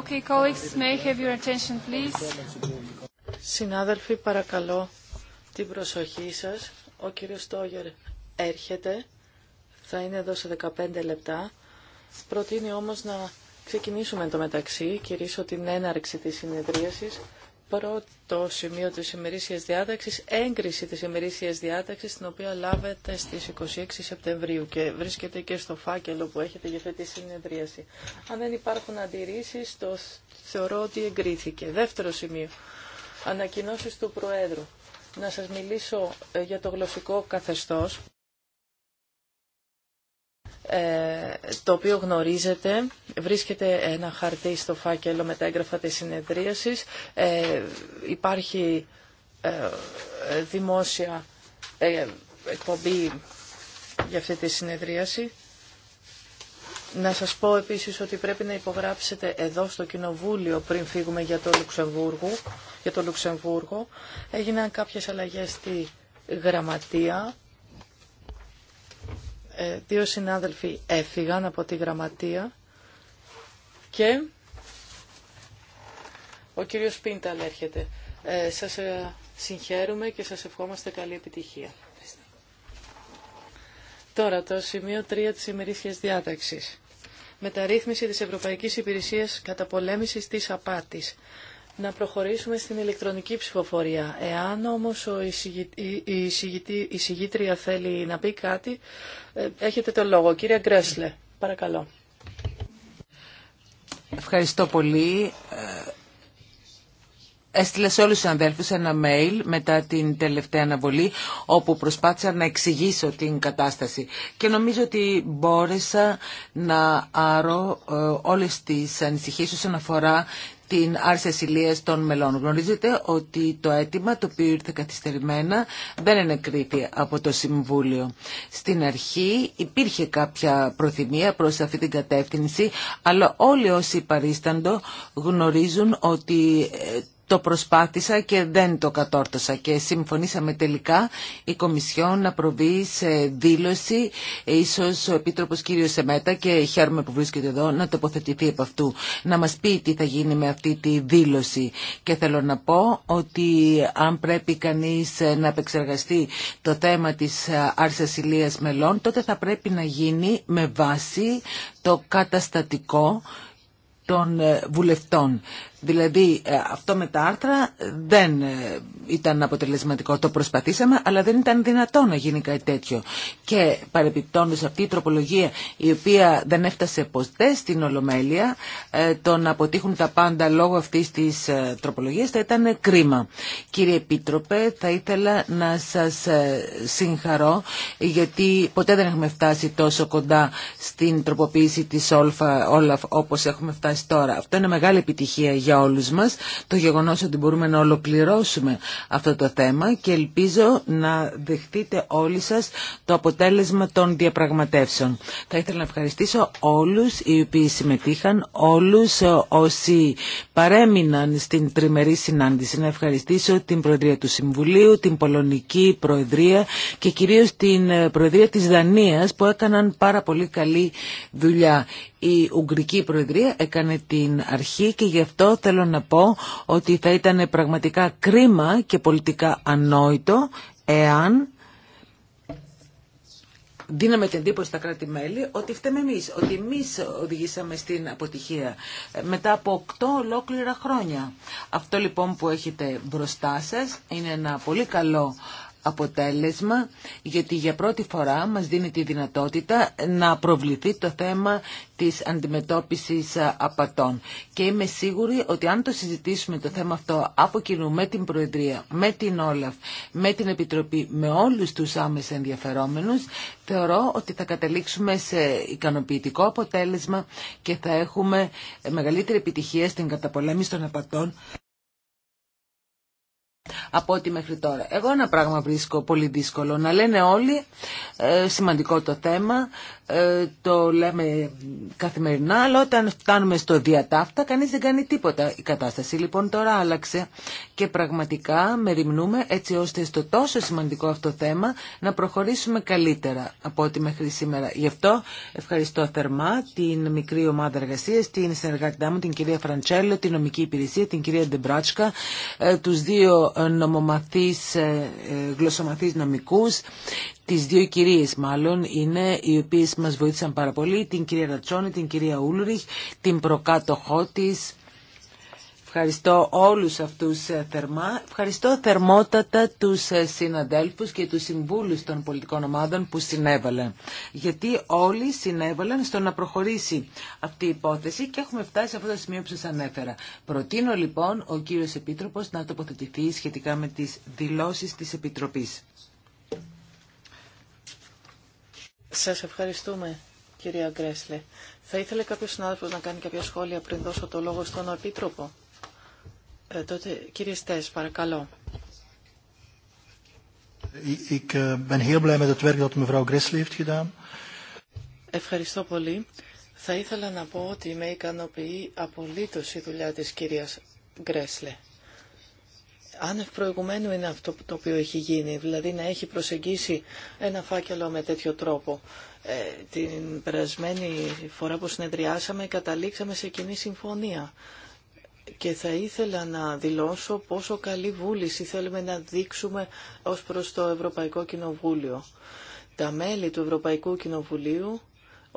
Okay, colleagues, may have your attention, please. Συνάδελφοι, παρακαλώ την προσοχή σας. Ο κύριος Στόγερ έρχεται. Θα είναι εδώ σε 15 λεπτά. Προτείνει όμως να ξεκινήσουμε το μεταξύ. Κυρίσω την έναρξη της συνεδρίασης πρώτο σημείο της ημερήσιας διάταξης, έγκριση της ημερήσιας διάταξης, την οποία λάβετε στις 26 Σεπτεμβρίου και βρίσκεται και στο φάκελο που έχετε για αυτή τη συνεδρίαση. Αν δεν υπάρχουν αντιρρήσεις, το θεωρώ ότι εγκρίθηκε. Δεύτερο σημείο, ανακοινώσεις του Προέδρου. Να σας μιλήσω ε, για το γλωσσικό καθεστώς. Ε, το οποίο γνωρίζετε. Βρίσκεται ένα χαρτί στο φάκελο με τα έγγραφα της συνεδρίασης. Ε, υπάρχει ε, δημόσια εκπομπή για αυτή τη συνεδρίαση. Να σας πω επίσης ότι πρέπει να υπογράψετε εδώ στο Κοινοβούλιο πριν φύγουμε για το Λουξεμβούργο. Για το Λουξεμβούργο. Έγιναν κάποιες αλλαγές στη γραμματεία ε, δύο συνάδελφοι έφυγαν από τη γραμματεία και ο κύριος Πίνταλ έρχεται. Ε, σας ε, συγχαίρουμε και σας ευχόμαστε καλή επιτυχία. Τώρα το σημείο 3 της ημερήσιας διάταξης. Μεταρρύθμιση της Ευρωπαϊκής Υπηρεσίας Καταπολέμησης της Απάτης να προχωρήσουμε στην ηλεκτρονική ψηφοφορία. Εάν όμως ο η, εισηγητή, η θέλει να πει κάτι, ε, έχετε το λόγο. Κύριε Γκρέσλε, παρακαλώ. Ευχαριστώ πολύ. Ε, Έστειλε σε όλους τους αδέλφους ένα mail μετά την τελευταία αναβολή όπου προσπάθησα να εξηγήσω την κατάσταση και νομίζω ότι μπόρεσα να άρω ε, όλες τις ανησυχίες όσον αφορά την άρση ασυλία των μελών. Γνωρίζετε ότι το αίτημα το οποίο ήρθε καθυστερημένα δεν κρίτη από το Συμβούλιο. Στην αρχή υπήρχε κάποια προθυμία προς αυτή την κατεύθυνση, αλλά όλοι όσοι παρίσταντο γνωρίζουν ότι ε, το προσπάθησα και δεν το κατόρτωσα και συμφωνήσαμε τελικά η Κομισιόν να προβεί σε δήλωση, ίσως ο Επίτροπος κύριος Σεμέτα και χαίρομαι που βρίσκεται εδώ να τοποθετηθεί από αυτού, να μας πει τι θα γίνει με αυτή τη δήλωση και θέλω να πω ότι αν πρέπει κανείς να επεξεργαστεί το θέμα της άρσης ηλίας μελών, τότε θα πρέπει να γίνει με βάση το καταστατικό των βουλευτών. Δηλαδή ε, αυτό με τα άρθρα δεν ε, ήταν αποτελεσματικό. Το προσπαθήσαμε αλλά δεν ήταν δυνατό να γίνει κάτι τέτοιο. Και παρεπιπτόντως αυτή η τροπολογία η οποία δεν έφτασε ποτέ στην Ολομέλεια ε, το να αποτύχουν τα πάντα λόγω αυτής της τροπολογίας θα ήταν κρίμα. Κύριε Επίτροπε θα ήθελα να σας συγχαρώ γιατί ποτέ δεν έχουμε φτάσει τόσο κοντά στην τροποποίηση της Όλαφ όπως έχουμε φτάσει τώρα. Αυτό είναι μεγάλη επιτυχία για όλους μας το γεγονός ότι μπορούμε να ολοκληρώσουμε αυτό το θέμα και ελπίζω να δεχτείτε όλοι σας το αποτέλεσμα των διαπραγματεύσεων. Θα ήθελα να ευχαριστήσω όλους οι οποίοι συμμετείχαν, όλους όσοι παρέμειναν στην τριμερή συνάντηση. Να ευχαριστήσω την Προεδρία του Συμβουλίου, την Πολωνική Προεδρία και κυρίως την Προεδρία της Δανίας που έκαναν πάρα πολύ καλή δουλειά η Ουγγρική Προεδρία έκανε την αρχή και γι' αυτό θέλω να πω ότι θα ήταν πραγματικά κρίμα και πολιτικά ανόητο εάν δίναμε την εντύπωση στα κράτη-μέλη ότι φταίμε εμείς, ότι εμείς οδηγήσαμε στην αποτυχία μετά από 8 ολόκληρα χρόνια. Αυτό λοιπόν που έχετε μπροστά σας είναι ένα πολύ καλό αποτέλεσμα γιατί για πρώτη φορά μας δίνει τη δυνατότητα να προβληθεί το θέμα της αντιμετώπισης απατών. Και είμαι σίγουρη ότι αν το συζητήσουμε το θέμα αυτό από κοινού με την Προεδρία, με την Όλαφ, με την Επιτροπή, με όλους τους άμεσα ενδιαφερόμενους, θεωρώ ότι θα καταλήξουμε σε ικανοποιητικό αποτέλεσμα και θα έχουμε μεγαλύτερη επιτυχία στην καταπολέμηση των απατών από ό,τι μέχρι τώρα. Εγώ ένα πράγμα βρίσκω πολύ δύσκολο. Να λένε όλοι, ε, σημαντικό το θέμα, ε, το λέμε καθημερινά, αλλά όταν φτάνουμε στο διατάφτα κανείς δεν κάνει τίποτα. Η κατάσταση λοιπόν τώρα άλλαξε και πραγματικά μεριμνούμε έτσι ώστε στο τόσο σημαντικό αυτό θέμα να προχωρήσουμε καλύτερα από ό,τι μέχρι σήμερα. Γι' αυτό ευχαριστώ θερμά την μικρή ομάδα εργασία, την συνεργατητά μου, την κυρία Φραντσέλο, την νομική υπηρεσία, την κυρία Ντεμπράτσκα, ε, τους δύο νομομαθείς, ε, γλωσσομαθείς νομικούς, Τις δύο κυρίες μάλλον είναι οι οποίες μας βοήθησαν πάρα πολύ, την κυρία Ρατσόνη, την κυρία Ούλριχ, την προκάτοχό της. Ευχαριστώ όλους αυτούς ε, θερμά. Ευχαριστώ θερμότατα τους ε, συναδέλφους και τους συμβούλους των πολιτικών ομάδων που συνέβαλαν. Γιατί όλοι συνέβαλαν στο να προχωρήσει αυτή η υπόθεση και έχουμε φτάσει σε αυτό το σημείο που σας ανέφερα. Προτείνω λοιπόν ο κύριος Επίτροπος να τοποθετηθεί σχετικά με τις δηλώσεις τη Επιτροπής. Σας ευχαριστούμε, κυρία Γκρέσλε. Θα ήθελε κάποιος συνάδελφος να κάνει κάποια σχόλια πριν δώσω το λόγο στον Επίτροπο. Ε, τότε, κύριε Στές, παρακαλώ. Ευχαριστώ πολύ. Θα ήθελα να πω ότι με ικανοποιεί απολύτως η δουλειά της κυρίας Γκρέσλε άνευ προηγουμένου είναι αυτό το οποίο έχει γίνει, δηλαδή να έχει προσεγγίσει ένα φάκελο με τέτοιο τρόπο. Ε, την περασμένη φορά που συνεδριάσαμε καταλήξαμε σε κοινή συμφωνία και θα ήθελα να δηλώσω πόσο καλή βούληση θέλουμε να δείξουμε ως προς το Ευρωπαϊκό Κοινοβούλιο. Τα μέλη του Ευρωπαϊκού Κοινοβουλίου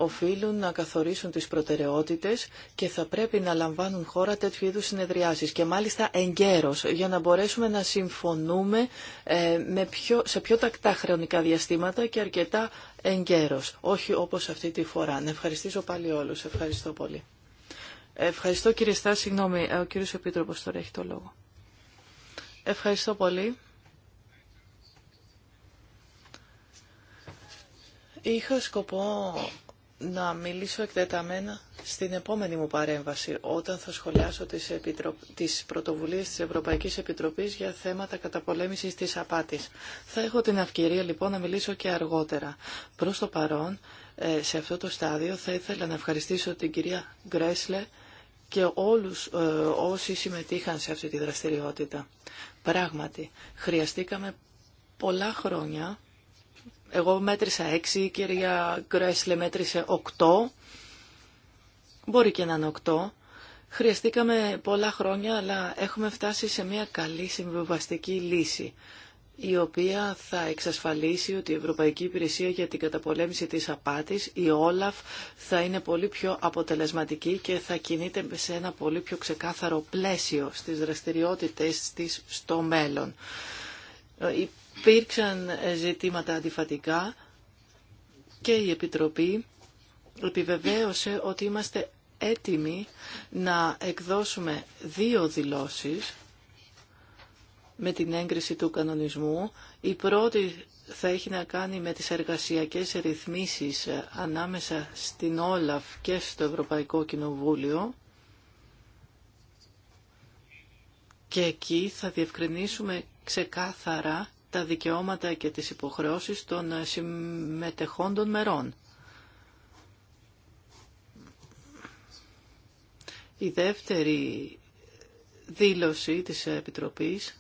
οφείλουν να καθορίσουν τις προτεραιότητες και θα πρέπει να λαμβάνουν χώρα τέτοιου είδους συνεδριάσεις και μάλιστα εγκαίρως για να μπορέσουμε να συμφωνούμε ε, με πιο, σε πιο τακτά χρονικά διαστήματα και αρκετά εγκαίρως, όχι όπως αυτή τη φορά. Να ευχαριστήσω πάλι όλους. Ευχαριστώ πολύ. Ευχαριστώ κύριε Στά, συγγνώμη, ε, ο κύριος Επίτροπος τώρα έχει το λόγο. Ευχαριστώ πολύ. Είχα σκοπό να μιλήσω εκτεταμένα στην επόμενη μου παρέμβαση, όταν θα σχολιάσω τις, πρωτοβουλίε τις πρωτοβουλίες της Ευρωπαϊκής Επιτροπής για θέματα καταπολέμησης της απάτης. Θα έχω την ευκαιρία λοιπόν να μιλήσω και αργότερα. Προς το παρόν, ε, σε αυτό το στάδιο, θα ήθελα να ευχαριστήσω την κυρία Γκρέσλε και όλους ε, όσοι συμμετείχαν σε αυτή τη δραστηριότητα. Πράγματι, χρειαστήκαμε πολλά χρόνια εγώ μέτρησα έξι, η κυρία Γκρέσλε μέτρησε 8. Μπορεί και να είναι 8. Χρειαστήκαμε πολλά χρόνια, αλλά έχουμε φτάσει σε μια καλή συμβιβαστική λύση, η οποία θα εξασφαλίσει ότι η Ευρωπαϊκή Υπηρεσία για την Καταπολέμηση της Απάτης, η Όλαφ, θα είναι πολύ πιο αποτελεσματική και θα κινείται σε ένα πολύ πιο ξεκάθαρο πλαίσιο στις δραστηριότητες της στο μέλλον. Ε, υπήρξαν ε, ζητήματα αντιφατικά και η Επιτροπή επιβεβαίωσε ότι είμαστε έτοιμοι να εκδώσουμε δύο δηλώσεις με την έγκριση του κανονισμού. Η πρώτη θα έχει να κάνει με τις εργασιακές ρυθμίσεις ε, ανάμεσα στην Όλαφ και στο Ευρωπαϊκό Κοινοβούλιο. Και εκεί θα διευκρινίσουμε ξεκάθαρα τα δικαιώματα και τις υποχρεώσεις των συμμετεχόντων μερών. Η δεύτερη δήλωση της Επιτροπής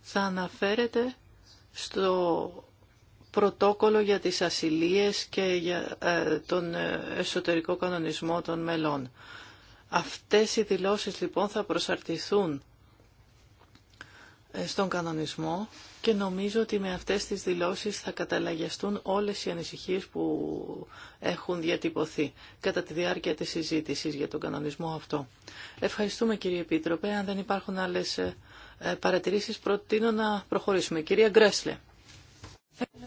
θα αναφέρεται στο πρωτόκολλο για τις ασυλίες και για ε, τον εσωτερικό κανονισμό των μελών. Αυτές οι δηλώσεις λοιπόν θα προσαρτηθούν στον κανονισμό και νομίζω ότι με αυτές τις δηλώσεις θα καταλαγιαστούν όλες οι ανησυχίες που έχουν διατυπωθεί κατά τη διάρκεια της συζήτησης για τον κανονισμό αυτό. Ευχαριστούμε κύριε Επίτροπε. Αν δεν υπάρχουν άλλες ε, παρατηρήσεις προτείνω να προχωρήσουμε. Κυρία Γκρέσλε. Θα ήθελα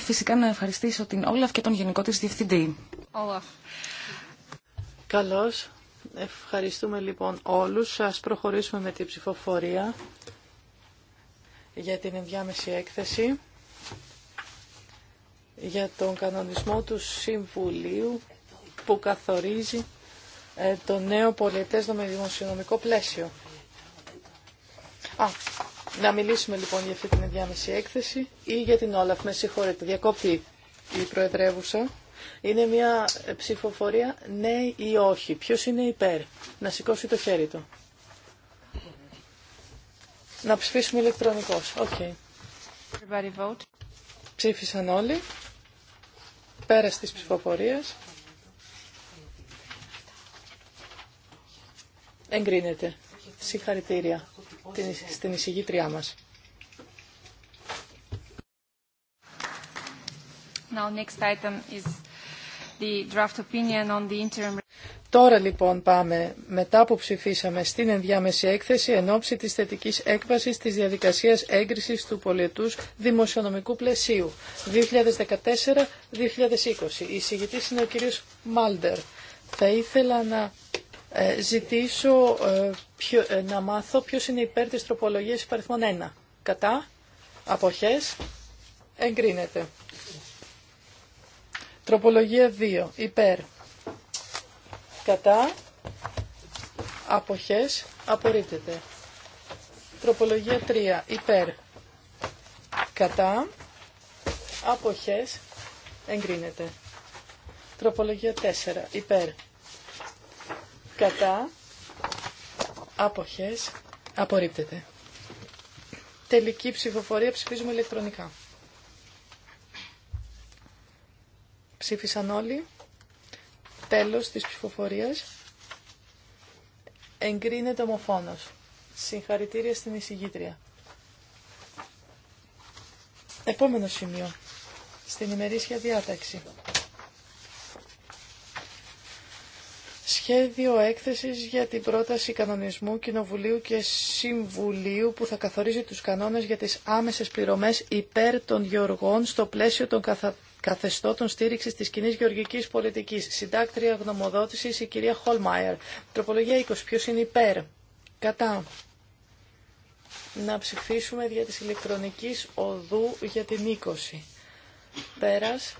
φυσικά να ευχαριστήσω την Όλαφ και τον Γενικό της Διευθυντή. Καλώς. Ευχαριστούμε λοιπόν όλους. Ας προχωρήσουμε με την ψηφοφορία για την ενδιάμεση έκθεση για τον κανονισμό του Συμβουλίου που καθορίζει ε, το νέο πολιτές με δημοσιονομικό πλαίσιο. Α, να μιλήσουμε λοιπόν για αυτή την ενδιάμεση έκθεση ή για την Όλαφ. Με συγχωρείτε, διακόπτη η Προεδρεύουσα. Είναι μια ψηφοφορία ναι ή όχι. Ποιος είναι υπέρ. Να σηκώσει το χέρι του. Να ψηφίσουμε ηλεκτρονικώς. Οκ. Okay. Ψήφισαν όλοι. Πέρας της ψηφοφορίας. Εγκρίνεται. Συγχαρητήρια στην εισηγήτριά μας. Τώρα λοιπόν πάμε, μετά που ψηφίσαμε στην ενδιάμεση έκθεση εν ώψη της θετικής έκβασης της διαδικασίας έγκρισης του πολιετούς δημοσιονομικού πλαισίου 2014-2020. Η συγητής είναι ο κύριος Μάλντερ. Θα ήθελα να ε, ζητήσω ε, ε, να μάθω ποιος είναι υπέρ της τροπολογίας υπαριθμών 1. Κατά, αποχές, εγκρίνεται. Τροπολογία 2. Υπέρ. Κατά. Αποχές. Απορρίπτεται. Τροπολογία 3. Υπέρ. Κατά. Αποχές. Εγκρίνεται. Τροπολογία 4. Υπέρ. Κατά. Αποχές. Απορρίπτεται. Τελική ψηφοφορία ψηφίζουμε ηλεκτρονικά. Ψήφισαν όλοι. Τέλος της ψηφοφορίας. Εγκρίνεται ομοφόνος. Συγχαρητήρια στην εισηγήτρια. Επόμενο σημείο. Στην ημερήσια διάταξη. σχέδιο έκθεσης για την πρόταση κανονισμού Κοινοβουλίου και Συμβουλίου που θα καθορίζει τους κανόνες για τις άμεσες πληρωμές υπέρ των γεωργών στο πλαίσιο των καθα καθεστώτων στήριξη τη κοινή γεωργική πολιτική. Συντάκτρια γνωμοδότηση η κυρία Χολμάιερ. Τροπολογία 20. Ποιο είναι υπέρ. Κατά. Να ψηφίσουμε δια της ηλεκτρονικής οδού για την 20. Πέρας.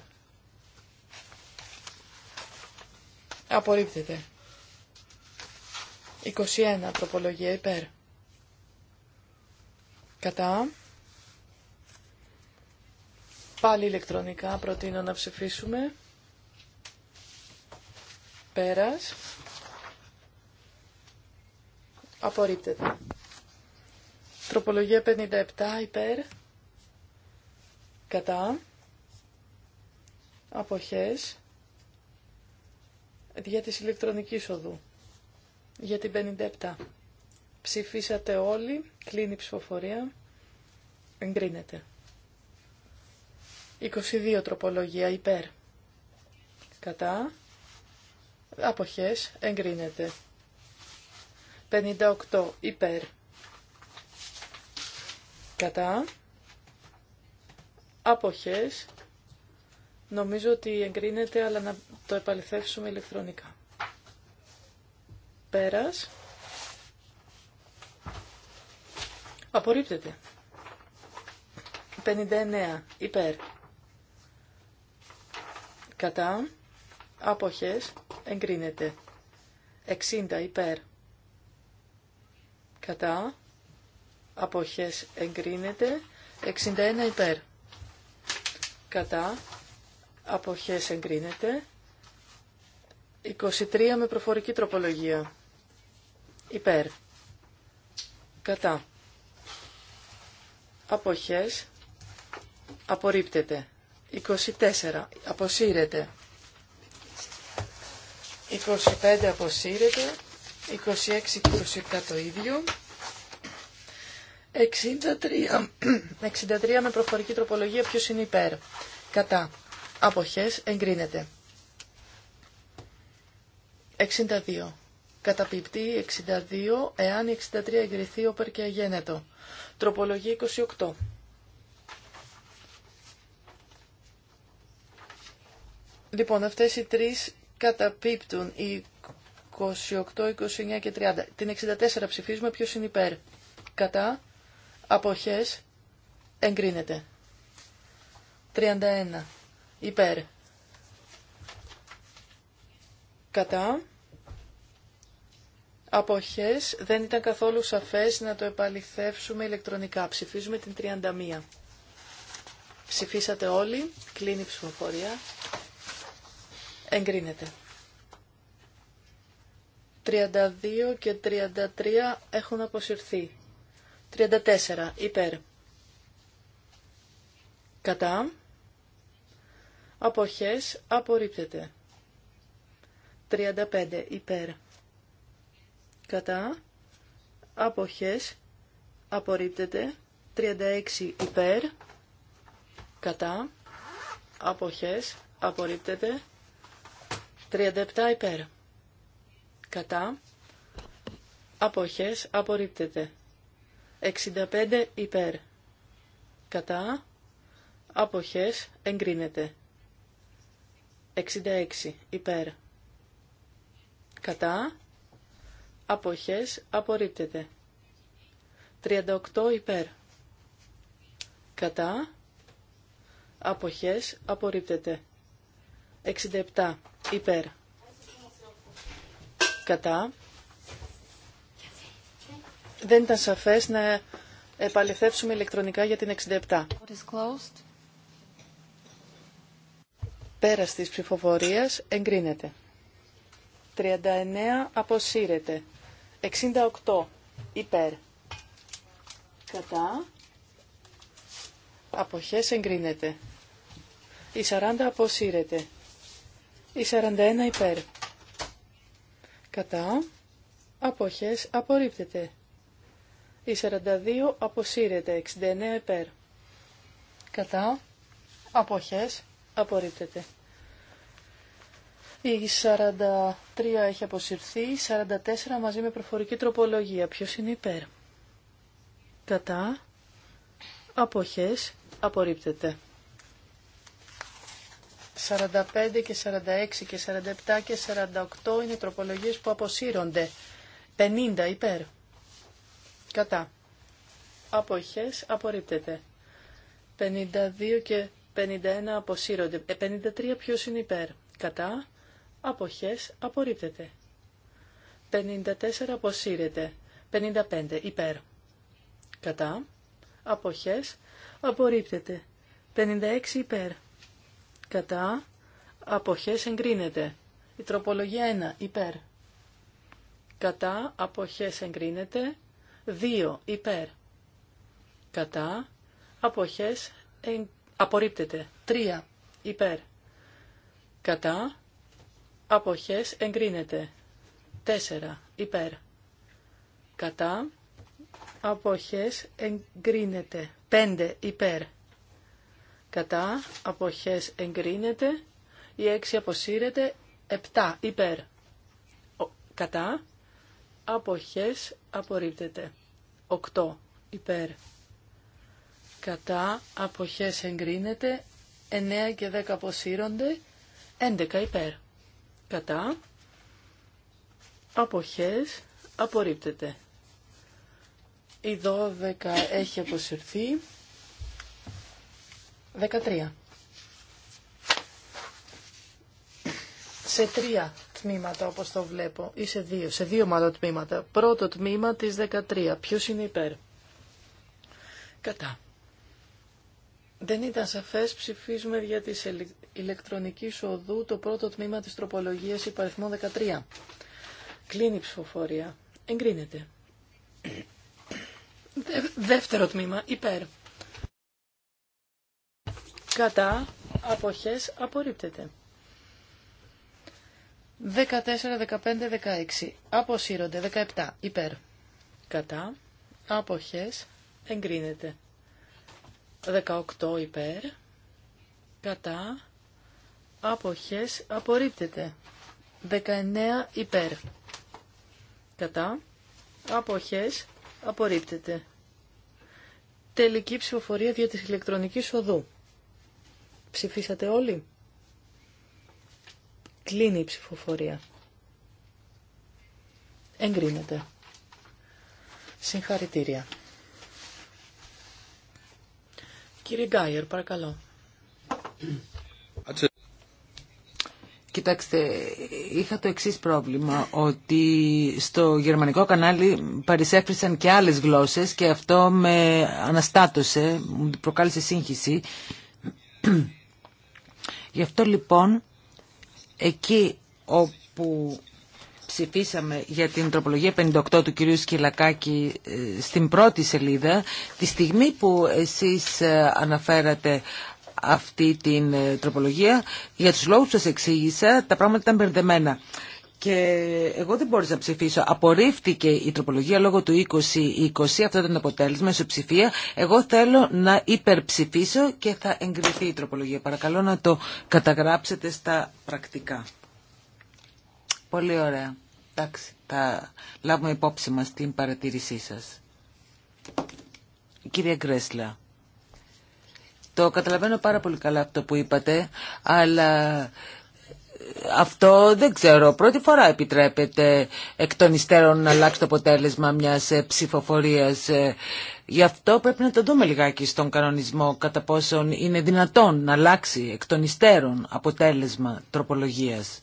Απορρίπτεται. 21. Τροπολογία υπέρ. Κατά. Πάλι ηλεκτρονικά προτείνω να ψηφίσουμε. Πέρας. Απορρίπτεται. Τροπολογία 57 υπέρ. Κατά. Αποχές. Για της ηλεκτρονικής οδού. Για την 57. Ψηφίσατε όλοι. Κλείνει η ψηφοφορία. Εγκρίνεται. 22 τροπολογία υπέρ. Κατά. Αποχές εγκρίνεται. 58 υπέρ. Κατά. Αποχές. Νομίζω ότι εγκρίνεται, αλλά να το επαληθεύσουμε ηλεκτρονικά. Πέρας. Απορρίπτεται. 59 υπέρ κατά, αποχές, εγκρίνεται. 60 υπέρ, κατά, αποχές, εγκρίνεται. 61 υπέρ, κατά, αποχές, εγκρίνεται. 23 με προφορική τροπολογία, υπέρ, κατά, αποχές, απορρίπτεται. 24 αποσύρεται. 25 αποσύρεται. 26 και 27 το ίδιο. 63, 63 με προφορική τροπολογία ποιος είναι υπέρ. Κατά. Αποχές εγκρίνεται. 62. Καταπιπτεί 62 εάν η 63 εγκριθεί όπερ και αγένετο. Τροπολογία 28. Λοιπόν, αυτές οι τρεις καταπίπτουν, οι 28, 29 και 30. Την 64 ψηφίζουμε ποιος είναι υπέρ. Κατά, αποχές, εγκρίνεται. 31, υπέρ. Κατά, αποχές, δεν ήταν καθόλου σαφές να το επαληθεύσουμε ηλεκτρονικά. Ψηφίζουμε την 31. Ψηφίσατε όλοι, κλείνει η ψηφοφορία. Εγκρίνεται. 32 και 33 έχουν αποσυρθεί. 34 υπέρ. Κατά. Αποχές απορρίπτεται. 35 υπέρ. Κατά. Αποχές απορρίπτεται. 36 υπέρ. Κατά. Αποχές απορρίπτεται. 37 υπέρ. Κατά. Αποχές απορρίπτεται. 65 υπέρ. Κατά. Αποχές εγκρίνεται. 66 υπέρ. Κατά. Αποχές απορρίπτεται. 38 υπέρ. Κατά. Αποχές απορρίπτεται. 67 Υπέρ. Κατά. Δεν ήταν σαφές να επαληθεύσουμε ηλεκτρονικά για την 67. Πέρας της ψηφοφορίας εγκρίνεται. 39 αποσύρεται. 68 υπέρ. Κατά. Αποχές εγκρίνεται. Η 40 αποσύρεται. Η 41 υπέρ. Κατά. Αποχές απορρίπτεται. Η 42 αποσύρεται. 69 υπέρ. Κατά. Αποχές απορρίπτεται. Η 43 έχει αποσυρθεί. Η 44 μαζί με προφορική τροπολογία. Ποιος είναι υπέρ. Κατά. Αποχές απορρίπτεται. 45 και 46 και 47 και 48 είναι τροπολογίες που αποσύρονται. 50 υπέρ. Κατά. Αποχές απορρίπτεται. 52 και 51 αποσύρονται. 53 ε, ποιος είναι υπέρ. Κατά. Αποχές απορρίπτεται. 54 αποσύρεται. 55 υπέρ. Κατά. Αποχές απορρίπτεται. 56 υπέρ κατά, αποχές εγκρίνεται. Η τροπολογία 1 υπέρ, κατά, αποχές εγκρίνεται. 2 υπέρ, κατά, αποχές εγ... απορρίπτεται. 3 υπέρ, κατά, αποχές εγκρίνεται. 4 υπέρ, κατά, αποχές εγκρίνεται. 5 υπέρ, κατά, αποχές εγκρίνεται, η 6 αποσύρεται, 7 υπέρ, κατά, αποχές απορρίπτεται, 8 υπέρ, κατά, αποχές εγκρίνεται, 9 και 10 αποσύρονται, 11 υπέρ, κατά, αποχές απορρίπτεται. Η 12 έχει αποσυρθεί, 13. Σε τρία τμήματα όπως το βλέπω ή σε δύο, σε δύο μάλλον τμήματα. Πρώτο τμήμα της 13. Ποιος είναι υπέρ. Κατά. Δεν ήταν σαφές, ψηφίζουμε για τις ηλεκτρονική οδού το πρώτο τμήμα της τροπολογίας υπαριθμών 13. Κλείνει η ψηφοφορία. Εγκρίνεται. δεύτερο τμήμα, υπέρ κατά, αποχές, απορρίπτεται. 14, 15, 16. Αποσύρονται. 17. Υπέρ. Κατά. Αποχές. Εγκρίνεται. 18. Υπέρ. Κατά. Αποχές. Απορρίπτεται. 19. Υπέρ. Κατά. Αποχές. Απορρίπτεται. Τελική ψηφοφορία δια της ηλεκτρονικής οδού. Ψηφίσατε όλοι. Κλείνει η ψηφοφορία. Εγκρίνεται. Συγχαρητήρια. Κύριε Γκάιερ, παρακαλώ. Κοιτάξτε, είχα το εξής πρόβλημα, ότι στο γερμανικό κανάλι παρισέφρισαν και άλλες γλώσσες και αυτό με αναστάτωσε, μου προκάλεσε σύγχυση. Γι' αυτό λοιπόν εκεί όπου ψηφίσαμε για την τροπολογία 58 του κυρίου Σκυλακάκη ε, στην πρώτη σελίδα, τη στιγμή που εσείς ε, αναφέρατε αυτή την ε, τροπολογία, για τους λόγους που σας εξήγησα, τα πράγματα ήταν μπερδεμένα και εγώ δεν μπόρεσα να ψηφίσω. Απορρίφθηκε η τροπολογία λόγω του 20 αυτό ήταν το αποτέλεσμα, ψηφία. Εγώ θέλω να υπερψηφίσω και θα εγκριθεί η τροπολογία. Παρακαλώ να το καταγράψετε στα πρακτικά. Πολύ ωραία. Εντάξει, θα λάβουμε υπόψη μας την παρατήρησή σας. Κύριε Γκρέσλα. Το καταλαβαίνω πάρα πολύ καλά αυτό που είπατε, αλλά αυτό δεν ξέρω. Πρώτη φορά επιτρέπεται εκ των υστέρων να αλλάξει το αποτέλεσμα μιας ε, ψηφοφορίας. Ε. Γι' αυτό πρέπει να το δούμε λιγάκι στον κανονισμό κατά πόσον είναι δυνατόν να αλλάξει εκ των υστέρων αποτέλεσμα τροπολογίας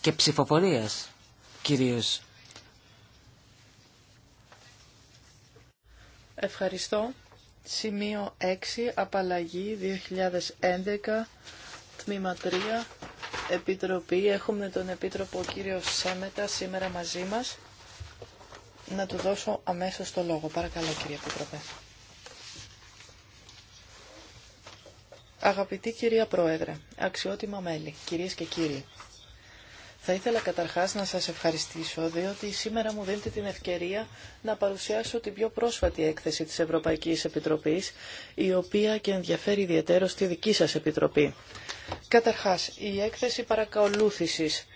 και ψηφοφορίας κυρίως. Ευχαριστώ. Σημείο 6. Απαλλαγή 2011 τμήμα 3, Επιτροπή. Έχουμε τον Επίτροπο κύριο Σέμετα σήμερα μαζί μας. Να του δώσω αμέσως το λόγο. Παρακαλώ κύριε Επίτροπε. Αγαπητή κυρία Πρόεδρε, αξιότιμα μέλη, κυρίες και κύριοι. Θα ήθελα καταρχάς να σας ευχαριστήσω διότι σήμερα μου δίνετε την ευκαιρία να παρουσιάσω την πιο πρόσφατη έκθεση της Ευρωπαϊκής Επιτροπής η οποία και ενδιαφέρει ιδιαίτερο στη δική σας Επιτροπή. Καταρχάς, η έκθεση παρακολούθησης.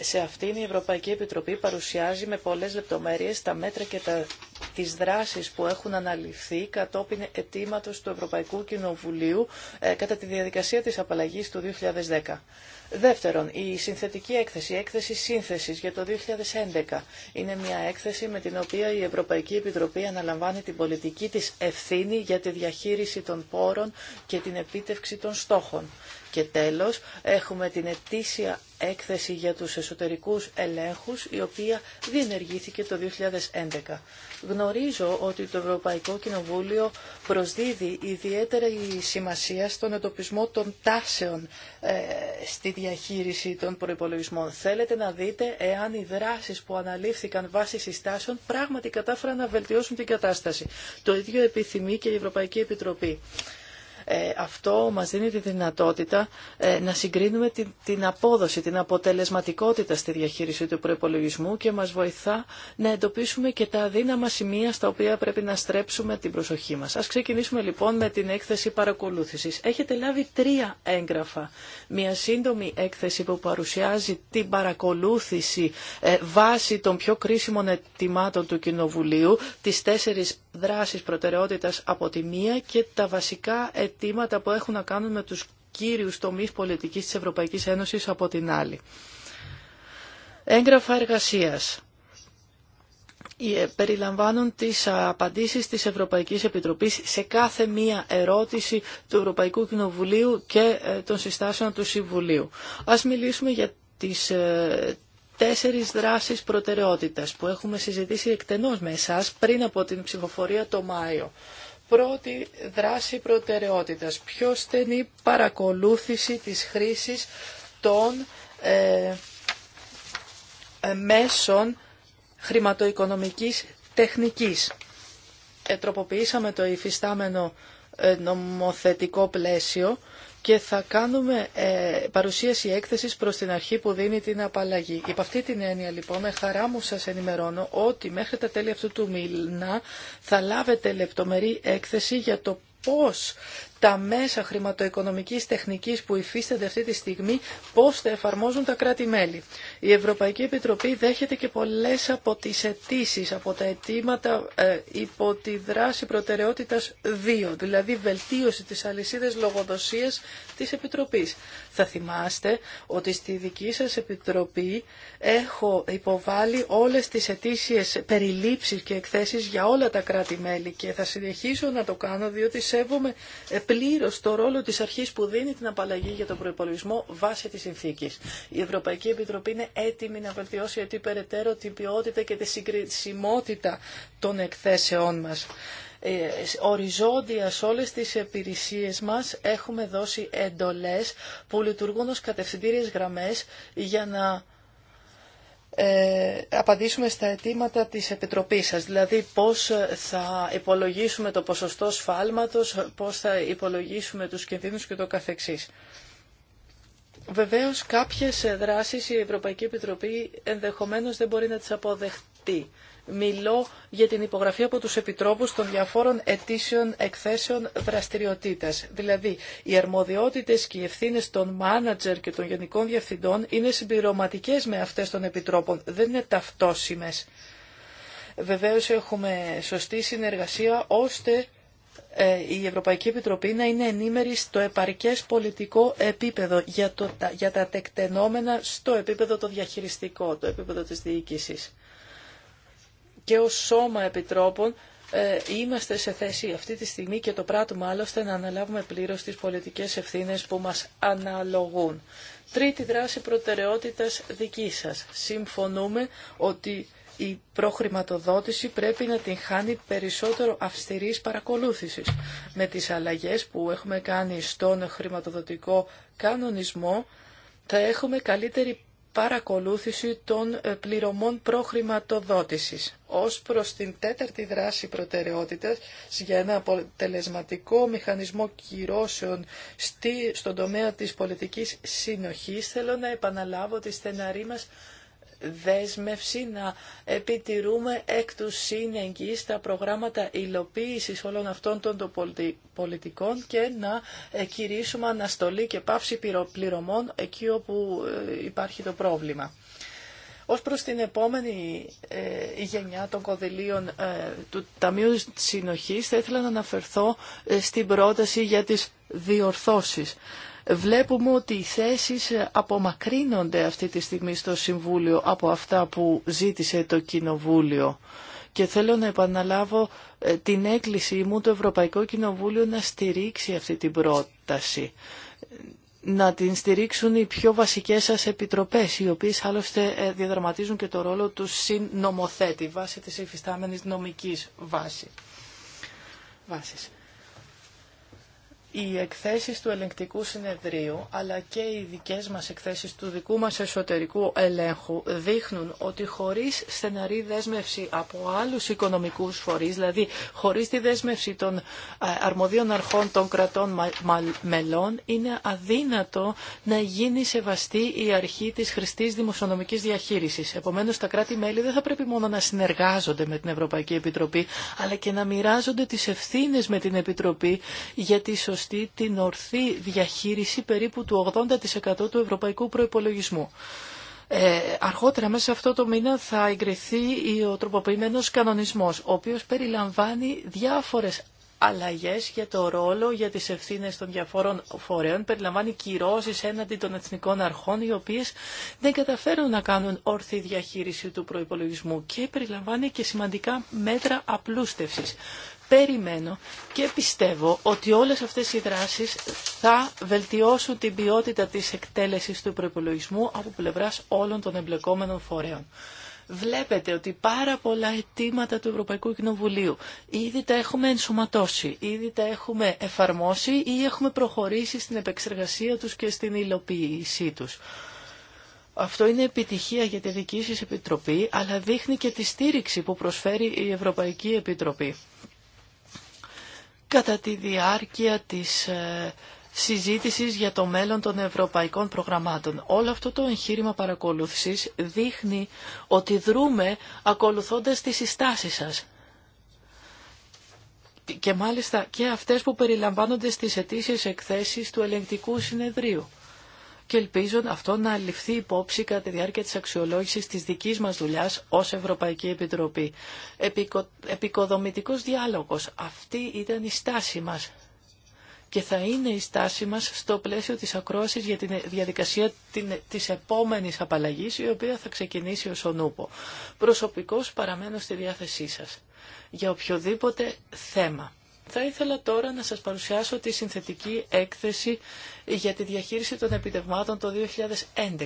Σε αυτήν η Ευρωπαϊκή Επιτροπή παρουσιάζει με πολλές λεπτομέρειες τα μέτρα και τα τις δράσεις που έχουν αναλυφθεί κατόπιν αιτήματος του Ευρωπαϊκού Κοινοβουλίου ε, κατά τη διαδικασία της απαλλαγής του 2010. Δεύτερον, η συνθετική έκθεση, η έκθεση σύνθεσης για το 2011, είναι μια έκθεση με την οποία η Ευρωπαϊκή Επιτροπή αναλαμβάνει την πολιτική της ευθύνη για τη διαχείριση των πόρων και την επίτευξη των στόχων. Και τέλος, έχουμε την ετήσια έκθεση για τους εσωτερικούς ελέγχους, η οποία διενεργήθηκε το 2011. Γνωρίζω ότι το Ευρωπαϊκό Κοινοβούλιο προσδίδει ιδιαίτερη σημασία στον εντοπισμό των τάσεων ε, στη διαχείριση των προϋπολογισμών. Θέλετε να δείτε εάν οι δράσεις που αναλήφθηκαν βάσει συστάσεων πράγματι κατάφεραν να βελτιώσουν την κατάσταση. Το ίδιο επιθυμεί και η Ευρωπαϊκή Επιτροπή. Ε, αυτό μας δίνει τη δυνατότητα ε, να συγκρίνουμε την απόδοση, την αποτελεσματικότητα στη διαχείριση του προπολογισμού και μας βοηθά να εντοπίσουμε και τα αδύναμα σημεία στα οποία πρέπει να στρέψουμε την προσοχή μας. Ας ξεκινήσουμε λοιπόν με την έκθεση παρακολούθησης. Έχετε λάβει τρία έγγραφα. Μια σύντομη έκθεση που παρουσιάζει την παρακολούθηση ε, βάσει των πιο κρίσιμων ετοιμάτων του Κοινοβουλίου, τις τέσσερις δράσεις προτεραιότητας από τη μία και τα βασικά αιτήματα που έχουν να κάνουν με τους κύριους τομείς πολιτικής της Ευρωπαϊκής Ένωσης από την άλλη. Έγγραφα εργασίας ε, περιλαμβάνουν τις απαντήσεις της Ευρωπαϊκής Επιτροπής σε κάθε μία ερώτηση του Ευρωπαϊκού Κοινοβουλίου και ε, των συστάσεων του Συμβουλίου. Ας μιλήσουμε για τις, ε, τέσσερις δράσεις προτεραιότητας που έχουμε συζητήσει εκτενώς με εσάς πριν από την ψηφοφορία το Μάιο. Πρώτη δράση προτεραιότητας, πιο στενή παρακολούθηση της χρήσης των ε, ε μέσων χρηματοοικονομικής τεχνικής. Ετροποποιήσαμε το υφιστάμενο ε, νομοθετικό πλαίσιο και θα κάνουμε ε, παρουσίαση έκθεσης προς την αρχή που δίνει την απαλλαγή. Υπ' αυτή την έννοια λοιπόν με χαρά μου σας ενημερώνω ότι μέχρι τα τέλη αυτού του μήνα θα λάβετε λεπτομερή έκθεση για το πώς τα μέσα χρηματοοικονομικής τεχνικής που υφίστανται αυτή τη στιγμή, πώς θα εφαρμόζουν τα κράτη-μέλη. Η Ευρωπαϊκή Επιτροπή δέχεται και πολλές από τις αιτήσει, από τα αιτήματα ε, υπό τη δράση προτεραιότητας 2, δηλαδή βελτίωση της αλυσίδας λογοδοσίας της Επιτροπής. Θα θυμάστε ότι στη δική σας Επιτροπή έχω υποβάλει όλες τις αιτήσει περιλήψεις και εκθέσεις για όλα τα κράτη-μέλη και θα συνεχίσω να το κάνω διότι σέβομαι πλήρως το ρόλο της αρχής που δίνει την απαλλαγή για τον προπολογισμό βάσει της συνθήκη. Η Ευρωπαϊκή Επιτροπή είναι έτοιμη να βελτιώσει ετή περαιτέρω την ποιότητα και τη συγκρισιμότητα των εκθέσεών μας. Ε, οριζόντια σε όλες τις υπηρεσίες μας έχουμε δώσει εντολές που λειτουργούν ως κατευθυντήριες γραμμές για να ε, απαντήσουμε στα αιτήματα της Επιτροπής σας, δηλαδή πώς θα υπολογίσουμε το ποσοστό σφάλματος, πώς θα υπολογίσουμε τους κινδύνους και το καθεξής. Βεβαίως κάποιες δράσεις η Ευρωπαϊκή Επιτροπή ενδεχομένως δεν μπορεί να τις αποδεχτεί μιλώ για την υπογραφή από τους επιτρόπους των διαφόρων ετήσιων εκθέσεων δραστηριοτήτας. Δηλαδή, οι αρμοδιότητες και οι ευθύνες των μάνατζερ και των γενικών διευθυντών είναι συμπληρωματικές με αυτές των επιτρόπων. Δεν είναι ταυτόσιμες. Βεβαίως έχουμε σωστή συνεργασία ώστε ε, η Ευρωπαϊκή Επιτροπή να είναι ενήμερη στο επαρκές πολιτικό επίπεδο για, για τα τεκτενόμενα στο επίπεδο το διαχειριστικό, το επίπεδο της διοίκησης και ως σώμα επιτρόπων ε, είμαστε σε θέση αυτή τη στιγμή και το πράττουμε άλλωστε να αναλάβουμε πλήρως τις πολιτικές ευθύνες που μας αναλογούν. Τρίτη δράση προτεραιότητας δική σας. Συμφωνούμε ότι η προχρηματοδότηση πρέπει να την χάνει περισσότερο αυστηρής παρακολούθησης. Με τις αλλαγές που έχουμε κάνει στον χρηματοδοτικό κανονισμό θα έχουμε καλύτερη παρακολούθηση των ε, πληρωμών προχρηματοδότησης. Ως προς την τέταρτη δράση προτεραιότητας για ένα αποτελεσματικό μηχανισμό κυρώσεων στη, στον τομέα της πολιτικής συνοχής, θέλω να επαναλάβω τη στεναρή μας δέσμευση να επιτηρούμε εκ του σύνεγγυς τα προγράμματα υλοποίησης όλων αυτών των πολιτικών και να ε, κηρύσουμε αναστολή και πάυση πληρωμών εκεί όπου ε, υπάρχει το πρόβλημα. Ως προς την επόμενη ε, γενιά των κονδυλίων του Ταμείου Συνοχής θα ήθελα να αναφερθώ στην πρόταση για τις διορθώσεις βλέπουμε ότι οι θέσεις απομακρύνονται αυτή τη στιγμή στο Συμβούλιο από αυτά που ζήτησε το Κοινοβούλιο. Και θέλω να επαναλάβω ε, την έκκλησή μου το Ευρωπαϊκό Κοινοβούλιο να στηρίξει αυτή την πρόταση. Να την στηρίξουν οι πιο βασικές σας επιτροπές, οι οποίες άλλωστε ε, διαδραματίζουν και το ρόλο του συνομοθέτη βάσει της υφιστάμενης νομικής βάσης οι εκθέσεις του ελεγκτικού συνεδρίου αλλά και οι δικές μας εκθέσεις του δικού μας εσωτερικού ελέγχου δείχνουν ότι χωρίς στεναρή δέσμευση από άλλους οικονομικούς φορείς, δηλαδή χωρίς τη δέσμευση των ε, αρμοδίων αρχών των κρατών μελών, είναι αδύνατο να γίνει σεβαστή η αρχή της χρηστής δημοσιονομικής διαχείρισης. Επομένως τα κράτη-μέλη δεν θα πρέπει μόνο να συνεργάζονται με την Ευρωπαϊκή Επιτροπή, αλλά και να μοιράζονται τις ευθύνες με την Επιτροπή για σωστή, την ορθή διαχείριση περίπου του 80% του ευρωπαϊκού προϋπολογισμού. Ε, αργότερα μέσα σε αυτό το μήνα θα εγκριθεί ο τροποποιημένος κανονισμός, ο οποίος περιλαμβάνει διάφορες αλλαγές για το ρόλο, για τις ευθύνε των διαφόρων φορέων, περιλαμβάνει κυρώσεις έναντι των εθνικών αρχών, οι οποίες δεν καταφέρουν να κάνουν όρθη διαχείριση του προπολογισμού και περιλαμβάνει και σημαντικά μέτρα απλούστευσης περιμένω και πιστεύω ότι όλες αυτές οι δράσεις θα βελτιώσουν την ποιότητα της εκτέλεσης του προπολογισμού από πλευράς όλων των εμπλεκόμενων φορέων. Βλέπετε ότι πάρα πολλά αιτήματα του Ευρωπαϊκού Κοινοβουλίου ήδη τα έχουμε ενσωματώσει, ήδη τα έχουμε εφαρμόσει ή έχουμε προχωρήσει στην επεξεργασία τους και στην υλοποίησή τους. Αυτό είναι επιτυχία για τη δική σας Επιτροπή, αλλά δείχνει και τη στήριξη που προσφέρει η Ευρωπαϊκή Επιτροπή κατά τη διάρκεια της ε, συζήτησης για το μέλλον των ευρωπαϊκών προγραμμάτων. Όλο αυτό το εγχείρημα παρακολούθησης δείχνει ότι δρούμε ακολουθώντας τις συστάσεις σας. Και μάλιστα και αυτές που περιλαμβάνονται στις αιτήσεις εκθέσεις του ελεγκτικού συνεδρίου και ελπίζω αυτό να ληφθεί υπόψη κατά τη διάρκεια της αξιολόγησης της δικής μας δουλειάς ως Ευρωπαϊκή Επιτροπή. Επικο... Επικοδομητικός διάλογος. Αυτή ήταν η στάση μας και θα είναι η στάση μας στο πλαίσιο της ακρόασης για τη διαδικασία της επόμενης απαλλαγής η οποία θα ξεκινήσει ως ο νουπο. Προσωπικώς παραμένω στη διάθεσή σας για οποιοδήποτε θέμα. Θα ήθελα τώρα να σας παρουσιάσω τη συνθετική έκθεση για τη διαχείριση των επιτευγμάτων το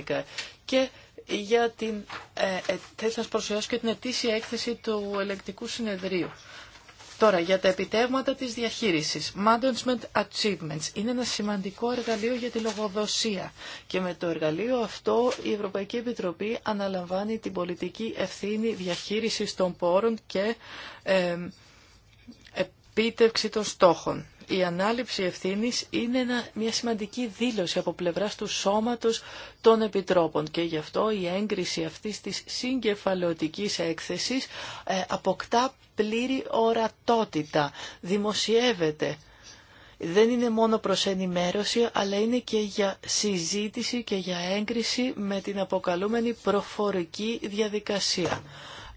2011 και για την, ε, ε να σας παρουσιάσω και την ετήσια έκθεση του ελεκτικού συνεδρίου. Τώρα, για τα επιτεύγματα της διαχείρισης, Management Achievements είναι ένα σημαντικό εργαλείο για τη λογοδοσία και με το εργαλείο αυτό η Ευρωπαϊκή Επιτροπή αναλαμβάνει την πολιτική ευθύνη διαχείρισης των πόρων και ε, επίτευξη των στόχων. Η ανάληψη ευθύνης είναι μια σημαντική δήλωση από πλευράς του σώματος των επιτρόπων και γι' αυτό η έγκριση αυτής της συγκεφαλαιοτικής έκθεσης ε, αποκτά πλήρη ορατότητα, δημοσιεύεται. Δεν είναι μόνο προς ενημέρωση, αλλά είναι και για συζήτηση και για έγκριση με την αποκαλούμενη προφορική διαδικασία.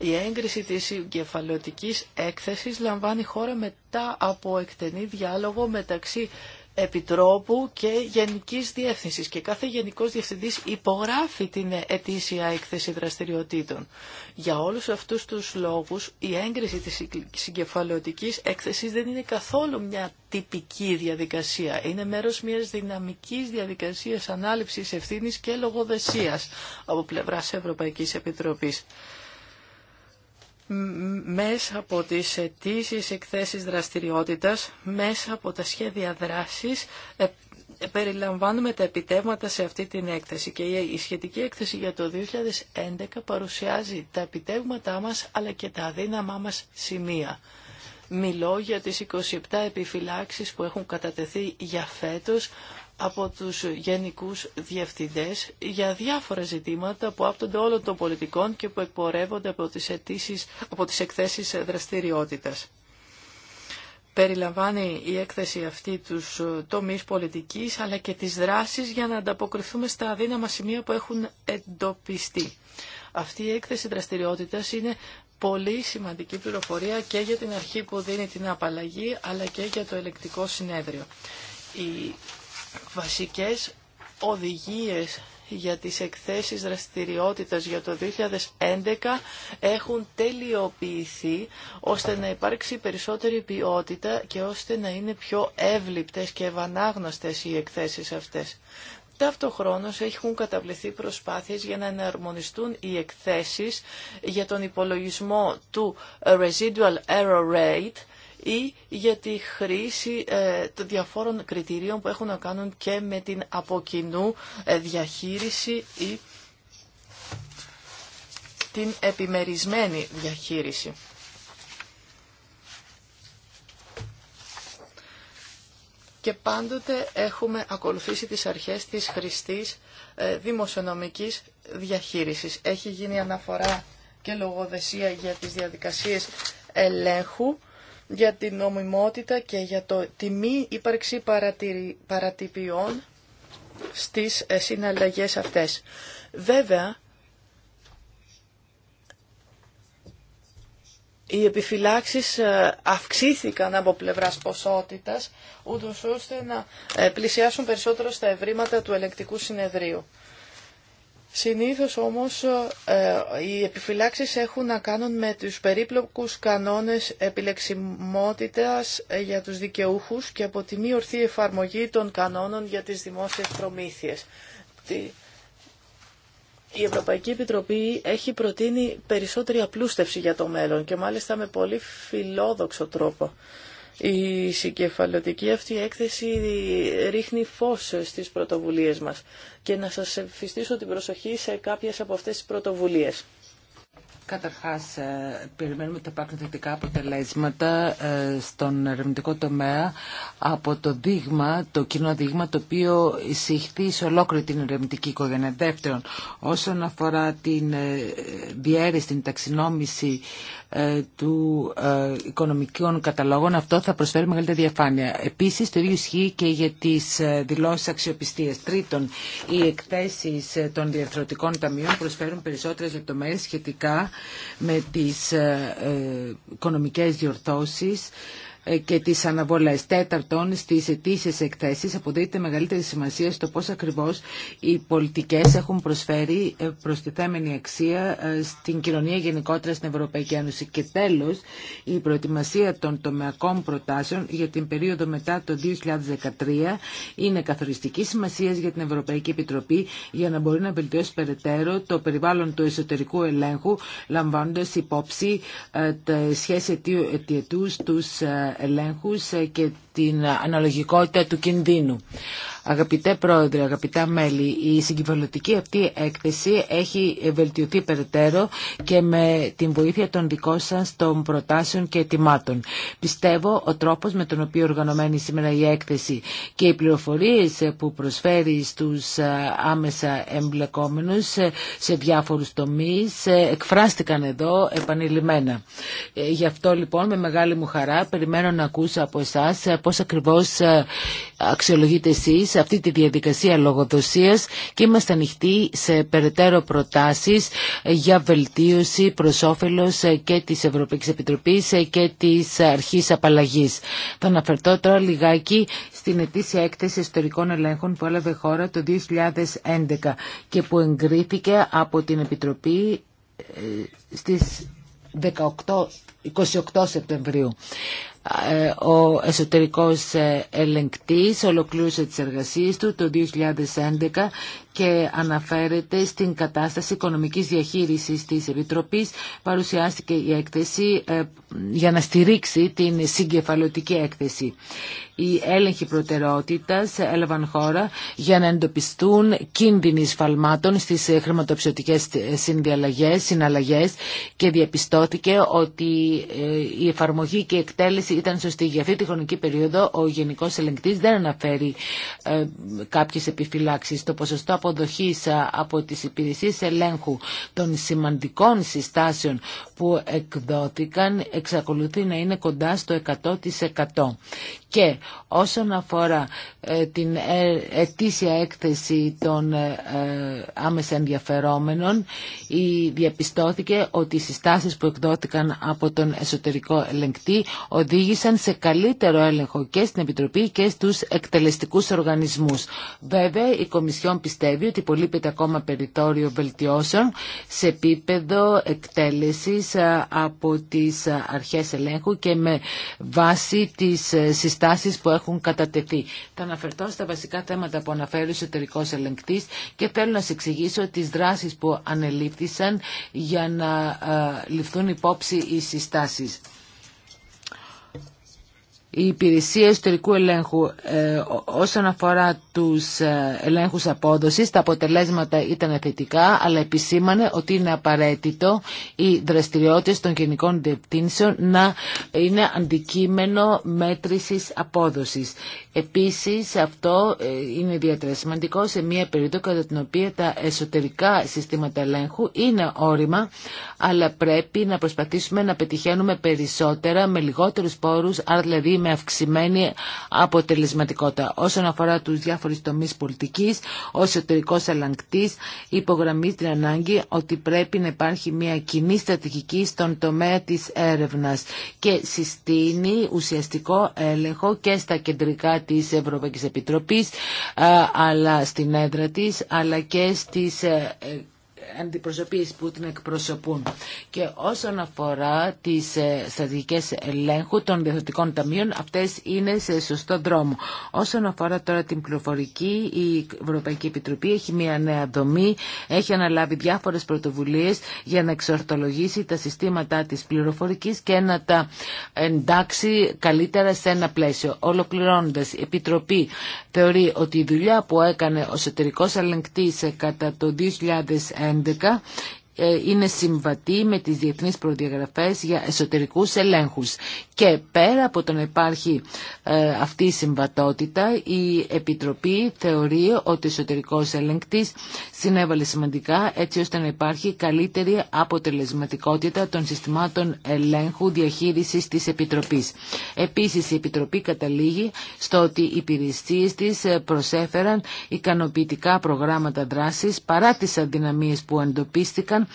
Η έγκριση της εγκεφαλαιοτικής έκθεσης λαμβάνει χώρα μετά από εκτενή διάλογο μεταξύ Επιτρόπου και Γενικής Διεύθυνσης και κάθε Γενικός Διευθυντής υπογράφει την ετήσια έκθεση δραστηριοτήτων. Για όλους αυτούς τους λόγους η έγκριση της συγκεφαλαιωτικής έκθεσης δεν είναι καθόλου μια τυπική διαδικασία. Είναι μέρος μιας δυναμικής διαδικασίας ανάληψης ευθύνης και λογοδεσίας από πλευράς Ευρωπαϊκής Επιτροπής μέσα από τις αιτήσει εκθέσεις δραστηριότητας, μέσα από τα σχέδια δράσης, ε, ε, περιλαμβάνουμε τα επιτεύγματα σε αυτή την έκθεση και η σχετική έκθεση για το 2011 παρουσιάζει τα επιτεύγματά μας αλλά και τα αδύναμά μας σημεία. Μιλώ για τις 27 επιφυλάξεις που έχουν κατατεθεί για φέτος από τους γενικούς διευθυντές για διάφορα ζητήματα που άπτονται όλων των πολιτικών και που εκπορεύονται από τις, αιτήσεις, από τις εκθέσεις δραστηριότητας. Περιλαμβάνει η έκθεση αυτή τους τομείς πολιτικής αλλά και τις δράσεις για να ανταποκριθούμε στα αδύναμα σημεία που έχουν εντοπιστεί. Αυτή η έκθεση δραστηριότητας είναι πολύ σημαντική πληροφορία και για την αρχή που δίνει την απαλλαγή αλλά και για το ελεκτικό συνέδριο. Η βασικές οδηγίες για τις εκθέσεις δραστηριότητας για το 2011 έχουν τελειοποιηθεί ώστε να υπάρξει περισσότερη ποιότητα και ώστε να είναι πιο εύληπτες και ευανάγνωστες οι εκθέσεις αυτές. Ταυτοχρόνως έχουν καταβληθεί προσπάθειες για να εναρμονιστούν οι εκθέσεις για τον υπολογισμό του Residual Error Rate ή για τη χρήση ε, των διαφόρων κριτηρίων που έχουν να κάνουν και με την αποκοινού ε, διαχείριση ή την επιμερισμένη διαχείριση. και πάντοτε έχουμε ακολουθήσει τις αρχές της χρηστής ε, δημοσιονομικής διαχείρισης. Έχει γίνει αναφορά και λογοδεσία για τις διαδικασίες ελέγχου για την νομιμότητα και για το τιμή ύπαρξη παρατυπιών στις ε, συναλλαγές αυτές. Βέβαια, οι επιφυλάξεις ε, αυξήθηκαν από πλευράς ποσότητας, ούτως ώστε να ε, πλησιάσουν περισσότερο στα ευρήματα του ελεκτικού συνεδρίου. Συνήθως όμως ε, οι επιφυλάξεις έχουν να κάνουν με τους περίπλοκους κανόνες επιλεξιμότητας ε, για τους δικαιούχους και από τη μη ορθή εφαρμογή των κανόνων για τις δημόσιες προμήθειες. Η Ευρωπαϊκή Επιτροπή έχει προτείνει περισσότερη απλούστευση για το μέλλον και μάλιστα με πολύ φιλόδοξο τρόπο. Η συγκεφαλωτική αυτή έκθεση ρίχνει φως στις πρωτοβουλίες μας και να σας ευφυστήσω την προσοχή σε κάποιες από αυτές τις πρωτοβουλίες. Καταρχάς, ε, περιμένουμε τα υπάρχουν θετικά αποτελέσματα ε, στον ερευνητικό τομέα από το δείγμα, το κοινό δείγμα, το οποίο εισηχθεί σε ολόκληρη την ερευνητική οικογένεια. Δεύτερον, όσον αφορά την ε, διαίρεση, την ταξινόμηση του οικονομικών καταλόγων, αυτό θα προσφέρει μεγαλύτερη διαφάνεια. Επίσης, το ίδιο ισχύει και για τις δηλώσεις αξιοπιστίας. Τρίτον, οι εκθέσει των διαρθρωτικών ταμείων προσφέρουν περισσότερες λεπτομέρειες σχετικά με τις ε, ε, οικονομικές διορθώσεις ε, και τις αναβολές. τέταρτων στις αιτήσεις εκθέσεις αποδείται μεγαλύτερη σημασία στο πώς ακριβώς οι πολιτικές έχουν προσφέρει ε, προστιθέμενη αξία ε, στην κοινωνία γενικότερα στην Ευρωπαϊκή Ένωση. Και τέλος, η προετοιμασία των τομεακών προτάσεων για την περίοδο μετά το 2013 είναι καθοριστική σημασία για την Ευρωπαϊκή Επιτροπή για να μπορεί να βελτιώσει περαιτέρω το περιβάλλον του εσωτερικού ελέγχου λαμβάνοντας υπόψη τα σχέση αιτιετούς τους ελέγχους και την αναλογικότητα του κινδύνου. Αγαπητέ Πρόεδρε, αγαπητά μέλη, η συγκυβερνητική αυτή έκθεση έχει βελτιωθεί περαιτέρω και με την βοήθεια των δικών σα των προτάσεων και ετοιμάτων. Πιστεύω ο τρόπο με τον οποίο οργανωμένη σήμερα η έκθεση και οι πληροφορίε που προσφέρει στου ε, άμεσα εμπλεκόμενου ε, σε διάφορου τομεί ε, εκφράστηκαν εδώ επανειλημμένα. Γι' αυτό λοιπόν με μεγάλη μου χαρά περιμένω να ακούσω από εσά πώς ακριβώς ε, αξιολογείτε εσείς αυτή τη διαδικασία λογοδοσίας και είμαστε ανοιχτοί σε περαιτέρω προτάσεις για βελτίωση προς όφελος ε, και της Ευρωπαϊκής Επιτροπής ε, και της Αρχής Απαλλαγής. Θα αναφερθώ τώρα λιγάκι στην ετήσια έκθεση ιστορικών ελέγχων που έλαβε χώρα το 2011 και που εγκρίθηκε από την Επιτροπή στις 18, 28 Σεπτεμβρίου ο εσωτερικός ε, ελεγκτής ολοκλήρωσε τις εργασίες του το 2011 και αναφέρεται στην κατάσταση οικονομικής διαχείρισης της Επιτροπής. Παρουσιάστηκε η έκθεση ε, για να στηρίξει την συγκεφαλωτική έκθεση οι έλεγχοι προτεραιότητας έλαβαν χώρα για να εντοπιστούν κίνδυνοι σφαλμάτων στις χρηματοψηφιακές συνδιαλλαγές, συναλλαγές και διαπιστώθηκε ότι ε, η εφαρμογή και η εκτέλεση ήταν σωστή. Για αυτή τη χρονική περίοδο ο Γενικός Ελεγκτής δεν αναφέρει ε, κάποιες επιφυλάξεις. Το ποσοστό αποδοχής ε, από τις υπηρεσίες ελέγχου των σημαντικών συστάσεων που εκδόθηκαν εξακολουθεί να είναι κοντά στο 100% και Όσον αφορά ε, την ε, ετήσια έκθεση των ε, άμεσα ενδιαφερόμενων, διαπιστώθηκε ότι οι συστάσεις που εκδόθηκαν από τον εσωτερικό ελεγκτή οδήγησαν σε καλύτερο έλεγχο και στην Επιτροπή και στους εκτελεστικούς οργανισμούς. Βέβαια, η Κομισιόν πιστεύει ότι υπολείπεται ακόμα περιτόριο βελτιώσεων σε επίπεδο εκτέλεσης από τις αρχές ελέγχου και με βάση τις συστάσεις που έχουν κατατεθεί. Θα αναφερθώ στα βασικά θέματα που αναφέρει ο εσωτερικό ελεγκτή και θέλω να σα εξηγήσω τι δράσει που ανελήφθησαν για να ε, ληφθούν υπόψη οι συστάσεις η υπηρεσία ιστορικού ελέγχου ε, όσον αφορά τους ε, ελέγχους απόδοσης, τα αποτελέσματα ήταν θετικά, αλλά επισήμανε ότι είναι απαραίτητο οι δραστηριότητες των γενικών διευθύνσεων να είναι αντικείμενο μέτρησης απόδοσης. Επίσης αυτό ε, είναι ιδιαίτερα σημαντικό σε μια περίοδο κατά την οποία τα εσωτερικά συστήματα ελέγχου είναι όρημα αλλά πρέπει να προσπαθήσουμε να πετυχαίνουμε περισσότερα με λιγότερους πόρους άρα δηλαδή με αυξημένη αποτελεσματικότητα. Όσον αφορά τους διάφορους τομείς πολιτικής, ο εσωτερικός αλλαγκτής υπογραμμίζει την ανάγκη ότι πρέπει να υπάρχει μια κοινή στρατηγική στον τομέα της έρευνας και συστήνει ουσιαστικό έλεγχο και στα κεντρικά της Ευρωπαϊκής Επιτροπής αλλά στην έδρα της αλλά και στις ε, ε, αντιπροσωπείς που την εκπροσωπούν. Και όσον αφορά τις ε, στρατηγικές ελέγχου των διαθετικών ταμείων, αυτές είναι σε σωστό δρόμο. Όσον αφορά τώρα την πληροφορική, η Ευρωπαϊκή Επιτροπή έχει μια νέα δομή, έχει αναλάβει διάφορες πρωτοβουλίες για να εξορθολογήσει τα συστήματά της πληροφορικής και να τα εντάξει καλύτερα σε ένα πλαίσιο. Ολοκληρώνοντας, η Επιτροπή θεωρεί ότι η δουλειά που έκανε ο εσωτερικός ελεγκτής κατά το 2001 δικά... Ε, είναι συμβατή με τις διεθνείς προδιαγραφές για εσωτερικούς ελέγχους. Και πέρα από το να υπάρχει ε, αυτή η συμβατότητα, η Επιτροπή θεωρεί ότι ο εσωτερικός ελεγκτής συνέβαλε σημαντικά έτσι ώστε να υπάρχει καλύτερη αποτελεσματικότητα των συστημάτων ελέγχου διαχείρισης της Επιτροπής. Επίσης, η Επιτροπή καταλήγει στο ότι οι υπηρεσίες της ε, προσέφεραν ικανοποιητικά προγράμματα δράσης παρά τις αδυναμίες που εντοπίστηκαν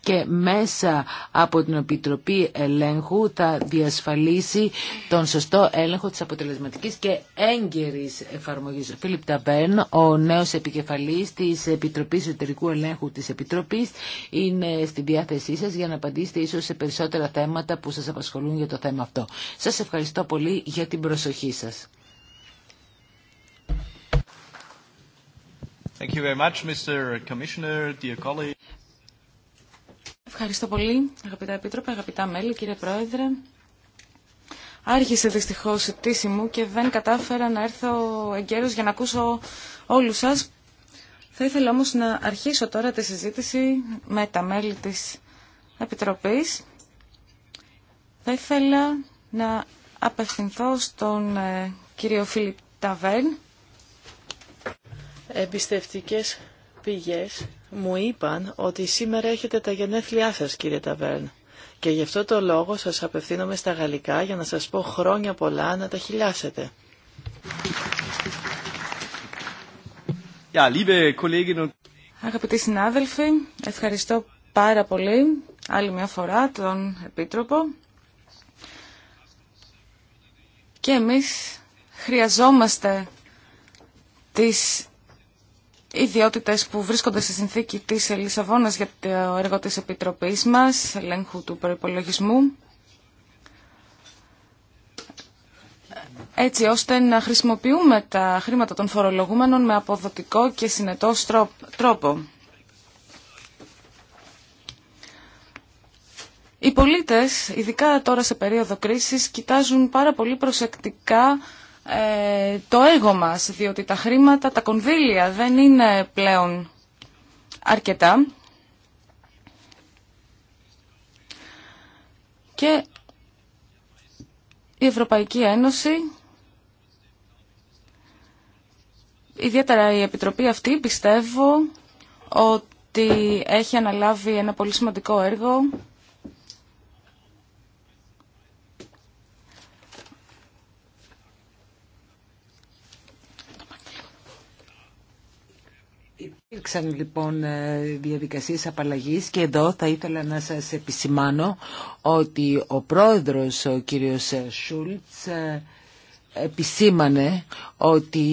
και μέσα από την Επιτροπή Ελέγχου θα διασφαλίσει τον σωστό έλεγχο της αποτελεσματικής και έγκαιρης εφαρμογής. Φίλιπ ο νέος επικεφαλής της Επιτροπής εσωτερικού Ελέγχου της Επιτροπής, είναι στη διάθεσή σας για να απαντήσετε ίσως σε περισσότερα θέματα που σας απασχολούν για το θέμα αυτό. Σας ευχαριστώ πολύ για την προσοχή σας. Thank you very much, Mr. Commissioner, Ευχαριστώ πολύ, αγαπητά Επίτροπα, αγαπητά μέλη, κύριε Πρόεδρε. Άρχισε δυστυχώς η πτήση μου και δεν κατάφερα να έρθω εγκαίρως για να ακούσω όλους σας. Θα ήθελα όμως να αρχίσω τώρα τη συζήτηση με τα μέλη της Επιτροπής. Θα ήθελα να απευθυνθώ στον ε, κύριο Φίλιπ Ταβέρν. Εμπιστευτικές πηγές μου είπαν ότι σήμερα έχετε τα γενέθλιά σας κύριε Ταβέρν και γι' αυτό το λόγο σας απευθύνομαι στα γαλλικά για να σας πω χρόνια πολλά να τα χιλιάσετε. Αγαπητοί συνάδελφοι, ευχαριστώ πάρα πολύ άλλη μια φορά τον Επίτροπο και εμείς χρειαζόμαστε τις ιδιότητε που βρίσκονται στη συνθήκη τη Λισαβόνας για το έργο της επιτροπή μα, ελέγχου του προπολογισμού. έτσι ώστε να χρησιμοποιούμε τα χρήματα των φορολογούμενων με αποδοτικό και συνετό τρόπο. Οι πολίτες, ειδικά τώρα σε περίοδο κρίσης, κοιτάζουν πάρα πολύ προσεκτικά ε, το έργο μας, διότι τα χρήματα, τα κονδύλια δεν είναι πλέον αρκετά. Και η Ευρωπαϊκή Ένωση, ιδιαίτερα η Επιτροπή αυτή, πιστεύω ότι έχει αναλάβει ένα πολύ σημαντικό έργο Υπήρξαν λοιπόν ε, διαδικασίες απαλλαγής και εδώ θα ήθελα να σας επισημάνω ότι ο πρόεδρος, ο κύριος Σούλτς, ε, επισήμανε ότι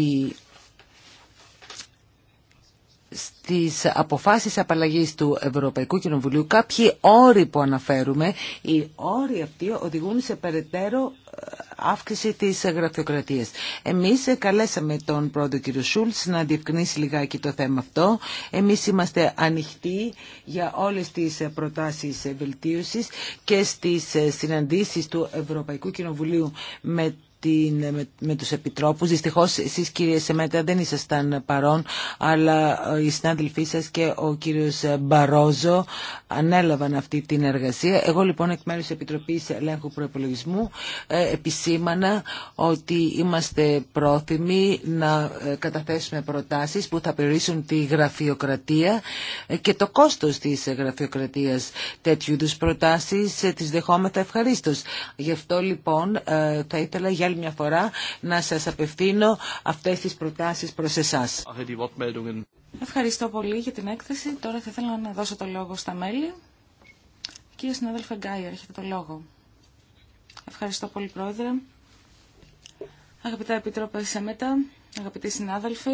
στις αποφάσεις απαλλαγής του Ευρωπαϊκού Κοινοβουλίου κάποιοι όροι που αναφέρουμε, οι όροι αυτοί οδηγούν σε περαιτέρω ε, αύξηση της γραφειοκρατίας. Εμείς καλέσαμε τον πρώτο κ. Σούλτς να διευκρινίσει λιγάκι το θέμα αυτό. Εμείς είμαστε ανοιχτοί για όλες τις προτάσεις βελτίωσης και στις συναντήσεις του Ευρωπαϊκού Κοινοβουλίου με την, με, με τους επιτρόπους. Δυστυχώς εσείς κύριε Σεμέτα δεν ήσασταν παρόν, αλλά ε, οι συνάδελφοί σας και ο κύριος Μπαρόζο ανέλαβαν αυτή την εργασία. Εγώ λοιπόν εκ μέρους της Επιτροπής Ελέγχου Προεπολογισμού ε, επισήμανα ότι είμαστε πρόθυμοι να ε, καταθέσουμε προτάσεις που θα περιορίσουν τη γραφειοκρατία και το κόστος της γραφειοκρατίας τέτοιου είδου προτάσεις τις δεχόμεθα ευχαρίστως. Γι' αυτό λοιπόν θα ήθελα για άλλη μια φορά να σας απευθύνω αυτές τις προτάσεις προς εσάς. Ευχαριστώ πολύ για την έκθεση. Τώρα θα ήθελα να δώσω το λόγο στα μέλη. Κύριε συνάδελφε Γκάιερ, έχετε το λόγο. Ευχαριστώ πολύ, Πρόεδρε. Αγαπητά Επίτροπε Σέμετα, αγαπητοί συνάδελφοι,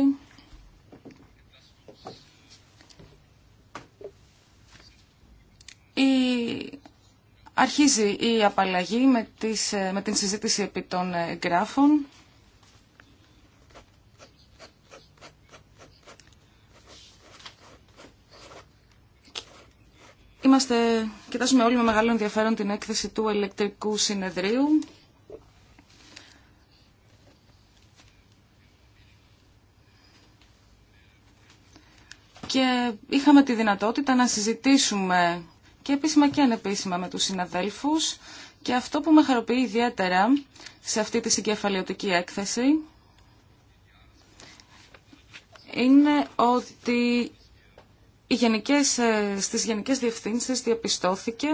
η Αρχίζει η απαλλαγή με, τις, ε, με την συζήτηση επί των ε, γράφων. Είμαστε, κοιτάζουμε όλοι με μεγάλο ενδιαφέρον την έκθεση του ηλεκτρικού συνεδρίου. Και είχαμε τη δυνατότητα να συζητήσουμε και επίσημα και ανεπίσημα με τους συναδέλφους και αυτό που με χαροποιεί ιδιαίτερα σε αυτή τη συγκεφαλαιοτική έκθεση είναι ότι οι γενικές, ε, στις γενικές διευθύνσεις διαπιστώθηκε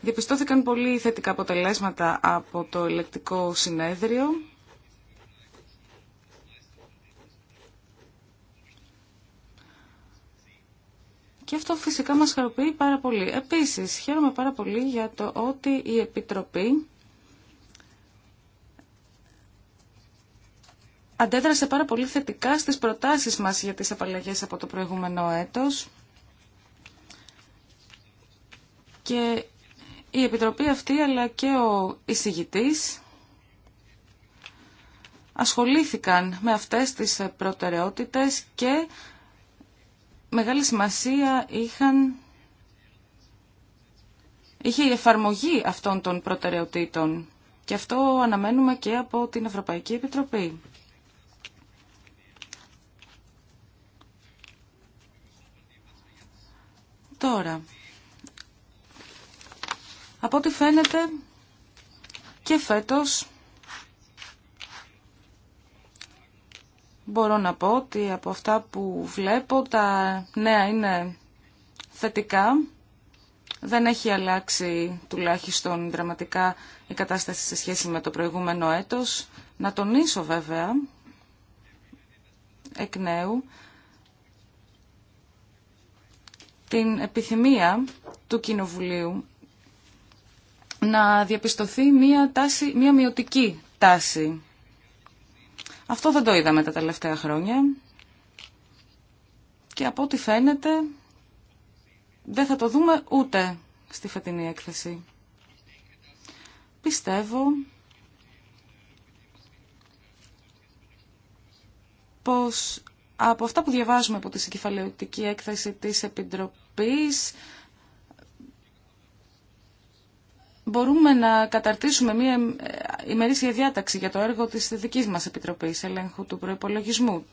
Διαπιστώθηκαν πολύ θετικά αποτελέσματα από το ελεκτικό συνέδριο Και αυτό φυσικά μας χαροποιεί πάρα πολύ. Επίσης, χαίρομαι πάρα πολύ για το ότι η Επιτροπή αντέδρασε πάρα πολύ θετικά στις προτάσεις μας για τις απαλλαγές από το προηγούμενο έτος. Και η Επιτροπή αυτή αλλά και ο εισηγητής ασχολήθηκαν με αυτές τις προτεραιότητες και μεγάλη σημασία είχαν, είχε η εφαρμογή αυτών των προτεραιοτήτων και αυτό αναμένουμε και από την Ευρωπαϊκή Επιτροπή. Τώρα, από ό,τι φαίνεται και φέτος μπορώ να πω ότι από αυτά που βλέπω τα νέα είναι θετικά. Δεν έχει αλλάξει τουλάχιστον δραματικά η κατάσταση σε σχέση με το προηγούμενο έτος. Να τονίσω βέβαια εκ νέου την επιθυμία του Κοινοβουλίου να διαπιστωθεί μία, τάση, μία μειωτική τάση αυτό δεν το είδαμε τα τελευταία χρόνια και από ό,τι φαίνεται δεν θα το δούμε ούτε στη φετινή έκθεση. Πιστεύω πως από αυτά που διαβάζουμε από τη συγκεφαλαιοτική έκθεση της Επιτροπής μπορούμε να καταρτήσουμε μια ημερήσια διάταξη για το έργο της δικής μας Επιτροπής Ελέγχου του Προϋπολογισμού.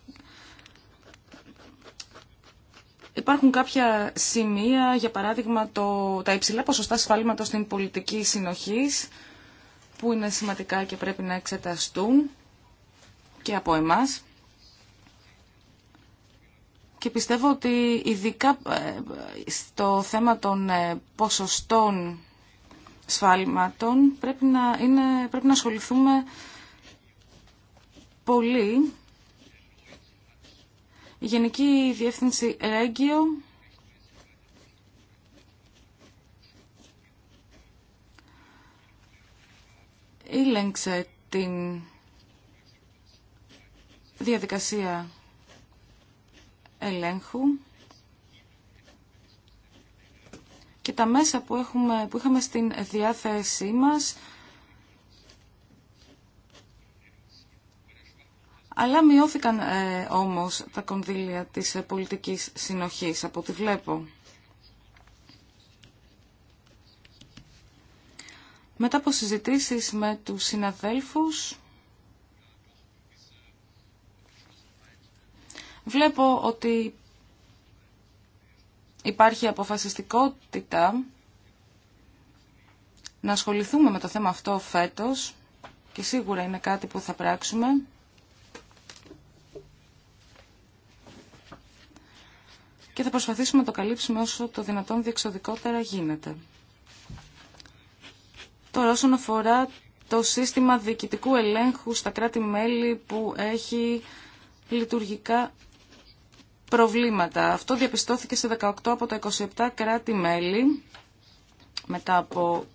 Υπάρχουν κάποια σημεία, για παράδειγμα το, τα υψηλά ποσοστά σφάλματος στην πολιτική συνοχής, που είναι σημαντικά και πρέπει να εξεταστούν και από εμάς. Και πιστεύω ότι ειδικά ε, στο θέμα των ε, ποσοστών σφάλματων πρέπει να, είναι, πρέπει να ασχοληθούμε πολύ. Η Γενική Διεύθυνση Ρέγγιο ήλεγξε την διαδικασία ελέγχου και τα μέσα που, έχουμε, που είχαμε στην διάθεσή μας Αλλά μειώθηκαν ε, όμως τα κονδύλια της ε, πολιτικής συνοχής, από ό,τι βλέπω. Μετά από συζητήσεις με τους συναδέλφους, βλέπω ότι υπάρχει αποφασιστικότητα να ασχοληθούμε με το θέμα αυτό φέτος και σίγουρα είναι κάτι που θα πράξουμε. Και θα προσπαθήσουμε να το καλύψουμε όσο το δυνατόν διεξοδικότερα γίνεται. Τώρα όσον αφορά το σύστημα διοικητικού ελέγχου στα κράτη-μέλη που έχει λειτουργικά προβλήματα. Αυτό διαπιστώθηκε σε 18 από τα 27 κράτη-μέλη μετά από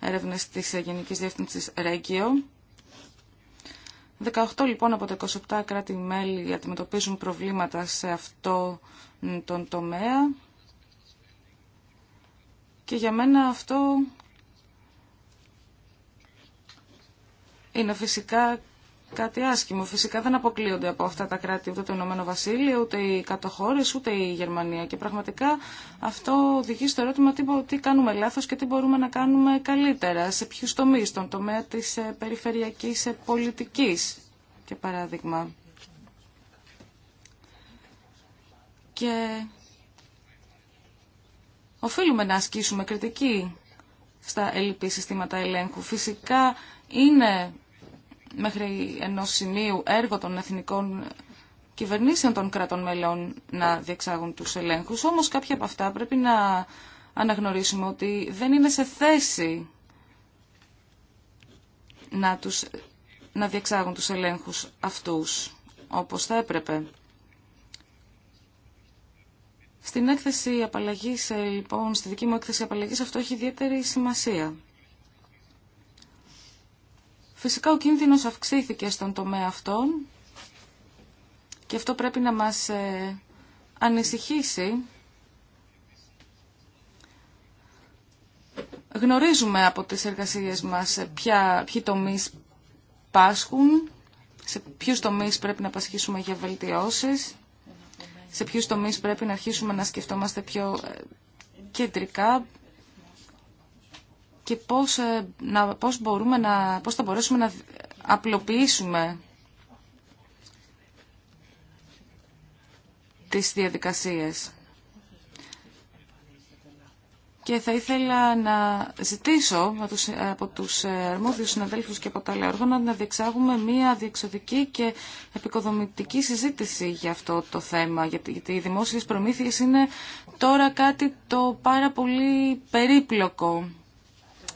έρευνες της Γενικής Διεύθυνσης Ρέγκιο. 18 λοιπόν από τα 27 κράτη-μέλη αντιμετωπίζουν προβλήματα σε αυτό τον τομέα και για μένα αυτό είναι φυσικά κάτι άσχημο. Φυσικά δεν αποκλείονται από αυτά τα κράτη ούτε το Ηνωμένο Βασίλειο, ούτε οι κατοχώρε, ούτε η Γερμανία. Και πραγματικά αυτό οδηγεί στο ερώτημα τι, τι κάνουμε λάθος και τι μπορούμε να κάνουμε καλύτερα, σε ποιου τομεί, στον τομέα της ε, περιφερειακής ε, πολιτικής, για παράδειγμα. Και οφείλουμε να ασκήσουμε κριτική στα ελληπή συστήματα ελέγχου. Φυσικά είναι μέχρι ενός σημείου έργο των εθνικών κυβερνήσεων των κρατών μελών να διεξάγουν τους ελέγχους, όμως κάποια από αυτά πρέπει να αναγνωρίσουμε ότι δεν είναι σε θέση να, τους, να διεξάγουν τους ελέγχους αυτούς όπως θα έπρεπε. Στην έκθεση απαλλαγής, ε, λοιπόν, στη δική μου έκθεση απαλλαγής αυτό έχει ιδιαίτερη σημασία. Φυσικά ο κίνδυνος αυξήθηκε στον τομέα αυτόν και αυτό πρέπει να μας ε, ανησυχήσει. Γνωρίζουμε από τις εργασίες μας ε, ποια, ποιοι τομείς πάσχουν, σε ποιους τομείς πρέπει να πασχίσουμε για βελτιώσεις, σε ποιους τομείς πρέπει να αρχίσουμε να σκεφτόμαστε πιο ε, κεντρικά, και πώς, ε, να, πώς, μπορούμε να, πώς θα μπορέσουμε να απλοποιήσουμε τις διαδικασίες. Και θα ήθελα να ζητήσω από τους αρμόδιους συναδέλφους και από τα άλλα να διεξάγουμε μία διεξοδική και επικοδομητική συζήτηση για αυτό το θέμα. Γιατί οι δημόσιες προμήθειες είναι τώρα κάτι το πάρα πολύ περίπλοκο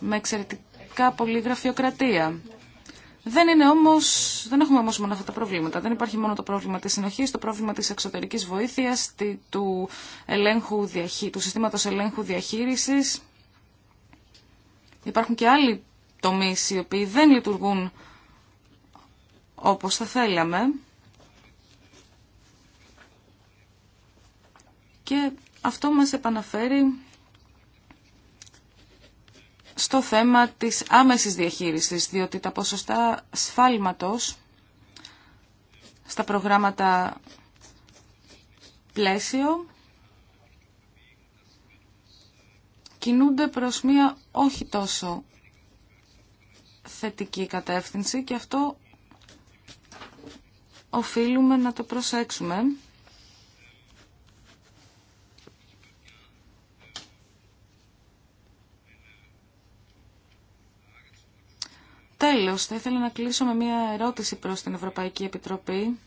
με εξαιρετικά πολύ γραφειοκρατία. Δεν, είναι όμως, δεν έχουμε όμως μόνο αυτά τα προβλήματα. Δεν υπάρχει μόνο το πρόβλημα της συνοχής, το πρόβλημα της εξωτερικής βοήθειας, του, ελέγχου, του συστήματος ελέγχου διαχείρισης. Υπάρχουν και άλλοι τομείς οι οποίοι δεν λειτουργούν όπως θα θέλαμε. Και αυτό μας επαναφέρει στο θέμα της άμεσης διαχείρισης, διότι τα ποσοστά σφάλματος στα προγράμματα πλαίσιο κινούνται προς μία όχι τόσο θετική κατεύθυνση και αυτό οφείλουμε να το προσέξουμε. Τέλος, θα ήθελα να κλείσω με μια ερώτηση προς την Ευρωπαϊκή Επιτροπή.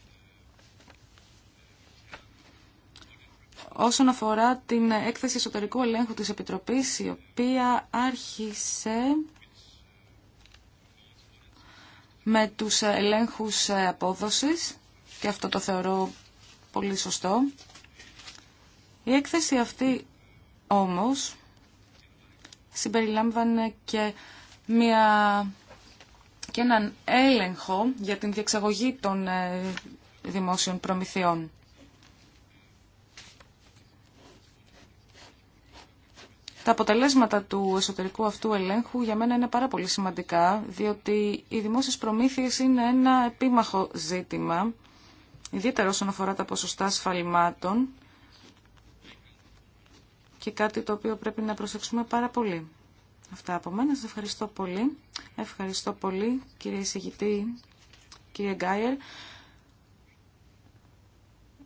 Όσον αφορά την έκθεση εσωτερικού ελέγχου της Επιτροπής, η οποία άρχισε με τους ελέγχους απόδοσης και αυτό το θεωρώ πολύ σωστό. Η έκθεση αυτή όμως συμπεριλάμβανε και μια και έναν έλεγχο για την διεξαγωγή των ε, δημόσιων προμηθειών. Τα αποτελέσματα του εσωτερικού αυτού ελέγχου για μένα είναι πάρα πολύ σημαντικά, διότι οι δημόσιες προμήθειες είναι ένα επίμαχο ζήτημα, ιδιαίτερα όσον αφορά τα ποσοστά σφαλμάτων και κάτι το οποίο πρέπει να προσέξουμε πάρα πολύ. Αυτά από μένα. Σας ευχαριστώ πολύ. Ευχαριστώ πολύ κύριε εισηγητή, κύριε Γκάιερ.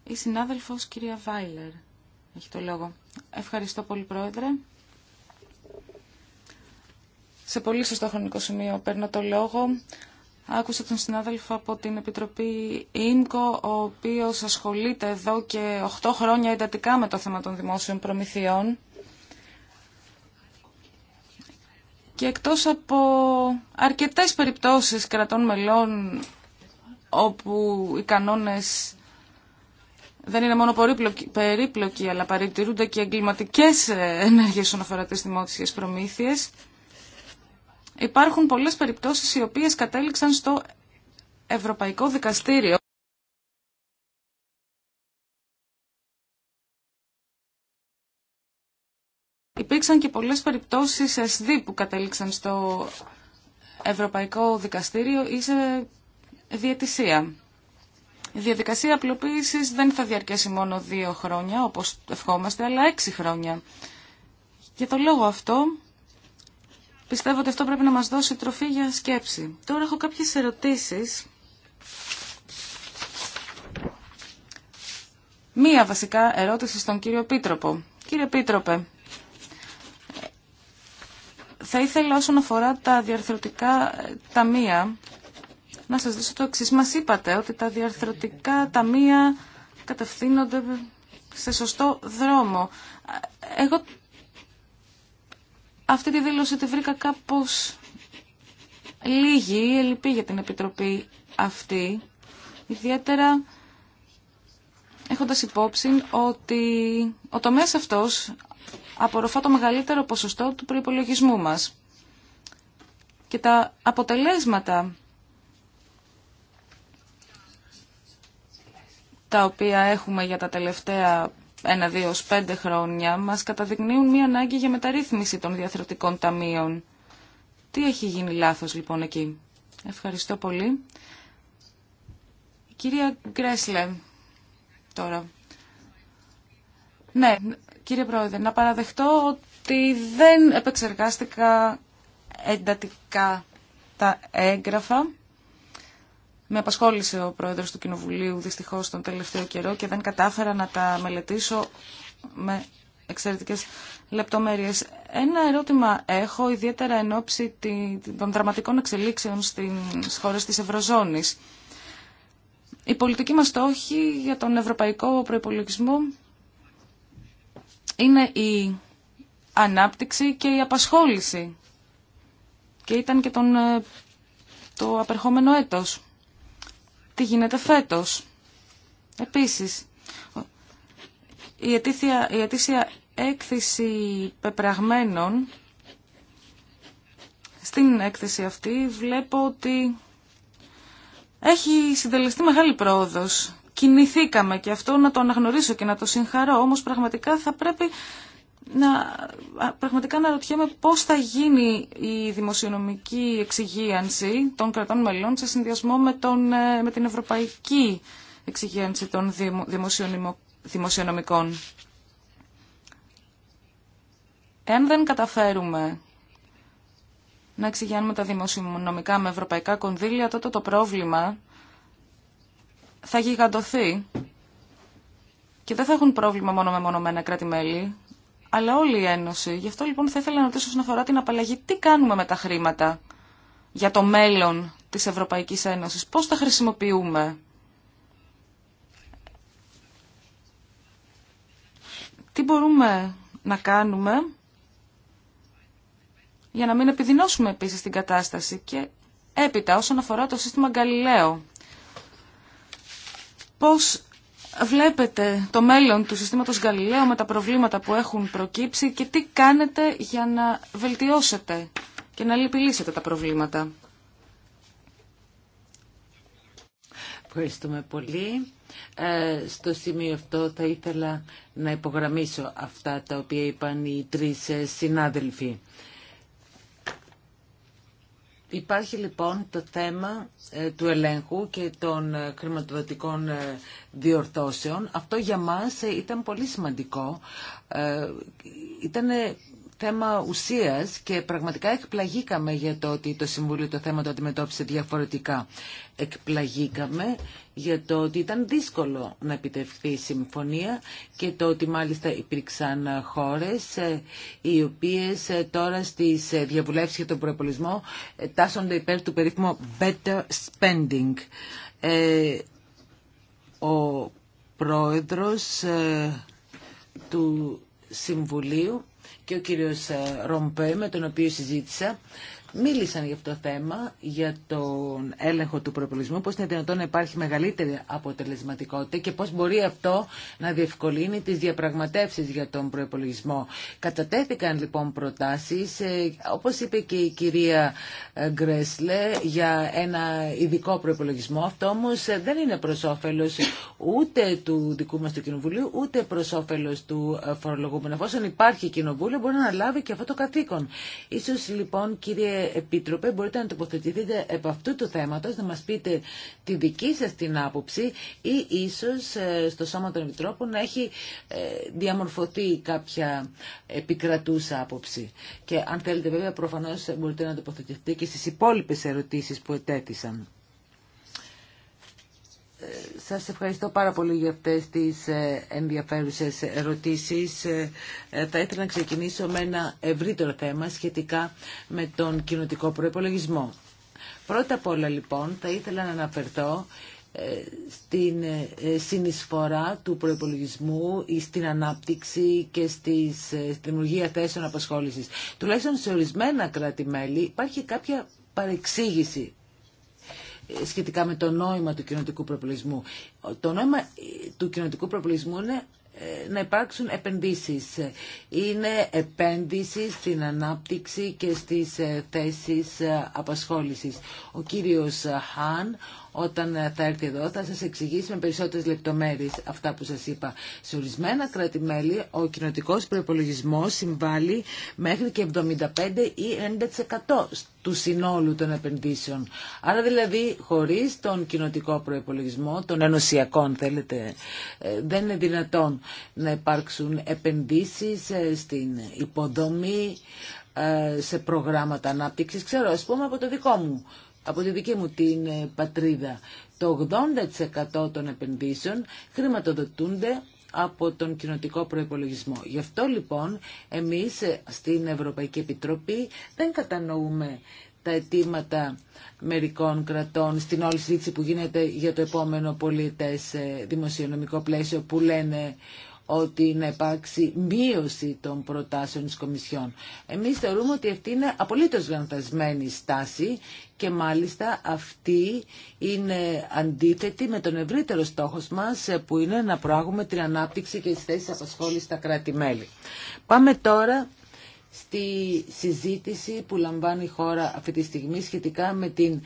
Η συνάδελφος κυρία Βάιλερ έχει το λόγο. Ευχαριστώ πολύ πρόεδρε. Σε πολύ σωστό χρονικό σημείο παίρνω το λόγο. Άκουσα τον συνάδελφο από την Επιτροπή ΙΝΚΟ, ο οποίος ασχολείται εδώ και 8 χρόνια εντατικά με το θέμα των δημόσιων προμηθειών. και εκτός από αρκετές περιπτώσεις κρατών μελών όπου οι κανόνες δεν είναι μόνο περίπλοκοι, αλλά παρατηρούνται και εγκληματικέ ενέργειες όσον αφορά τις δημόσιες προμήθειες. Υπάρχουν πολλές περιπτώσεις οι οποίες κατέληξαν στο Ευρωπαϊκό Δικαστήριο. υπήρξαν και πολλές περιπτώσεις SD που κατέληξαν στο Ευρωπαϊκό Δικαστήριο ή σε διαιτησία. Η διαδικασία απλοποίησης δεν θα διαρκέσει μόνο δύο χρόνια, όπως ευχόμαστε, αλλά έξι χρόνια. Για το λόγο αυτό, πιστεύω ότι αυτό πρέπει να μας δώσει τροφή για σκέψη. Τώρα έχω κάποιες ερωτήσεις. Μία βασικά ερώτηση στον κύριο Πίτροπο. Κύριε Πίτροπε, θα ήθελα όσον αφορά τα διαρθρωτικά ε, ταμεία να σας δώσω το εξής. Μας είπατε ότι τα διαρθρωτικά ταμεία κατευθύνονται σε σωστό δρόμο. Εγώ αυτή τη δήλωση τη βρήκα κάπως λίγη, ελλειπή για την Επιτροπή αυτή. Ιδιαίτερα έχοντας υπόψη ότι ο τομέας αυτός απορροφά το μεγαλύτερο ποσοστό του προϋπολογισμού μας. Και τα αποτελέσματα τα οποία έχουμε για τα τελευταία 1-2-5 χρόνια μας καταδεικνύουν μία ανάγκη για μεταρρύθμιση των διαθροτικών ταμείων. Τι έχει γίνει λάθος λοιπόν εκεί. Ευχαριστώ πολύ. κυρία Γκρέσλε τώρα. Ναι, Κύριε Πρόεδρε, να παραδεχτώ ότι δεν επεξεργάστηκα εντατικά τα έγγραφα. Με απασχόλησε ο Πρόεδρος του Κοινοβουλίου δυστυχώς τον τελευταίο καιρό και δεν κατάφερα να τα μελετήσω με εξαιρετικές λεπτομέρειες. Ένα ερώτημα έχω, ιδιαίτερα εν ώψη των δραματικών εξελίξεων στις χώρες της Ευρωζώνης. Η πολιτική μας στόχη για τον ευρωπαϊκό προϋπολογισμό είναι η ανάπτυξη και η απασχόληση. Και ήταν και τον, ε, το απερχόμενο έτος. Τι γίνεται φέτος. Επίσης, η αιτήσια, η έκθεση πεπραγμένων, στην έκθεση αυτή βλέπω ότι έχει συντελεστεί μεγάλη πρόοδος κινηθήκαμε και αυτό να το αναγνωρίσω και να το συγχαρώ, όμως πραγματικά θα πρέπει να, πραγματικά να ρωτιέμαι πώς θα γίνει η δημοσιονομική εξυγίανση των κρατών μελών σε συνδυασμό με, τον, ε, με την ευρωπαϊκή εξυγίανση των δημοσιονομικών. Εάν δεν καταφέρουμε να εξηγιάνουμε τα δημοσιονομικά με ευρωπαϊκά κονδύλια, τότε το πρόβλημα θα γιγαντωθεί και δεν θα έχουν πρόβλημα μόνο με μονομένα κράτη-μέλη, αλλά όλη η Ένωση. Γι' αυτό λοιπόν θα ήθελα να ρωτήσω όσον αφορά την απαλλαγή, τι κάνουμε με τα χρήματα για το μέλλον της Ευρωπαϊκής Ένωσης, πώς τα χρησιμοποιούμε. Τι μπορούμε να κάνουμε για να μην επιδεινώσουμε επίσης την κατάσταση και έπειτα όσον αφορά το σύστημα Γκαλιλαίο. Πώς βλέπετε το μέλλον του συστήματος Γαλιλαίου με τα προβλήματα που έχουν προκύψει και τι κάνετε για να βελτιώσετε και να λυπηλήσετε τα προβλήματα. Ευχαριστούμε πολύ. Ε, στο σημείο αυτό θα ήθελα να υπογραμμίσω αυτά τα οποία είπαν οι τρεις ε, συνάδελφοι. Υπάρχει λοιπόν το θέμα ε, του ελέγχου και των ε, χρηματοδοτικών ε, διορθώσεων. Αυτό για μας ήταν πολύ σημαντικό. Ήταν θέμα ουσίας και πραγματικά εκπλαγήκαμε για το ότι το Συμβούλιο το θέμα το αντιμετώπισε διαφορετικά. Εκπλαγήκαμε για το ότι ήταν δύσκολο να επιτευχθεί η συμφωνία και το ότι μάλιστα υπήρξαν χώρες ε, οι οποίες ε, τώρα στις ε, διαβουλεύσεις για τον προεπολισμό τάσσονται υπέρ του περίφημου better spending. Ο πρόεδρος του Συμβουλίου και ο κύριος Ρομπέ με τον οποίο συζήτησα μίλησαν για αυτό το θέμα, για τον έλεγχο του προπολογισμού, πώς είναι δυνατόν να υπάρχει μεγαλύτερη αποτελεσματικότητα και πώς μπορεί αυτό να διευκολύνει τις διαπραγματεύσεις για τον προπολογισμό. Κατατέθηκαν λοιπόν προτάσεις, ε, όπως είπε και η κυρία ε, Γκρέσλε, για ένα ειδικό προπολογισμό. Αυτό όμω ε, δεν είναι προ όφελο ούτε του δικού μας του Κοινοβουλίου, ούτε προ όφελο του φορολογούμενου. Εφόσον υπάρχει κοινοβούλιο, μπορεί να λάβει και αυτό το καθήκον. Ίσως λοιπόν, κύριε Επίτροπε, μπορείτε να τοποθετηθείτε από αυτού του θέματος, να μας πείτε τη δική σας την άποψη ή ίσως ε, στο Σώμα των Επιτρόπων να έχει ε, διαμορφωθεί κάποια επικρατούσα άποψη. Και αν θέλετε βέβαια προφανώς μπορείτε να τοποθετηθείτε και στις υπόλοιπες ερωτήσεις που ετέθησαν. Σας ευχαριστώ πάρα πολύ για αυτές τις ε, ενδιαφέρουσες ερωτήσεις. Ε, ε, θα ήθελα να ξεκινήσω με ένα ευρύτερο θέμα σχετικά με τον κοινοτικό προϋπολογισμό. Πρώτα απ' όλα λοιπόν θα ήθελα να αναφερθώ στην συνεισφορά του προϋπολογισμού στην ανάπτυξη και στη δημιουργία θέσεων απασχόλησης. Τουλάχιστον σε ορισμένα κράτη-μέλη υπάρχει κάποια παρεξήγηση σχετικά με το νόημα του κοινοτικού προπολισμού. Το νόημα ε, του κοινοτικού προπολισμού είναι ε, να υπάρξουν επενδύσεις. Είναι επένδυση στην ανάπτυξη και στις ε, θέσεις απασχόλησης. Ο κύριος Χάν, όταν θα έρθει εδώ, θα σας εξηγήσει με περισσότερες λεπτομέρειες αυτά που σας είπα. Σε ορισμένα κράτη-μέλη, ο κοινοτικός προπολογισμό συμβάλλει μέχρι και 75 ή 90% του συνόλου των επενδύσεων. Άρα δηλαδή χωρίς τον κοινοτικό προϋπολογισμό, τον ενωσιακό, θέλετε, ε, δεν είναι δυνατόν να υπάρξουν επενδύσεις ε, στην υποδομή, ε, σε προγράμματα ανάπτυξης. Ξέρω, ας πούμε από το δικό μου, από τη δική μου την πατρίδα, το 80% των επενδύσεων χρηματοδοτούνται από τον κοινοτικό προϋπολογισμό. Γι' αυτό λοιπόν εμείς στην Ευρωπαϊκή Επιτροπή δεν κατανοούμε τα αιτήματα μερικών κρατών στην όλη συζήτηση που γίνεται για το επόμενο πολίτες ε, δημοσιονομικό πλαίσιο που λένε ότι να υπάρξει μείωση των προτάσεων της Κομισιόν. Εμείς θεωρούμε ότι αυτή είναι απολύτως γανθασμένη στάση και μάλιστα αυτή είναι αντίθετη με τον ευρύτερο στόχο μας που είναι να προάγουμε την ανάπτυξη και τις θέσεις απασχόλησης στα κράτη-μέλη. Πάμε τώρα στη συζήτηση που λαμβάνει η χώρα αυτή τη στιγμή σχετικά με την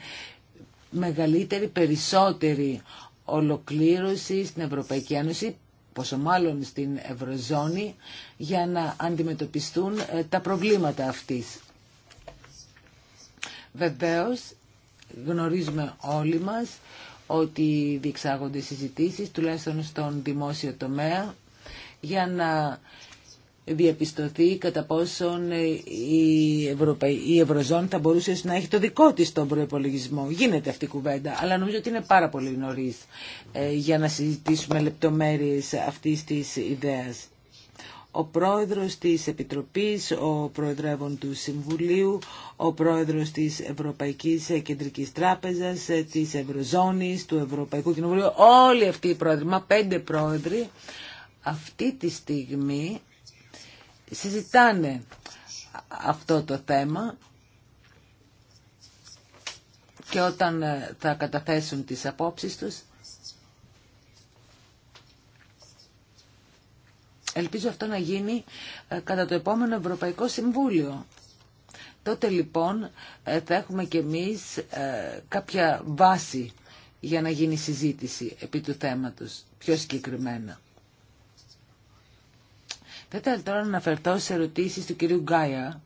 μεγαλύτερη, περισσότερη ολοκλήρωση στην Ευρωπαϊκή Ένωση πόσο μάλλον στην Ευρωζώνη, για να αντιμετωπιστούν ε, τα προβλήματα αυτής. Βεβαίως, γνωρίζουμε όλοι μας ότι διεξάγονται συζητήσεις, τουλάχιστον στον δημόσιο τομέα, για να διαπιστωθεί κατά πόσον ε, η, Ευρωπα... η Ευρωζώνη θα μπορούσε να έχει το δικό της τον προπολογισμό. Γίνεται αυτή η κουβέντα, αλλά νομίζω ότι είναι πάρα πολύ νωρί ε, για να συζητήσουμε λεπτομέρειες αυτής της ιδέας. Ο πρόεδρος της Επιτροπής, ο προεδρεύων του Συμβουλίου, ο πρόεδρος της Ευρωπαϊκής Κεντρικής Τράπεζας, ε, της Ευρωζώνης, του Ευρωπαϊκού Κοινοβουλίου, όλοι αυτοί οι πρόεδροι, μα πέντε πρόεδροι, αυτή τη στιγμή συζητάνε αυτό το θέμα και όταν ε, θα καταθέσουν τις απόψεις τους Ελπίζω αυτό να γίνει ε, κατά το επόμενο Ευρωπαϊκό Συμβούλιο. Τότε λοιπόν ε, θα έχουμε και εμείς κάποια βάση για να γίνει συζήτηση επί του θέματος πιο συγκεκριμένα. Θα ήθελα τώρα να αναφερθώ σε ερωτήσεις του κυρίου Γκάια.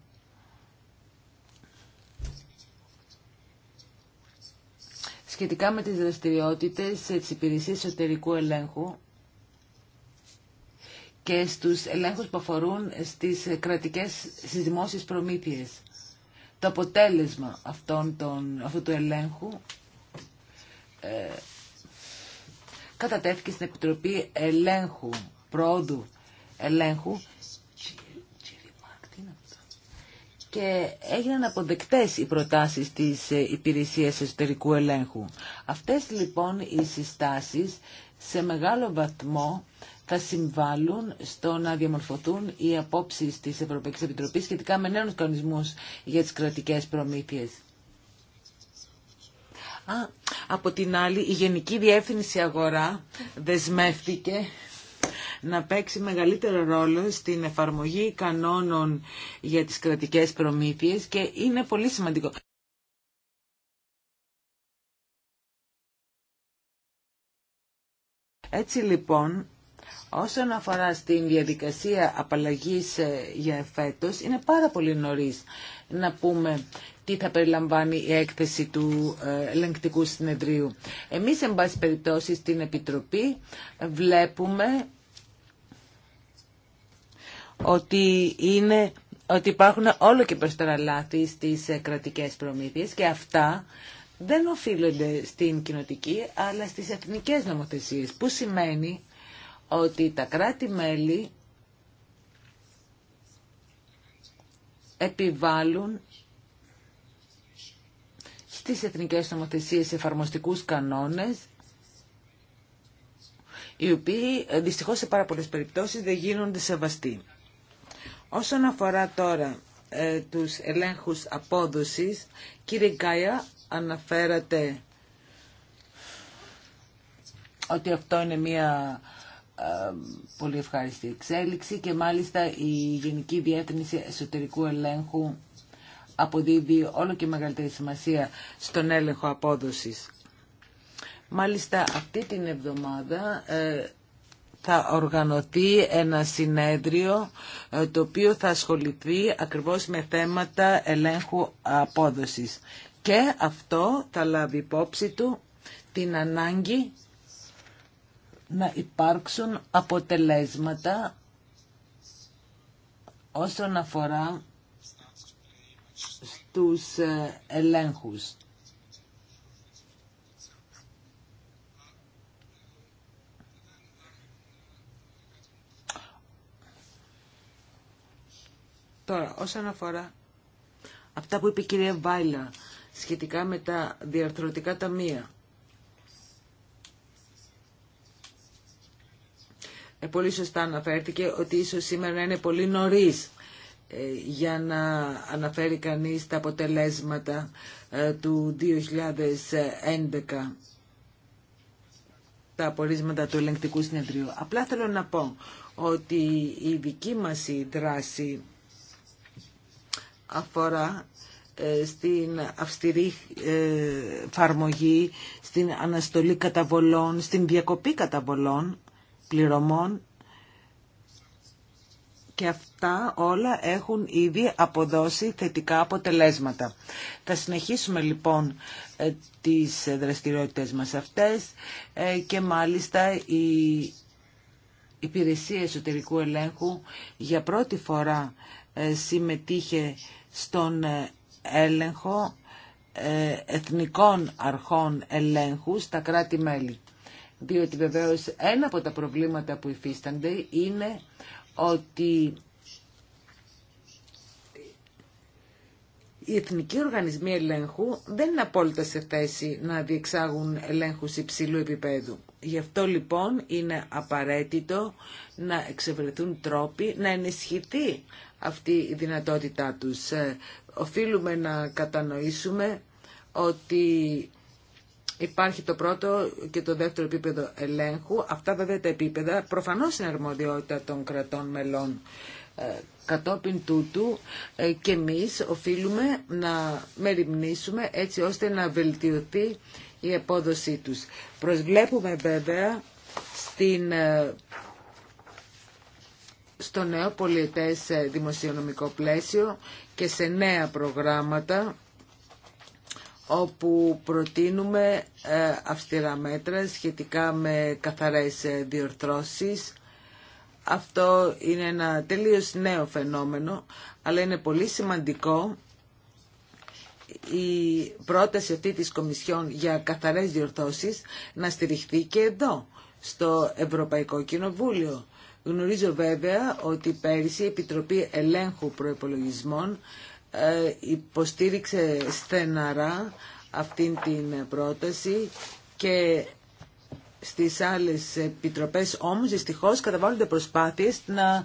Σχετικά με τις δραστηριότητες της υπηρεσίας εσωτερικού ελέγχου και στους ελέγχους που αφορούν στις κρατικές, στις δημόσιες προμήθειες. Το αποτέλεσμα αυτών των, αυτού του ελέγχου ε, κατατέθηκε στην Επιτροπή Ελέγχου Πρόοδου ελέγχου και έγιναν αποδεκτές οι προτάσεις της ε, υπηρεσίας εσωτερικού ελέγχου. Αυτές λοιπόν οι συστάσεις σε μεγάλο βαθμό θα συμβάλλουν στο να διαμορφωθούν οι απόψεις της Ευρωπαϊκής Επιτροπής σχετικά με νέους κανονισμούς για τις κρατικές προμήθειες. Α, από την άλλη, η Γενική Διεύθυνση Αγορά δεσμεύτηκε να παίξει μεγαλύτερο ρόλο στην εφαρμογή κανόνων για τις κρατικές προμήθειες και είναι πολύ σημαντικό. Έτσι λοιπόν, όσον αφορά στην διαδικασία απαλλαγής ε, για φέτος, είναι πάρα πολύ νωρίς να πούμε τι θα περιλαμβάνει η έκθεση του ε, ελεγκτικού συνεδρίου. Εμείς, εν πάση περιπτώσει, στην Επιτροπή βλέπουμε ότι, είναι, ότι υπάρχουν όλο και περισσότερα λάθη στις ε, κρατικές προμήθειες και αυτά δεν οφείλονται στην κοινοτική αλλά στις εθνικές νομοθεσίες που σημαίνει ότι τα κράτη-μέλη επιβάλλουν στις εθνικές νομοθεσίες εφαρμοστικούς κανόνες οι οποίοι ε, δυστυχώς σε πάρα πολλές περιπτώσεις δεν γίνονται σεβαστοί. Όσον αφορά τώρα ε, τους ελέγχους απόδοσης, κύριε Γκάια αναφέρατε ότι αυτό είναι μια ε, πολύ ευχάριστη εξέλιξη και μάλιστα η Γενική Διεύθυνση Εσωτερικού Ελέγχου αποδίδει όλο και μεγαλύτερη σημασία στον έλεγχο απόδοσης. Μάλιστα αυτή την εβδομάδα ε, θα οργανωθεί ένα συνέδριο ε, το οποίο θα ασχοληθεί ακριβώς με θέματα ελέγχου απόδοσης. Και αυτό θα λάβει υπόψη του την ανάγκη να υπάρξουν αποτελέσματα όσον αφορά στους ε, ελέγχους. Τώρα, όσον αφορά αυτά που είπε η κυρία Βάιλα σχετικά με τα διαρθρωτικά ταμεία. Ε, πολύ σωστά αναφέρθηκε ότι ίσως σήμερα είναι πολύ νωρίς για να αναφέρει κανείς τα αποτελέσματα ε, του 2011 τα απορίσματα του ελεγκτικού συνεδρίου. Απλά θέλω να πω ότι η δική μας δράση αφορά ε, στην αυστηρή ε, φαρμογή, στην αναστολή καταβολών, στην διακοπή καταβολών, πληρωμών και αυτά όλα έχουν ήδη αποδώσει θετικά αποτελέσματα. Θα συνεχίσουμε λοιπόν ε, τις δραστηριότητες μας αυτές ε, και μάλιστα η υπηρεσία εσωτερικού ελέγχου για πρώτη φορά ε, συμμετείχε στον έλεγχο εθνικών αρχών ελέγχου στα κράτη-μέλη. Διότι βεβαίως ένα από τα προβλήματα που υφίστανται είναι ότι οι εθνικοί οργανισμοί ελέγχου δεν είναι απόλυτα σε θέση να διεξάγουν ελέγχους υψηλού επίπεδου. Γι' αυτό λοιπόν είναι απαραίτητο να εξευρεθούν τρόποι να ενισχυθεί αυτή η δυνατότητά τους. Ε, οφείλουμε να κατανοήσουμε ότι Υπάρχει το πρώτο και το δεύτερο επίπεδο ελέγχου. Αυτά βέβαια τα επίπεδα προφανώς είναι αρμοδιότητα των κρατών μελών. Ε, κατόπιν τούτου ε, και εμείς οφείλουμε να μεριμνήσουμε έτσι ώστε να βελτιωθεί η επόδοσή τους. Προσβλέπουμε βέβαια στην, ε, στο νέο πολιτές δημοσιονομικό πλαίσιο και σε νέα προγράμματα όπου προτείνουμε ε, αυστηρά μέτρα σχετικά με καθαρές ε, διορθώσεις. Αυτό είναι ένα τελείως νέο φαινόμενο, αλλά είναι πολύ σημαντικό η πρόταση αυτή της Κομισιόν για καθαρές διορθώσεις να στηριχθεί και εδώ, στο Ευρωπαϊκό Κοινοβούλιο. Γνωρίζω βέβαια ότι πέρυσι η Επιτροπή Ελέγχου Προεπολογισμών ε, υποστήριξε στεναρά αυτήν την πρόταση και στις άλλες επιτροπές όμως δυστυχώς καταβάλλονται προσπάθειες να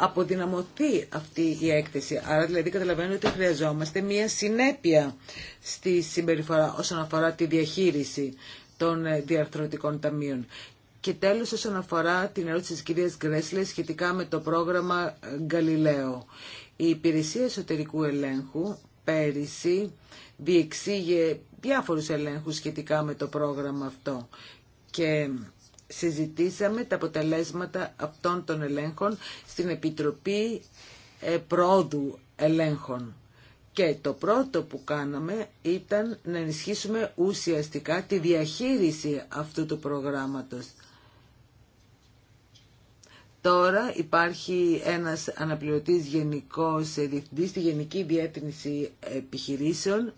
αποδυναμωθεί αυτή η έκθεση. Άρα δηλαδή καταλαβαίνετε ότι χρειαζόμαστε μία συνέπεια στη συμπεριφορά όσον αφορά τη διαχείριση των διαρθρωτικών ταμείων. Και τέλος όσον αφορά την ερώτηση της κυρίας Γκρέσλε σχετικά με το πρόγραμμα Γκαλιλαίο. Η υπηρεσία εσωτερικού ελέγχου πέρυσι διεξήγε διάφορους ελέγχους σχετικά με το πρόγραμμα αυτό και συζητήσαμε τα αποτελέσματα αυτών των ελέγχων στην Επιτροπή ε, Πρόοδου Ελέγχων. Και το πρώτο που κάναμε ήταν να ενισχύσουμε ουσιαστικά τη διαχείριση αυτού του προγράμματος. Τώρα υπάρχει ένας αναπληρωτής γενικός διευθυντής στη Γενική Διεύθυνση Επιχειρήσεων,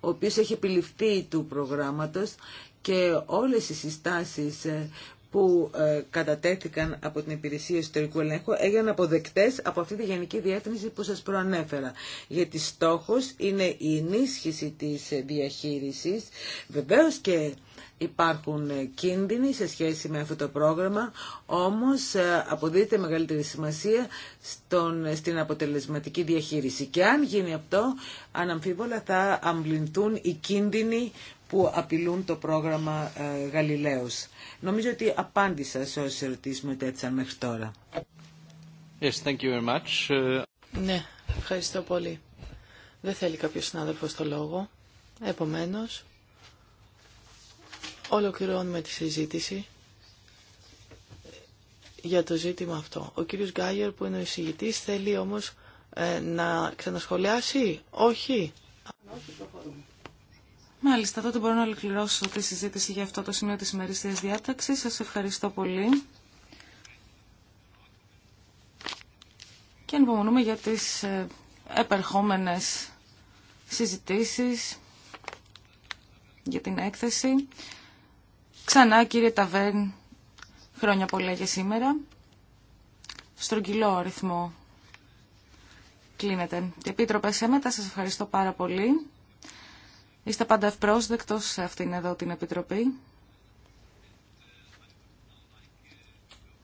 ο οποίος έχει επιληφθεί του προγράμματος και όλες οι συστάσεις ε, που ε, κατατέθηκαν από την Υπηρεσία Ιστορικού Ελέγχου έγιναν αποδεκτές από αυτή τη Γενική Διεύθυνση που σας προανέφερα. Γιατί στόχος είναι η ενίσχυση της διαχείρισης, βεβαίως και Υπάρχουν κίνδυνοι σε σχέση με αυτό το πρόγραμμα, όμως ε, αποδίδεται μεγαλύτερη σημασία στον, στην αποτελεσματική διαχείριση. Και αν γίνει αυτό, αναμφίβολα θα αμβληνθούν οι κίνδυνοι που απειλούν το πρόγραμμα ε, Γαλιλαίος. Νομίζω ότι απάντησα σε όσες ερωτήσεις μου τέτοια μέχρι τώρα. Yes, thank you very much. Ε, ναι, ευχαριστώ πολύ. Δεν θέλει κάποιος συνάδελφος το λόγο. Επομένως, Ολοκληρώνουμε τη συζήτηση για το ζήτημα αυτό. Ο κύριος Γκάγερ που είναι ο εισηγητής θέλει όμως ε, να ξανασχολιάσει. Όχι. Μάλιστα, τότε μπορώ να ολοκληρώσω τη συζήτηση για αυτό το σημείο της ημερησίας διάταξης. Σας ευχαριστώ πολύ. Και ανυπομονούμε για τις ε, επερχόμενες συζητήσεις για την έκθεση. Ξανά κύριε Ταβέρν, χρόνια πολλά για σήμερα. Στρογγυλό αριθμό κλείνεται. Και επίτροπε έμετα, σας ευχαριστώ πάρα πολύ. Είστε πάντα ευπρόσδεκτος σε αυτήν εδώ την Επιτροπή.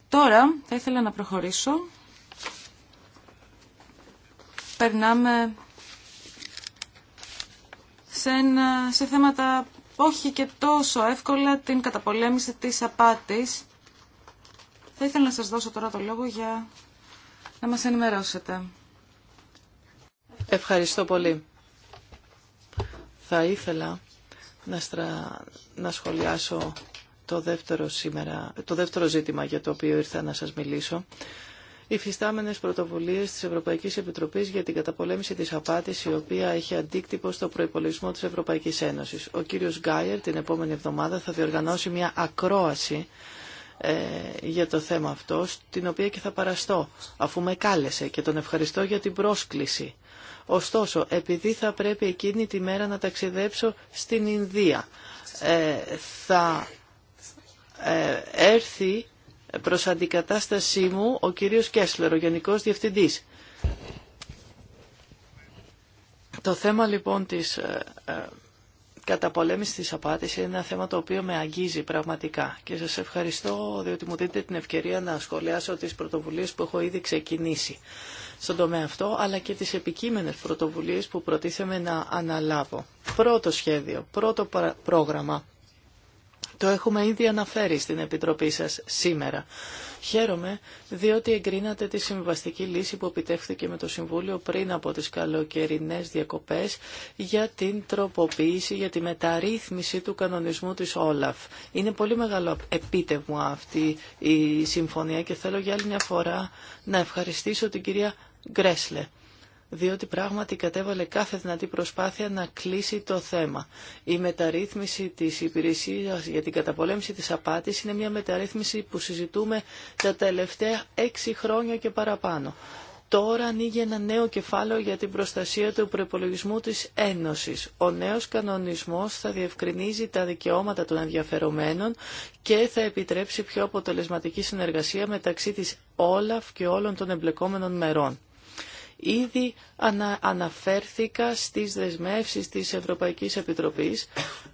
Τώρα θα ήθελα να προχωρήσω. Περνάμε σε, σε θέματα όχι και τόσο εύκολα την καταπολέμηση της απάτης. Θα ήθελα να σας δώσω τώρα το λόγο για να μας ενημερώσετε. Ευχαριστώ πολύ. Θα ήθελα να, στρα... να σχολιάσω το δεύτερο, σήμερα... το δεύτερο ζήτημα για το οποίο ήρθα να σας μιλήσω οι πρωτοβουλίες της Ευρωπαϊκής Επιτροπής για την καταπολέμηση της απάτης η οποία έχει αντίκτυπο στο προϋπολογισμό της Ευρωπαϊκής Ένωσης. Ο κύριος Γκάιερ την επόμενη εβδομάδα θα διοργανώσει μια ακρόαση ε, για το θέμα αυτό, την οποία και θα παραστώ, αφού με κάλεσε και τον ευχαριστώ για την πρόσκληση. Ωστόσο, επειδή θα πρέπει εκείνη τη μέρα να ταξιδέψω στην Ινδία, ε, θα ε, έρθει προς αντικατάστασή μου ο κύριος Κέσλερ, ο Γενικός Διευθυντής. Το θέμα λοιπόν της ε, ε, καταπολέμησης της απάτης είναι ένα θέμα το οποίο με αγγίζει πραγματικά και σας ευχαριστώ διότι μου δίνετε την ευκαιρία να σχολιάσω τις πρωτοβουλίες που έχω ήδη ξεκινήσει στον τομέα αυτό, αλλά και τις επικείμενες πρωτοβουλίες που προτίθεμαι να αναλάβω. Πρώτο σχέδιο, πρώτο πρόγραμμα το έχουμε ήδη αναφέρει στην Επιτροπή σας σήμερα. Χαίρομαι διότι εγκρίνατε τη συμβαστική λύση που επιτεύχθηκε με το Συμβούλιο πριν από τις καλοκαιρινές διακοπές για την τροποποίηση, για τη μεταρρύθμιση του κανονισμού της Όλαφ. Είναι πολύ μεγάλο επίτευγμα αυτή η συμφωνία και θέλω για άλλη μια φορά να ευχαριστήσω την κυρία Γκρέσλε διότι πράγματι κατέβαλε κάθε δυνατή προσπάθεια να κλείσει το θέμα. Η μεταρρύθμιση της υπηρεσίας για την καταπολέμηση της απάτης είναι μια μεταρρύθμιση που συζητούμε τα τελευταία έξι χρόνια και παραπάνω. Τώρα ανοίγει ένα νέο κεφάλαιο για την προστασία του προπολογισμού της Ένωσης. Ο νέος κανονισμός θα διευκρινίζει τα δικαιώματα των ενδιαφερομένων και θα επιτρέψει πιο αποτελεσματική συνεργασία μεταξύ της Όλαφ και όλων των εμπλεκόμενων μερών. Ήδη ανα, αναφέρθηκα στις δεσμεύσεις της Ευρωπαϊκής Επιτροπής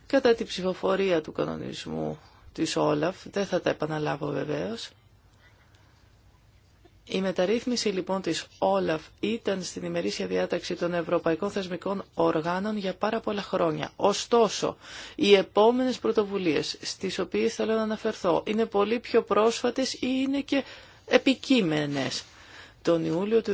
κατά την ψηφοφορία του κανονισμού της Όλαφ. Δεν θα τα επαναλάβω βεβαίως. Η μεταρρύθμιση λοιπόν της Όλαφ ήταν στην ημερήσια διάταξη των ευρωπαϊκών θεσμικών οργάνων για πάρα πολλά χρόνια. Ωστόσο, οι επόμενες πρωτοβουλίες στις οποίες θέλω να αναφερθώ είναι πολύ πιο πρόσφατες ή είναι και επικείμενες. Τον Ιούλιο του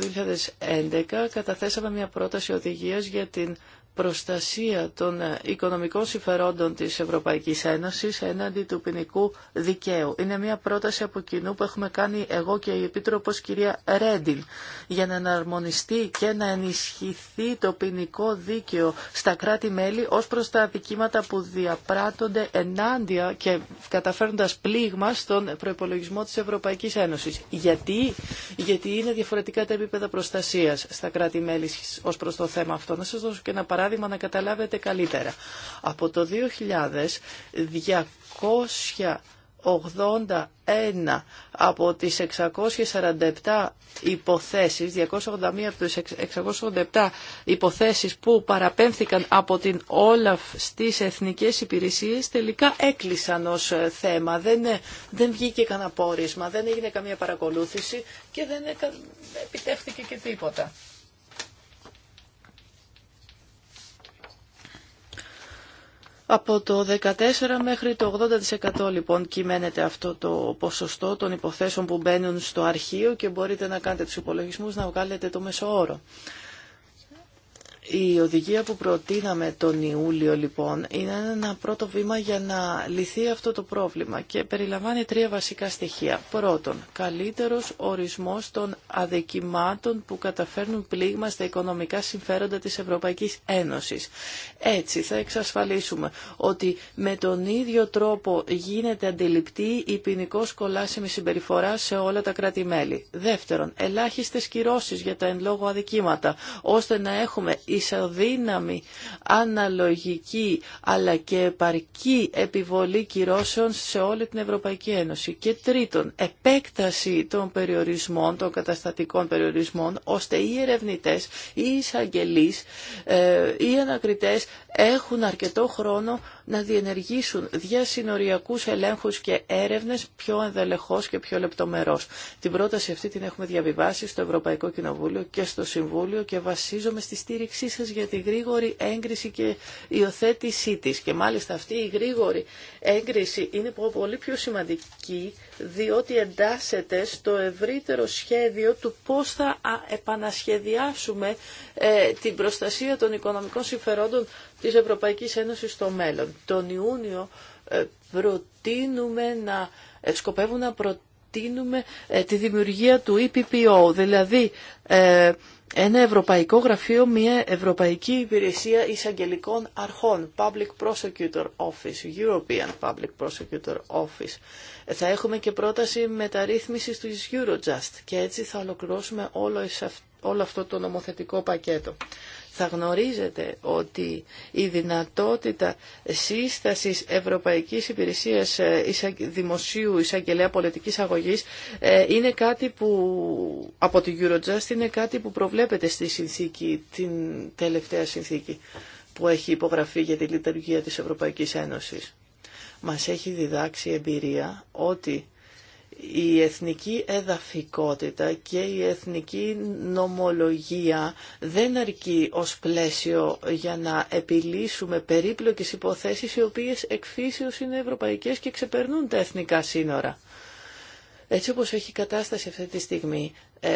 2011 καταθέσαμε μια πρόταση οδηγίας για την προστασία των οικονομικών συμφερόντων της Ευρωπαϊκής Ένωσης έναντι του ποινικού δικαίου. Είναι μια πρόταση από κοινού που έχουμε κάνει εγώ και η Επίτροπος κυρία Ρέντιν για να αναρμονιστεί και να ενισχυθεί το ποινικό δίκαιο στα κράτη-μέλη ως προς τα δικήματα που διαπράττονται ενάντια και καταφέροντας πλήγμα στον προπολογισμό της Ευρωπαϊκής Ένωσης. Γιατί, Γιατί είναι διαφορετικά τα επίπεδα προστασίας στα κράτη-μέλη ως προς το θέμα αυτό. Να σας δώσω και ένα παράδειγμα παράδειγμα να καταλάβετε καλύτερα. Από το 2000, 281 από τις 647 υποθέσεις, 281 από τις 687 υποθέσεις που παραπέμφθηκαν από την Όλαφ στις εθνικές υπηρεσίες τελικά έκλεισαν ως ε, θέμα. Δεν, ε, δεν βγήκε κανένα πόρισμα, δεν έγινε καμία παρακολούθηση και δεν επιτεύχθηκε και τίποτα. Από το 14 μέχρι το 80% λοιπόν κυμαίνεται αυτό το ποσοστό των υποθέσεων που μπαίνουν στο αρχείο και μπορείτε να κάνετε τους υπολογισμούς να βγάλετε το μεσοόρο. Η οδηγία που προτείναμε τον Ιούλιο λοιπόν είναι ένα πρώτο βήμα για να λυθεί αυτό το πρόβλημα και περιλαμβάνει τρία βασικά στοιχεία. Πρώτον, καλύτερος ορισμός των αδικημάτων που καταφέρνουν πλήγμα στα οικονομικά συμφέροντα της Ευρωπαϊκής Ένωσης. Έτσι θα εξασφαλίσουμε ότι με τον ίδιο τρόπο γίνεται αντιληπτή η ποινικό κολάσιμη συμπεριφορά σε όλα τα κράτη-μέλη. Δεύτερον, ελάχιστες κυρώσεις για τα εν λόγω ώστε να έχουμε ισοδύναμη, αναλογική αλλά και επαρκή επιβολή κυρώσεων σε όλη την Ευρωπαϊκή Ένωση. Και τρίτον, επέκταση των περιορισμών, των καταστατικών περιορισμών, ώστε οι ερευνητές, οι εισαγγελείς, ε, οι ανακριτές έχουν αρκετό χρόνο να διενεργήσουν διασυνοριακούς ελέγχους και έρευνες πιο ενδελεχώς και πιο λεπτομερώς. Την πρόταση αυτή την έχουμε διαβιβάσει στο Ευρωπαϊκό Κοινοβούλιο και στο Συμβούλιο και βασίζομαι στη στήριξή σας για τη γρήγορη έγκριση και υιοθέτησή της. Και μάλιστα αυτή η γρήγορη έγκριση είναι πολύ πιο σημαντική διότι εντάσσεται στο ευρύτερο σχέδιο του πώς θα επανασχεδιάσουμε ε, την προστασία των οικονομικών συμφερόντων της Ευρωπαϊκής Ένωσης στο μέλλον. Τον Ιούνιο ε, προτείνουμε να, ε, σκοπεύουν να προτείνουμε ε, τη δημιουργία του EPPO, δηλαδή ένα ευρωπαϊκό γραφείο, μια ευρωπαϊκή υπηρεσία εισαγγελικών αρχών, Public Prosecutor Office, European Public Prosecutor Office. Θα έχουμε και πρόταση μεταρρύθμισης του Eurojust και έτσι θα ολοκληρώσουμε όλο αυτό το νομοθετικό πακέτο θα γνωρίζετε ότι η δυνατότητα σύστασης Ευρωπαϊκής Υπηρεσίας ε, Δημοσίου Εισαγγελέα Πολιτικής Αγωγής ε, είναι κάτι που από την Eurojust είναι κάτι που προβλέπεται στη συνθήκη, την τελευταία συνθήκη που έχει υπογραφεί για τη λειτουργία της Ευρωπαϊκής Ένωσης. Μας έχει διδάξει εμπειρία ότι η εθνική εδαφικότητα και η εθνική νομολογία δεν αρκεί ως πλαίσιο για να επιλύσουμε περίπλοκες υποθέσεις οι οποίες εκφύσεως είναι ευρωπαϊκές και ξεπερνούν τα εθνικά σύνορα. Έτσι όπως έχει κατάσταση αυτή τη στιγμή, ε,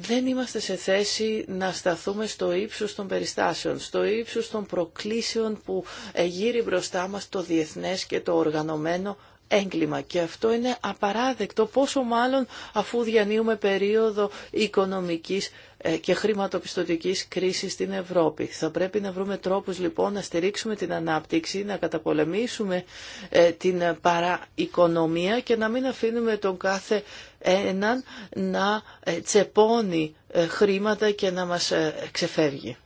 δεν είμαστε σε θέση να σταθούμε στο ύψος των περιστάσεων, στο ύψος των προκλήσεων που ε, γύρει μπροστά μας το διεθνές και το οργανωμένο έγκλημα και αυτό είναι απαράδεκτο πόσο μάλλον αφού διανύουμε περίοδο οικονομικής ε, και χρηματοπιστωτικής κρίσης στην Ευρώπη. Θα πρέπει να βρούμε τρόπους λοιπόν να στηρίξουμε την ανάπτυξη, να καταπολεμήσουμε ε, την παραοικονομία και να μην αφήνουμε τον κάθε έναν να ε, τσεπώνει χρήματα και να μας ξεφεύγει.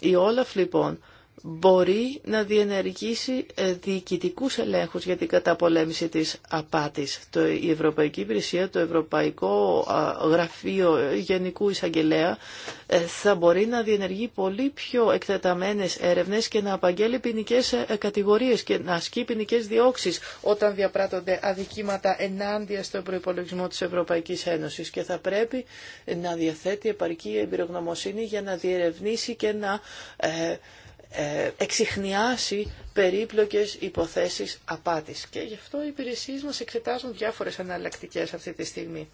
Η Όλαφ λοιπόν μπορεί να διενεργήσει ε, διοικητικούς ελέγχους για την καταπολέμηση της απάτης. Το, η Ευρωπαϊκή Υπηρεσία, το Ευρωπαϊκό Γραφείο Γενικού Εισαγγελέα ε, θα μπορεί να διενεργεί πολύ πιο εκτεταμένες έρευνες και να απαγγέλει ποινικέ ε, κατηγορίες και να ασκεί ποινικέ διώξεις όταν διαπράττονται αδικήματα ενάντια στο προπολογισμό της Ευρωπαϊκής Ένωσης και θα πρέπει να διαθέτει επαρκή εμπειρογνωμοσύνη για να διερευνήσει και να ε, εξηχνιάσει περίπλοκες υποθέσεις απάτης. Και γι' αυτό οι υπηρεσίες μας εξετάζουν διάφορες αναλλακτικές αυτή τη στιγμή.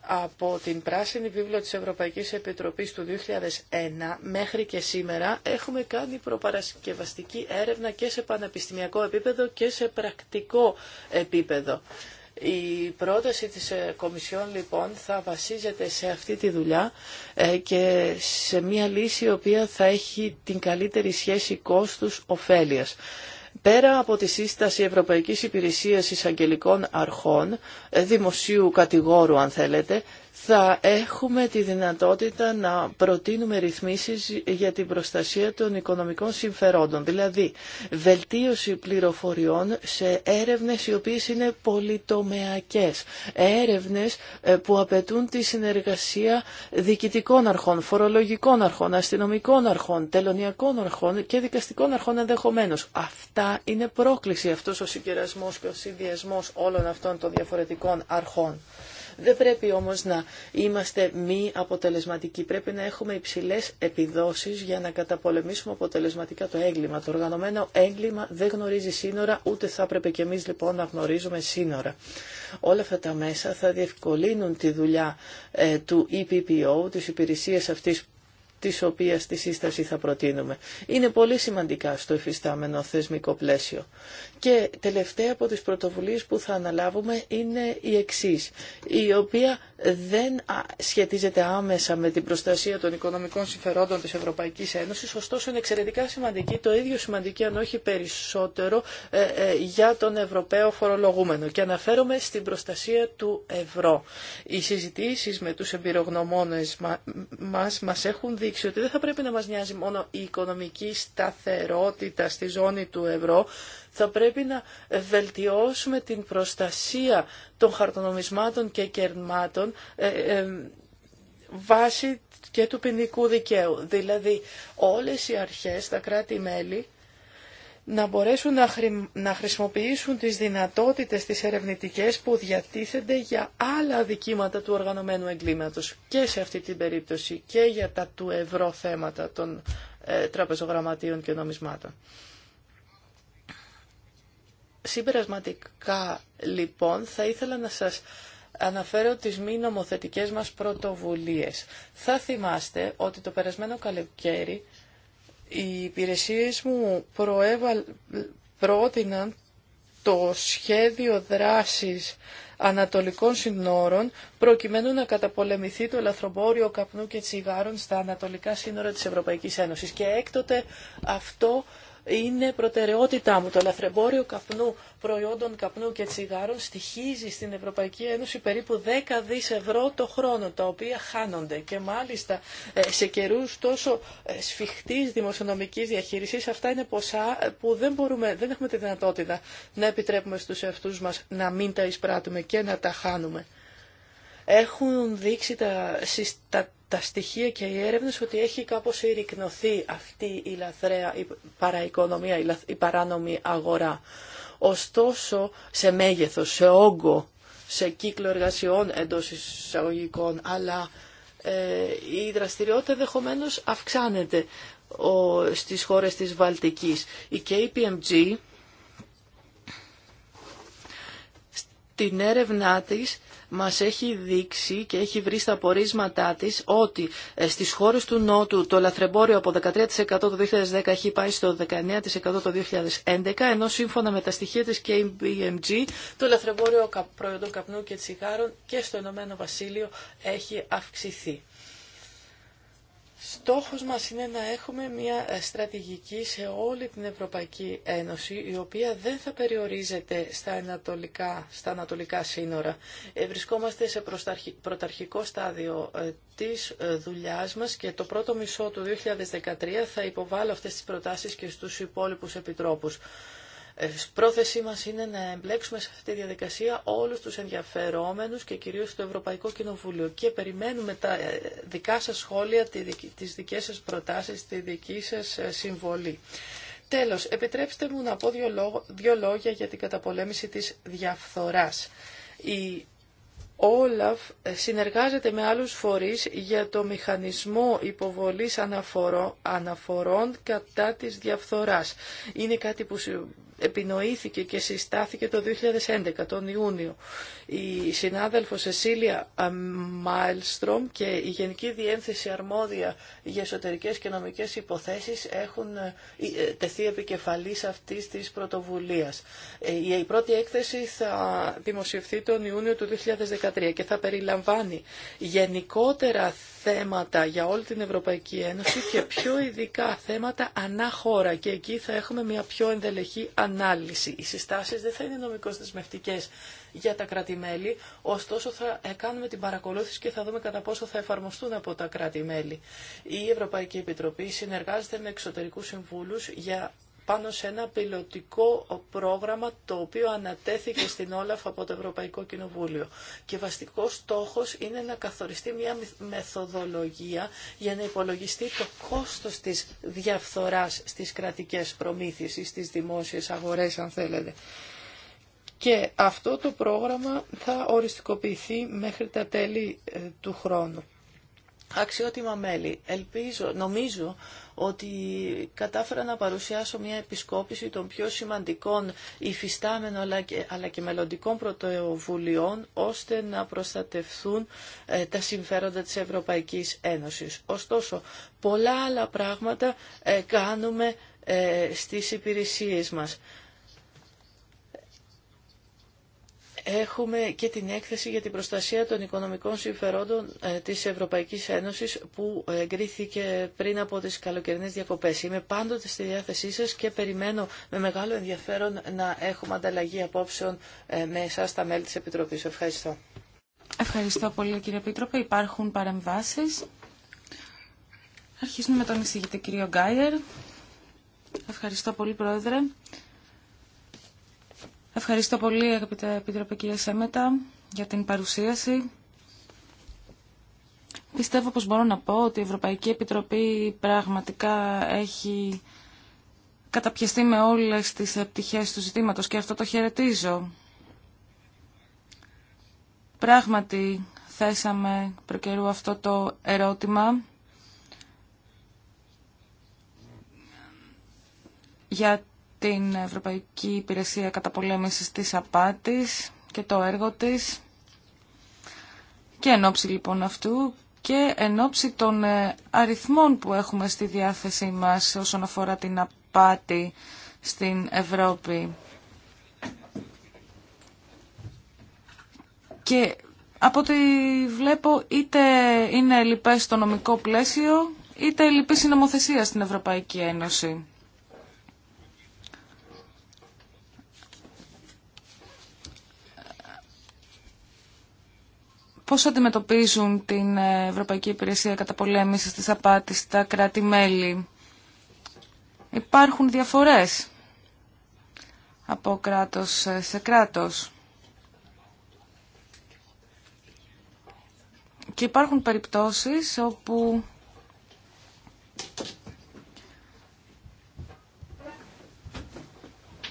Από την Πράσινη Βίβλο της Ευρωπαϊκής Επιτροπής του 2001 μέχρι και σήμερα έχουμε κάνει προπαρασκευαστική έρευνα και σε πανεπιστημιακό επίπεδο και σε πρακτικό επίπεδο. Η πρόταση της ε, Κομισιόν λοιπόν θα βασίζεται σε αυτή τη δουλειά ε, και σε μια λύση η οποία θα έχει την καλύτερη σχέση κόστους-οφέλειας. Πέρα από τη σύσταση Ευρωπαϊκής Υπηρεσίας Εισαγγελικών Αρχών, ε, δημοσίου κατηγόρου αν θέλετε, θα έχουμε τη δυνατότητα να προτείνουμε ρυθμίσεις για την προστασία των οικονομικών συμφερόντων, δηλαδή βελτίωση πληροφοριών σε έρευνες οι οποίες είναι πολυτομεακές, έρευνες ε, που απαιτούν τη συνεργασία διοικητικών αρχών, φορολογικών αρχών, αστυνομικών αρχών, τελωνιακών αρχών και δικαστικών αρχών ενδεχομένω. Αυτά είναι πρόκληση αυτός ο συγκερασμός και ο συνδυασμός όλων αυτών των διαφορετικών αρχών. Δεν πρέπει όμως να είμαστε μη αποτελεσματικοί. Πρέπει να έχουμε υψηλές επιδόσεις για να καταπολεμήσουμε αποτελεσματικά το έγκλημα. Το οργανωμένο έγκλημα δεν γνωρίζει σύνορα, ούτε θα πρέπει και εμείς λοιπόν να γνωρίζουμε σύνορα. Όλα αυτά τα μέσα θα διευκολύνουν τη δουλειά ε, του EPPO, της υπηρεσίας αυτής της οποίας τη σύσταση θα προτείνουμε. Είναι πολύ σημαντικά στο εφιστάμενο θεσμικό πλαίσιο. Και τελευταία από τις πρωτοβουλίες που θα αναλάβουμε είναι η εξή, η οποία δεν σχετίζεται άμεσα με την προστασία των οικονομικών συμφερόντων της Ευρωπαϊκής Ένωσης, ωστόσο είναι εξαιρετικά σημαντική, το ίδιο σημαντική αν όχι περισσότερο, ε, ε, για τον Ευρωπαίο φορολογούμενο. Και αναφέρομαι στην προστασία του ευρώ. Οι συζητήσεις με τους εμπειρογνωμόνες μας μας έχουν δει δείξει ότι δεν θα πρέπει να μας νοιάζει μόνο η οικονομική σταθερότητα στη ζώνη του ευρώ, θα πρέπει να βελτιώσουμε την προστασία των χαρτονομισμάτων και κερμάτων ε, ε βάσει και του ποινικού δικαίου. Δηλαδή όλες οι αρχές, τα κράτη-μέλη, να μπορέσουν να, να χρησιμοποιήσουν τις δυνατότητες τις ερευνητικές που διατίθενται για άλλα δικήματα του οργανωμένου εγκλήματος και σε αυτή την περίπτωση και για τα του ευρώ θέματα των ε, και νομισμάτων. Συμπερασματικά λοιπόν θα ήθελα να σας αναφέρω τις μη νομοθετικές μας πρωτοβουλίες. Θα θυμάστε ότι το περασμένο καλοκαίρι οι υπηρεσίες μου προέβαλ, πρότειναν το σχέδιο δράσης ανατολικών συνόρων προκειμένου να καταπολεμηθεί το ελαθρομπόριο καπνού και τσιγάρων στα ανατολικά σύνορα της Ευρωπαϊκής Ένωσης. Και έκτοτε αυτό είναι προτεραιότητά μου. Το λαθρεμπόριο καπνού, προϊόντων καπνού και τσιγάρων στοιχίζει στην Ευρωπαϊκή Ένωση περίπου 10 δις ευρώ το χρόνο, τα οποία χάνονται. Και μάλιστα ε, σε καιρού τόσο ε, σφιχτής δημοσιονομικής διαχείρισης, αυτά είναι ποσά ε, που δεν, μπορούμε, δεν έχουμε τη δυνατότητα να επιτρέπουμε στους εαυτού μα να μην τα εισπράττουμε και να τα χάνουμε. Έχουν δείξει τα τα στοιχεία και οι έρευνες ότι έχει κάπως ειρικνωθεί αυτή η λαθρέα η παραοικονομία, η παράνομη αγορά. Ωστόσο, σε μέγεθος, σε όγκο, σε κύκλο εργασιών εντός εισαγωγικών, αλλά ε, η δραστηριότητα δεχομένω αυξάνεται ο, στις χώρες της Βαλτικής. Η KPMG στην έρευνά της μας έχει δείξει και έχει βρει στα απορίσματά της ότι ε, στις χώρες του Νότου το λαθρεμπόριο από 13% το 2010 έχει πάει στο 19% το 2011, ενώ σύμφωνα με τα στοιχεία της KBMG το λαθρεμπόριο προϊόντων καπνού και τσιγάρων και στο Ηνωμένο Βασίλειο έχει αυξηθεί. Στόχος μας είναι να έχουμε μια ε, στρατηγική σε όλη την Ευρωπαϊκή Ένωση, η οποία δεν θα περιορίζεται στα ανατολικά, στα ανατολικά σύνορα. Ε, βρισκόμαστε σε πρωταρχικό στάδιο ε, της δουλειάς μας και το πρώτο μισό του 2013 θα υποβάλω αυτές τις προτάσεις και στους υπόλοιπους επιτρόπους. Ε, πρόθεσή μας είναι να εμπλέξουμε σε αυτή τη διαδικασία όλους τους ενδιαφερόμενους και κυρίως το Ευρωπαϊκό Κοινοβούλιο και περιμένουμε τα ε, δικά σας σχόλια, τις δικές σας προτάσεις, τη δική σας ε, συμβολή. Τέλος, επιτρέψτε μου να πω δύο λόγια για την καταπολέμηση της διαφθοράς. Η Όλαφ συνεργάζεται με άλλους φορείς για το μηχανισμό υποβολής αναφορών κατά της διαφθοράς. Είναι κάτι που επινοήθηκε και συστάθηκε το 2011, τον Ιούνιο. Η Συνάδελφο Σεσίλια Μάιλστρομ και η Γενική Διένθεση Αρμόδια για Εσωτερικές και Νομικές Υποθέσεις έχουν ε, ε, τεθεί επικεφαλής αυτής της πρωτοβουλίας. Ε, η πρώτη έκθεση θα δημοσιευθεί τον Ιούνιο του 2013 και θα περιλαμβάνει γενικότερα θέματα για όλη την Ευρωπαϊκή Ένωση και πιο ειδικά θέματα ανά χώρα και εκεί θα έχουμε μια πιο ενδελεχή ανάλυση. Οι συστάσεις δεν θα είναι νομικώς δεσμευτικές για τα κράτη-μέλη, ωστόσο θα κάνουμε την παρακολούθηση και θα δούμε κατά πόσο θα εφαρμοστούν από τα κράτη-μέλη. Η Ευρωπαϊκή Επιτροπή συνεργάζεται με εξωτερικούς συμβούλους για πάνω σε ένα πιλωτικό πρόγραμμα το οποίο ανατέθηκε στην Όλαφ από το Ευρωπαϊκό Κοινοβούλιο. Και βασικό στόχος είναι να καθοριστεί μια μεθοδολογία για να υπολογιστεί το κόστος της διαφθοράς στις κρατικές προμήθειες ή στις δημόσιες αγορές αν θέλετε. Και αυτό το πρόγραμμα θα οριστικοποιηθεί μέχρι τα τέλη ε, του χρόνου. Αξιότιμα μέλη, ελπίζω, νομίζω ότι κατάφερα να παρουσιάσω μια επισκόπηση των πιο σημαντικών υφιστάμενων αλλά και, αλλά και μελλοντικών πρωτοβουλειών ώστε να προστατευθούν ε, τα συμφέροντα της Ευρωπαϊκής Ένωσης. Ωστόσο, πολλά άλλα πράγματα ε, κάνουμε ε, στις υπηρεσίες μας. Έχουμε και την έκθεση για την προστασία των οικονομικών συμφερόντων ε, της Ευρωπαϊκής Ένωσης που εγκρίθηκε πριν από τις καλοκαιρινές διακοπές. Είμαι πάντοτε στη διάθεσή σας και περιμένω με μεγάλο ενδιαφέρον να έχουμε ανταλλαγή απόψεων ε, με εσάς τα μέλη της Επιτροπής. Ευχαριστώ. Ευχαριστώ πολύ κύριε Επίτροπε. Υπάρχουν παρεμβάσεις. Αρχίζουμε με τον εισηγητή κύριο Γκάιερ. Ευχαριστώ πολύ πρόεδρε. Ευχαριστώ πολύ, αγαπητέ Επίτροπε κυρία Σέμετα, για την παρουσίαση. Πιστεύω πως μπορώ να πω ότι η Ευρωπαϊκή Επιτροπή πραγματικά έχει καταπιαστεί με όλες τις πτυχές του ζητήματος και αυτό το χαιρετίζω. Πράγματι θέσαμε προκαιρού αυτό το ερώτημα για την Ευρωπαϊκή Υπηρεσία Καταπολέμησης της Απάτης και το έργο της και εν λοιπόν αυτού και εν των ε, αριθμών που έχουμε στη διάθεσή μας όσον αφορά την απάτη στην Ευρώπη. Και από ό,τι βλέπω είτε είναι λοιπές στο νομικό πλαίσιο είτε λυπή η νομοθεσία στην Ευρωπαϊκή Ένωση. Πώς αντιμετωπίζουν την ε, Ευρωπαϊκή Υπηρεσία Καταπολέμησης της Απάτης τα κράτη-μέλη. Υπάρχουν διαφορές από κράτος ε, σε κράτος. Και υπάρχουν περιπτώσεις όπου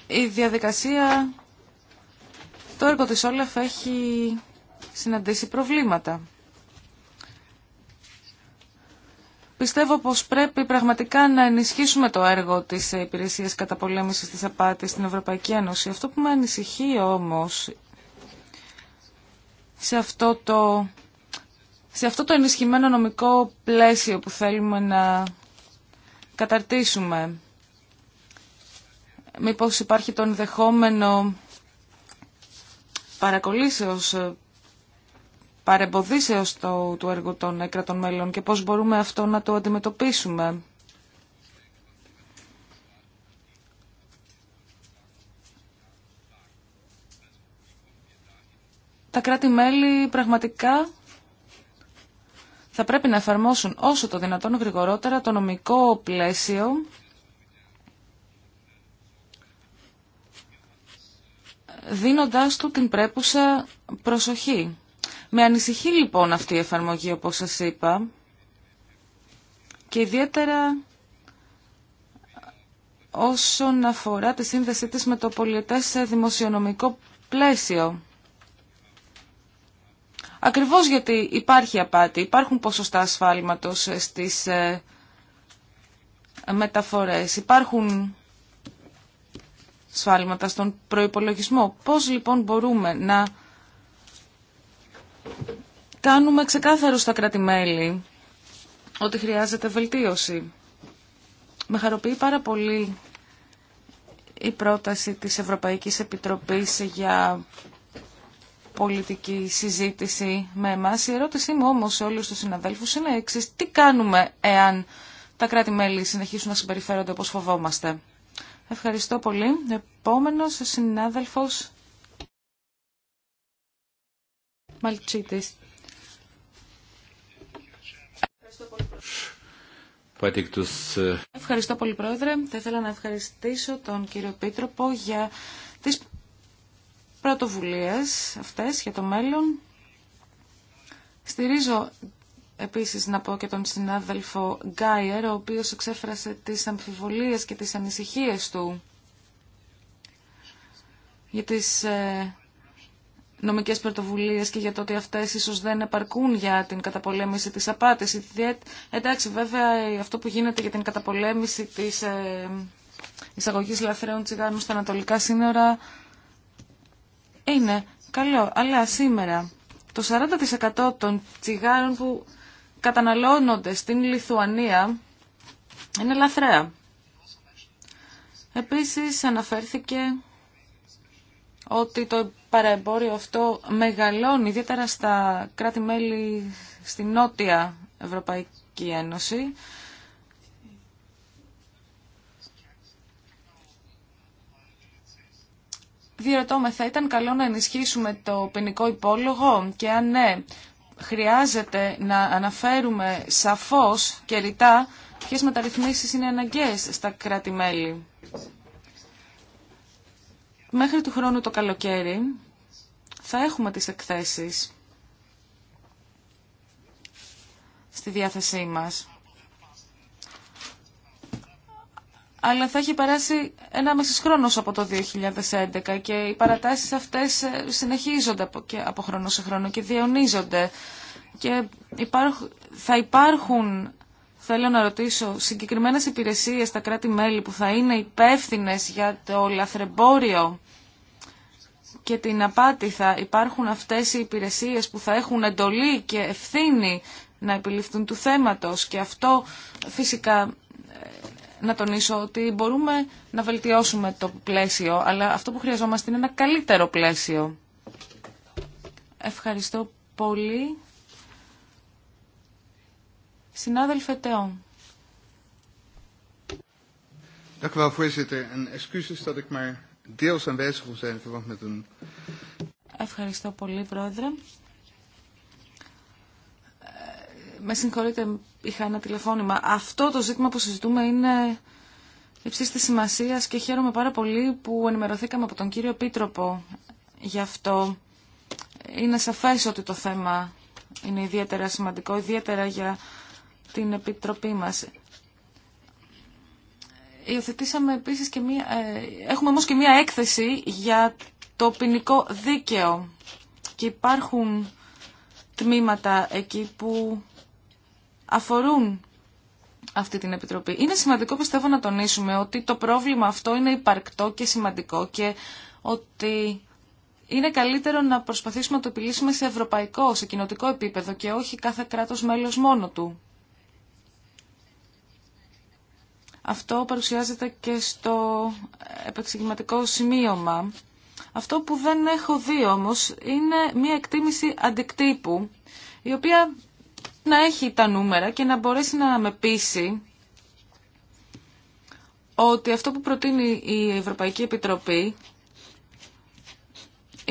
η διαδικασία, το έργο της Όλεφ έχει συναντήσει προβλήματα. Πιστεύω πως πρέπει πραγματικά να ενισχύσουμε το έργο της υπηρεσίας καταπολέμησης της απάτης στην Ευρωπαϊκή Ένωση. Αυτό που με ανησυχεί όμως σε αυτό το, σε αυτό το ενισχυμένο νομικό πλαίσιο που θέλουμε να καταρτήσουμε. Μήπως υπάρχει το ενδεχόμενο παρακολύσεως παρεμποδίσεως το, του έργου των κρατών μέλων και πώς μπορούμε αυτό να το αντιμετωπίσουμε. Τα κράτη-μέλη πραγματικά θα πρέπει να εφαρμόσουν όσο το δυνατόν γρηγορότερα το νομικό πλαίσιο δίνοντάς του την πρέπουσα προσοχή. Με ανησυχεί λοιπόν αυτή η εφαρμογή όπως σας είπα και ιδιαίτερα όσον αφορά τη σύνδεσή της με το πολιετές σε δημοσιονομικό πλαίσιο. Ακριβώς γιατί υπάρχει απάτη, υπάρχουν ποσοστά ασφάλματος στις ε, μεταφορές, υπάρχουν σφάλματα στον προϋπολογισμό. Πώς λοιπόν μπορούμε να κάνουμε ξεκάθαρο στα κράτη-μέλη ότι χρειάζεται βελτίωση. Με χαροποιεί πάρα πολύ η πρόταση της Ευρωπαϊκής Επιτροπής για πολιτική συζήτηση με εμάς. Η ερώτησή μου όμως σε όλους τους συναδέλφους είναι εξής. Τι κάνουμε εάν τα κράτη-μέλη συνεχίσουν να συμπεριφέρονται όπως φοβόμαστε. Ευχαριστώ πολύ. Επόμενος συνάδελφος Ευχαριστώ πολύ, Πρόεδρε. Θα ήθελα να ευχαριστήσω τον κύριο Πίτροπο για τις πρωτοβουλίες αυτές για το μέλλον. Στηρίζω επίσης να πω και τον συνάδελφο Γκάιερ, ο οποίος εξέφρασε τις αμφιβολίες και τις ανησυχίες του για τις ε, Νομικέ πρωτοβουλίε και για το ότι αυτέ ίσω δεν επαρκούν για την καταπολέμηση της απάτηση. Εντάξει, βέβαια, αυτό που γίνεται για την καταπολέμηση της ε, εισαγωγή λαθρέων τσιγάνων στα ανατολικά σύνορα είναι καλό. Αλλά σήμερα το 40% των τσιγάρων που καταναλώνονται στην Λιθουανία είναι λαθρέα. Επίσης αναφέρθηκε ότι το παραεμπόριο αυτό μεγαλώνει, ιδιαίτερα στα κράτη-μέλη στη Νότια Ευρωπαϊκή Ένωση. Διερωτώ με, θα ήταν καλό να ενισχύσουμε το ποινικό υπόλογο και αν ναι, χρειάζεται να αναφέρουμε σαφώς και ρητά ποιες μεταρρυθμίσεις είναι αναγκαίες στα κράτη-μέλη. Μέχρι του χρόνου το καλοκαίρι θα έχουμε τις εκθέσεις στη διάθεσή μας. αλλά θα έχει περάσει ένα μισή χρόνο από το 2011 και οι παρατάσεις αυτές ε, συνεχίζονται και από χρόνο σε χρόνο και διαιωνίζονται και θα υπάρχουν θέλω να ρωτήσω συγκεκριμένες υπηρεσίες στα κράτη-μέλη που θα είναι υπεύθυνε για το λαθρεμπόριο και την απάτη θα υπάρχουν αυτές οι υπηρεσίες που θα έχουν εντολή και ευθύνη να επιληφθούν του θέματος και αυτό φυσικά ε, να τονίσω ότι μπορούμε να βελτιώσουμε το πλαίσιο αλλά αυτό που χρειαζόμαστε είναι ένα καλύτερο πλαίσιο. Ευχαριστώ πολύ. Συνάδελφε Τεό. Ευχαριστώ πολύ, Πρόεδρε. Ε, με συγχωρείτε, είχα ένα τηλεφώνημα. Αυτό το ζήτημα που συζητούμε είναι υψή της σημασίας και χαίρομαι πάρα πολύ που ενημερωθήκαμε από τον κύριο Πίτροπο γι' αυτό. Είναι σαφές ότι το θέμα είναι ιδιαίτερα σημαντικό, ιδιαίτερα για την Επιτροπή μας. Υιοθετήσαμε επίσης και μία, ε, έχουμε όμως και μία έκθεση για το ποινικό δίκαιο και υπάρχουν τμήματα εκεί που αφορούν αυτή την Επιτροπή. Είναι σημαντικό πιστεύω να τονίσουμε ότι το πρόβλημα αυτό είναι υπαρκτό και σημαντικό και ότι είναι καλύτερο να προσπαθήσουμε να το επιλύσουμε σε ευρωπαϊκό, σε κοινοτικό επίπεδο και όχι κάθε κράτος μέλος μόνο του. Αυτό παρουσιάζεται και στο επεξηγηματικό σημείωμα. Αυτό που δεν έχω δει όμως είναι μια εκτίμηση αντικτύπου, η οποία να έχει τα νούμερα και να μπορέσει να με πείσει ότι αυτό που προτείνει η Ευρωπαϊκή Επιτροπή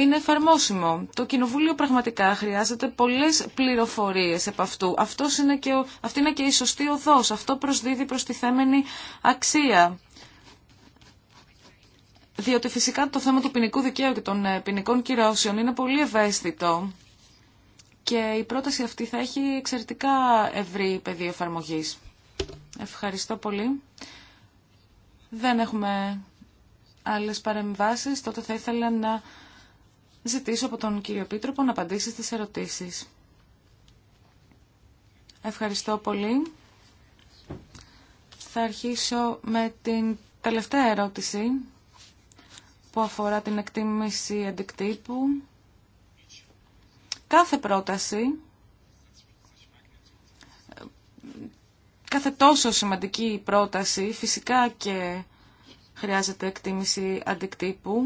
είναι εφαρμόσιμο. Το Κοινοβούλιο πραγματικά χρειάζεται πολλές πληροφορίες από αυτού. Αυτός είναι και ο, αυτή είναι και η σωστή οδό. Αυτό προσδίδει προστιθέμενη τη θέμενη αξία. Διότι φυσικά το θέμα του ποινικού δικαίου και των ε, ποινικών κυρώσεων είναι πολύ ευαίσθητο και η πρόταση αυτή θα έχει εξαιρετικά ευρύ πεδίο εφαρμογή. Ευχαριστώ πολύ. Δεν έχουμε άλλες παρεμβάσεις. Τότε θα ήθελα να ζητήσω από τον κύριο Πίτροπο να απαντήσει στις ερωτήσεις. Ευχαριστώ πολύ. Θα αρχίσω με την τελευταία ερώτηση που αφορά την εκτίμηση αντικτύπου. Κάθε πρόταση, κάθε τόσο σημαντική πρόταση, φυσικά και χρειάζεται εκτίμηση αντικτύπου.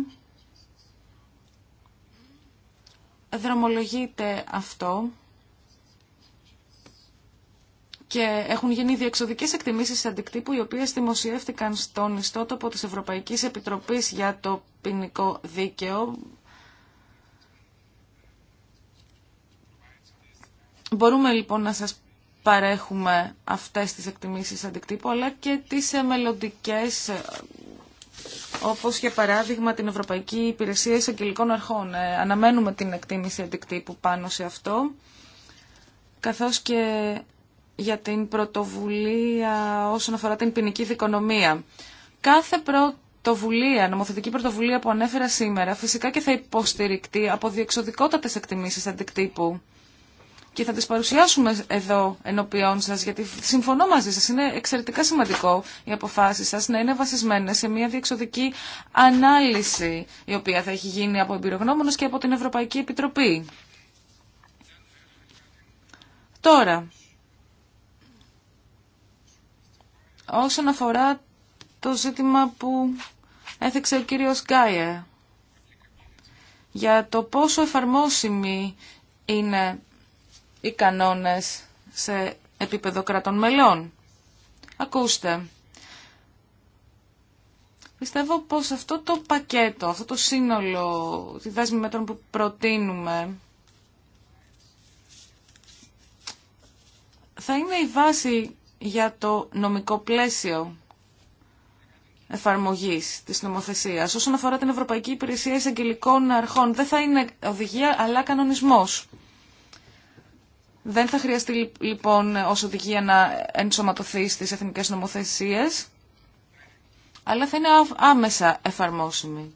δρομολογείται αυτό και έχουν γίνει διεξοδικές εκτιμήσεις αντικτύπου οι οποίες δημοσιεύτηκαν στον ιστότοπο της Ευρωπαϊκής Επιτροπής για το ποινικό δίκαιο. Μπορούμε λοιπόν να σας παρέχουμε αυτές τις εκτιμήσεις αντικτύπου αλλά και τις ε, μελλοντικέ όπως για παράδειγμα την Ευρωπαϊκή Υπηρεσία Εισαγγελικών Αρχών. Ε, αναμένουμε την εκτίμηση αντικτύπου πάνω σε αυτό, καθώς και για την πρωτοβουλία όσον αφορά την ποινική δικονομία. Κάθε πρωτοβουλία, νομοθετική πρωτοβουλία που ανέφερα σήμερα, φυσικά και θα υποστηρικτεί από διεξοδικότατες εκτιμήσεις αντικτύπου και θα τις παρουσιάσουμε εδώ ενώπιόν σας, γιατί συμφωνώ μαζί σας, είναι εξαιρετικά σημαντικό οι αποφάσεις σας να είναι βασισμένες σε μια διεξοδική ανάλυση, η οποία θα έχει γίνει από εμπειρογνώμονες και από την Ευρωπαϊκή Επιτροπή. Τώρα, όσον αφορά το ζήτημα που έθεξε ο κύριος Γκάιε για το πόσο εφαρμόσιμη είναι οι κανόνες σε επίπεδο κρατών μελών. Ακούστε. Πιστεύω πως αυτό το πακέτο, αυτό το σύνολο, τη δέσμη μέτρων που προτείνουμε, θα είναι η βάση για το νομικό πλαίσιο εφαρμογής της νομοθεσίας. Όσον αφορά την Ευρωπαϊκή Υπηρεσία Εισαγγελικών Αρχών, δεν θα είναι οδηγία αλλά κανονισμός. Δεν θα χρειαστεί λοιπόν ως οδηγία να ενσωματωθεί στις εθνικές νομοθεσίες, αλλά θα είναι άμεσα εφαρμόσιμη.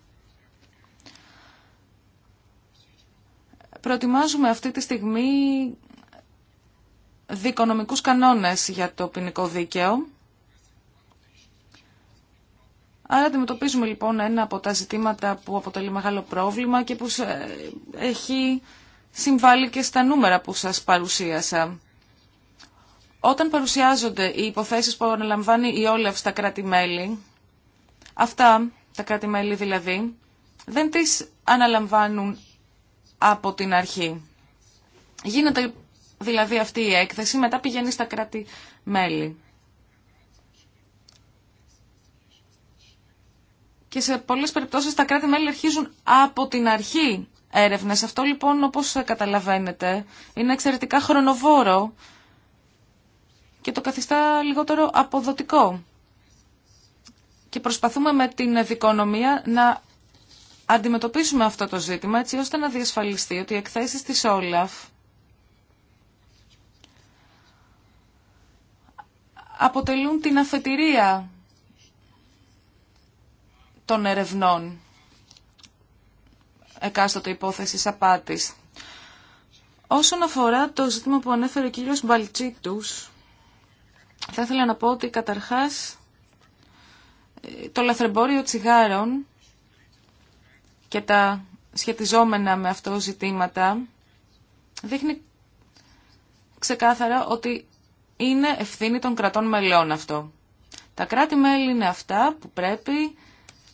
Προετοιμάζουμε αυτή τη στιγμή δικονομικούς κανόνες για το ποινικό δίκαιο. Άρα αντιμετωπίζουμε λοιπόν ένα από τα ζητήματα που αποτελεί μεγάλο πρόβλημα και που έχει συμβάλλει και στα νούμερα που σας παρουσίασα. Όταν παρουσιάζονται οι υποθέσεις που αναλαμβάνει η Όλευ στα κράτη-μέλη, αυτά τα κράτη-μέλη δηλαδή, δεν τις αναλαμβάνουν από την αρχή. Γίνεται δηλαδή αυτή η έκθεση, μετά πηγαίνει στα κράτη-μέλη. Και σε πολλές περιπτώσεις τα κράτη-μέλη αρχίζουν από την αρχή έρευνες. Αυτό λοιπόν όπως καταλαβαίνετε είναι εξαιρετικά χρονοβόρο και το καθιστά λιγότερο αποδοτικό. Και προσπαθούμε με την δικονομία να αντιμετωπίσουμε αυτό το ζήτημα έτσι ώστε να διασφαλιστεί ότι οι εκθέσεις της Όλαφ αποτελούν την αφετηρία των ερευνών εκάστοτε υπόθεση απάτης. Όσον αφορά το ζήτημα που ανέφερε ο κύριος Μπαλτσίτου, θα ήθελα να πω ότι καταρχάς το λαθρεμπόριο τσιγάρων και τα σχετιζόμενα με αυτό ζητήματα δείχνει ξεκάθαρα ότι είναι ευθύνη των κρατών μελών αυτό. Τα κράτη-μέλη είναι αυτά που πρέπει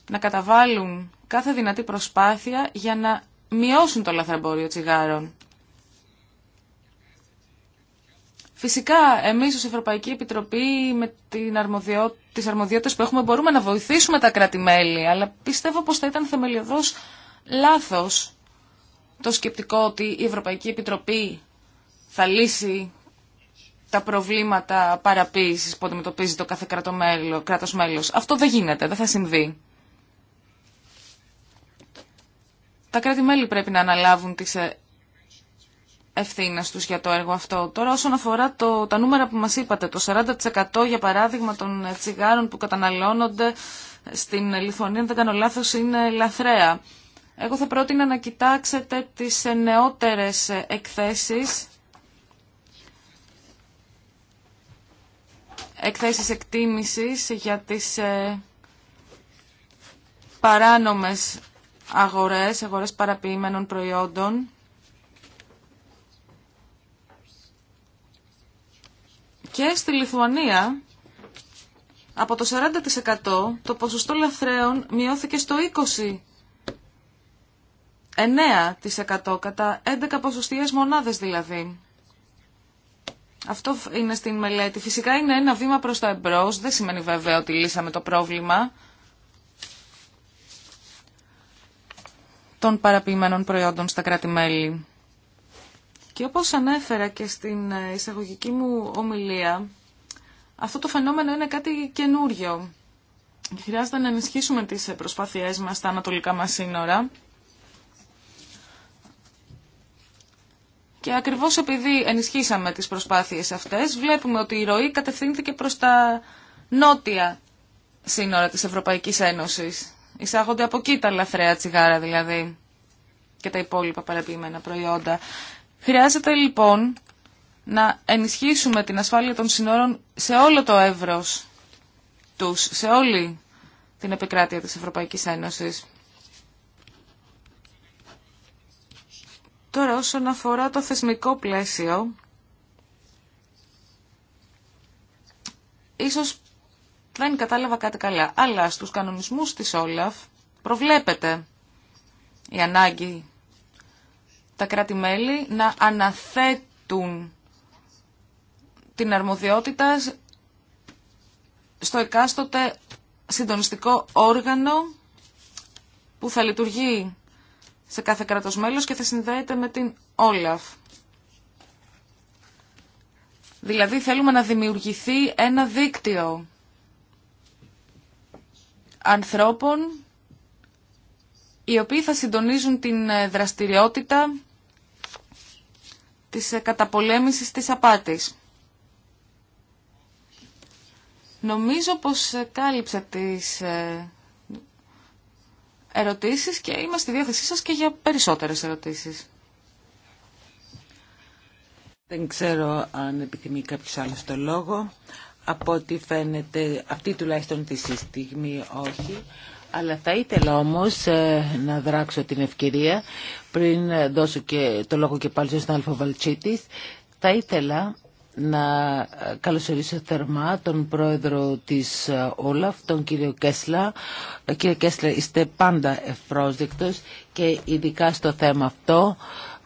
να καταβάλουν κάθε δυνατή προσπάθεια για να μειώσουν το λαθρεμπόριο τσιγάρων. Φυσικά, εμείς ως Ευρωπαϊκή Επιτροπή με την αρμοδιό... τις αρμοδιότητες που έχουμε μπορούμε να βοηθήσουμε τα κράτη-μέλη, αλλά πιστεύω πως θα ήταν θεμελιωδώς λάθος το σκεπτικό ότι η Ευρωπαϊκή Επιτροπή θα λύσει τα προβλήματα παραποίησης που αντιμετωπίζει το κάθε κράτος μέλος. Αυτό δεν γίνεται, δεν θα συμβεί. τα κράτη-μέλη πρέπει να αναλάβουν τις ε, ευθύνε τους για το έργο αυτό. Τώρα όσον αφορά το, τα νούμερα που μας είπατε, το 40% για παράδειγμα των ε, τσιγάρων που καταναλώνονται στην Λιθωνία, αν δεν κάνω λάθος, είναι λαθρέα. Εγώ θα πρότεινα να κοιτάξετε τις ε, νεότερες εκθέσεις, εκθέσεις εκτίμησης για τις παράνομες αγορές, αγορές παραποιημένων προϊόντων. Και στη Λιθουανία από το 40% το ποσοστό λαθρέων μειώθηκε στο 20, 9% κατά 11 ποσοστίες μονάδες δηλαδή. Αυτό είναι στην μελέτη. Φυσικά είναι ένα βήμα προς τα εμπρός, δεν σημαίνει βέβαια ότι λύσαμε το πρόβλημα. των παραποιημένων προϊόντων στα κράτη-μέλη. Και όπως ανέφερα και στην εισαγωγική μου ομιλία, αυτό το φαινόμενο είναι κάτι καινούριο. Χρειάζεται να ενισχύσουμε τις προσπάθειές μας στα ανατολικά μας σύνορα. Και ακριβώς επειδή ενισχύσαμε τις προσπάθειες αυτές, βλέπουμε ότι η ροή κατευθύνθηκε προς τα νότια σύνορα της Ευρωπαϊκής Ένωσης εισάγονται από εκεί τα λαθρέα τσιγάρα δηλαδή και τα υπόλοιπα παραποιημένα προϊόντα. Χρειάζεται λοιπόν να ενισχύσουμε την ασφάλεια των συνόρων σε όλο το εύρος τους, σε όλη την επικράτεια της Ευρωπαϊκής Ένωσης. Τώρα όσον αφορά το θεσμικό πλαίσιο, ίσως δεν κατάλαβα κάτι καλά. Αλλά στους κανονισμούς της Όλαφ προβλέπεται η ανάγκη τα κράτη-μέλη να αναθέτουν την αρμοδιότητα στο εκάστοτε συντονιστικό όργανο που θα λειτουργεί σε κάθε κράτος μέλος και θα συνδέεται με την Όλαφ. Δηλαδή θέλουμε να δημιουργηθεί ένα δίκτυο ανθρώπων οι οποίοι θα συντονίζουν την ε, δραστηριότητα της ε, καταπολέμησης της απάτης. Νομίζω πως ε, κάλυψα τις ερωτήσεις και είμαστε στη διάθεσή σας και για περισσότερες ερωτήσεις. Δεν ξέρω αν επιθυμεί κάποιος άλλος το λόγο. Από ό,τι φαίνεται, αυτή τουλάχιστον τη στιγμή όχι. Αλλά θα ήθελα όμως ε, να δράξω την ευκαιρία, πριν δώσω και το λόγο και πάλι στον Αλφα Βαλτσίτης, θα ήθελα να ε, καλωσορίσω θερμά τον πρόεδρο της ε, Όλαφ, τον κύριο Κέσλα. Κύριε Κέσλα, είστε πάντα ευπρόσδεκτος και ειδικά στο θέμα αυτό.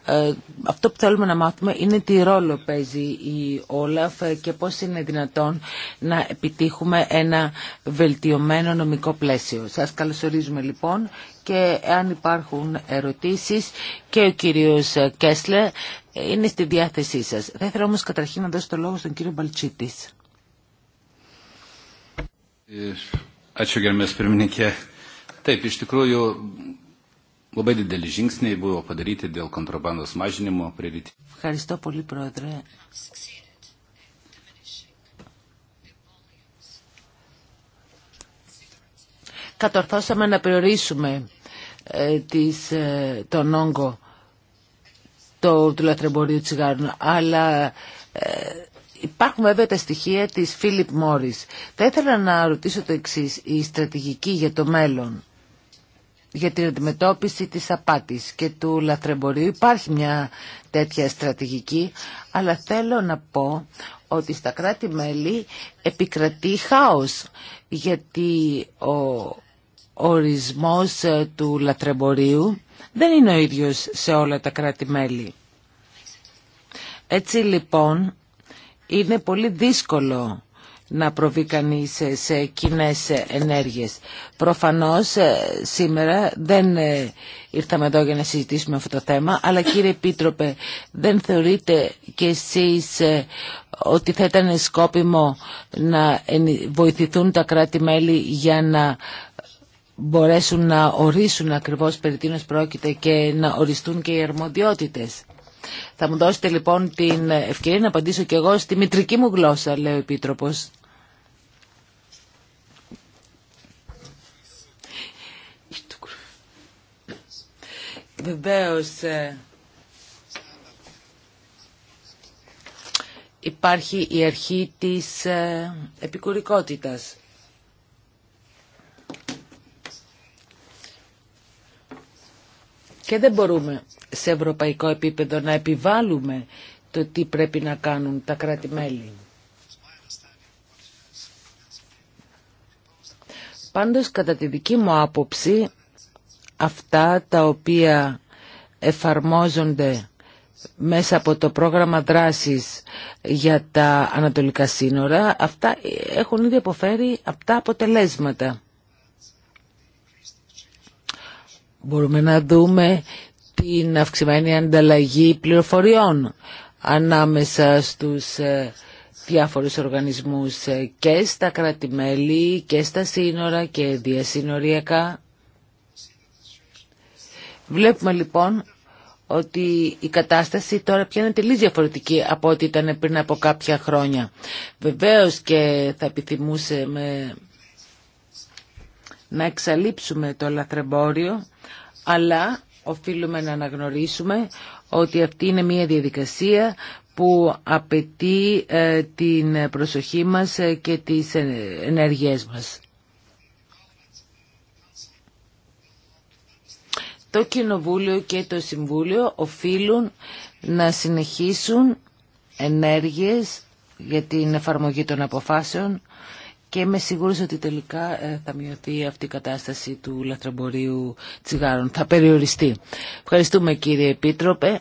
Ε, αυτό που θέλουμε να μάθουμε είναι τι ρόλο παίζει η Όλαφ και πώς είναι δυνατόν να επιτύχουμε ένα βελτιωμένο νομικό πλαίσιο. Σας καλωσορίζουμε λοιπόν και αν υπάρχουν ερωτήσεις και ο κύριος Κέσλε είναι στη διάθεσή σας. Θα ήθελα όμως καταρχήν να δώσω το λόγο στον κύριο Μπαλτσίτης. Ευχαριστώ Labai žingsniai buvo padaryti dėl kontrabandos mažinimo Ευχαριστώ πολύ, Πρόεδρε. Κατορθώσαμε να περιορίσουμε ε, τις, ε, τον όγκο το, του λατρεμπορίου τσιγάρων, αλλά ε, Υπάρχουν βέβαια τα στοιχεία της Φίλιπ Μόρις. Θα ήθελα να ρωτήσω το εξής, η στρατηγική για το μέλλον για την αντιμετώπιση της απάτης και του λαθρεμπορίου. Υπάρχει μια τέτοια στρατηγική, αλλά θέλω να πω ότι στα κράτη-μέλη επικρατεί χάος, γιατί ο ορισμός ε, του λατρεμπορίου δεν είναι ο ίδιος σε όλα τα κράτη-μέλη. Έτσι λοιπόν είναι πολύ δύσκολο να προβεί κανεί σε κοινέ ενέργειες. Προφανώς ε, σήμερα δεν ε, ήρθαμε εδώ για να συζητήσουμε αυτό το θέμα, αλλά κύριε Επίτροπε, δεν θεωρείτε και εσείς ε, ότι θα ήταν σκόπιμο να βοηθηθούν τα κράτη-μέλη για να μπορέσουν να ορίσουν ακριβώς περί τίνος πρόκειται και να οριστούν και οι αρμοδιότητες. Θα μου δώσετε λοιπόν την ευκαιρία να απαντήσω κι εγώ στη μητρική μου γλώσσα, λέει ο Επίτροπος. Βεβαίως ε, υπάρχει η αρχή της ε, επικουρικότητας. Και δεν μπορούμε σε ευρωπαϊκό επίπεδο να επιβάλλουμε το τι πρέπει να κάνουν τα κράτη-μέλη. Πάντως, κατά τη δική μου άποψη, αυτά τα οποία εφαρμόζονται μέσα από το πρόγραμμα δράσης για τα ανατολικά σύνορα, αυτά έχουν ήδη αποφέρει αυτά αποτελέσματα. Μπορούμε να δούμε την αυξημένη ανταλλαγή πληροφοριών ανάμεσα στους ε, διάφορους οργανισμούς ε, και στα κράτη-μέλη και στα σύνορα και διασύνοριακά. Βλέπουμε λοιπόν ότι η κατάσταση τώρα πια είναι τελείως διαφορετική από ό,τι ήταν πριν από κάποια χρόνια. Βεβαίως και θα επιθυμούσαμε να εξαλείψουμε το λαθρεμπόριο, αλλά οφείλουμε να αναγνωρίσουμε ότι αυτή είναι μια διαδικασία που απαιτεί ε, την προσοχή μας ε, και τις ε, ενέργειές μας. Το Κοινοβούλιο και το Συμβούλιο οφείλουν να συνεχίσουν ενέργειες για την εφαρμογή των αποφάσεων και είμαι σίγουρος ότι τελικά ε, θα μειωθεί αυτή η κατάσταση του λαθρομπορίου τσιγάρων. Θα περιοριστεί. Ευχαριστούμε κύριε Επίτροπε.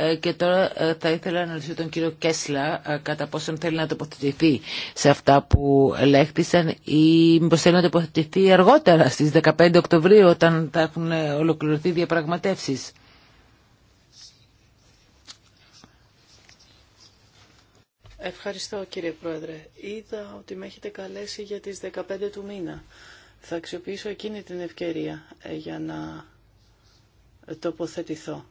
Ε, και τώρα ε, θα ήθελα να ρωτήσω τον κύριο Κέσλα ε, κατά πόσον θέλει να τοποθετηθεί σε αυτά που ελέγχθησαν ή μήπω θέλει να τοποθετηθεί αργότερα στις 15 Οκτωβρίου όταν θα έχουν ολοκληρωθεί διαπραγματεύσεις. Ευχαριστώ κύριε Πρόεδρε. Είδα ότι με έχετε καλέσει για τις 15 του μήνα. Θα αξιοποιήσω εκείνη την ευκαιρία για να τοποθετηθώ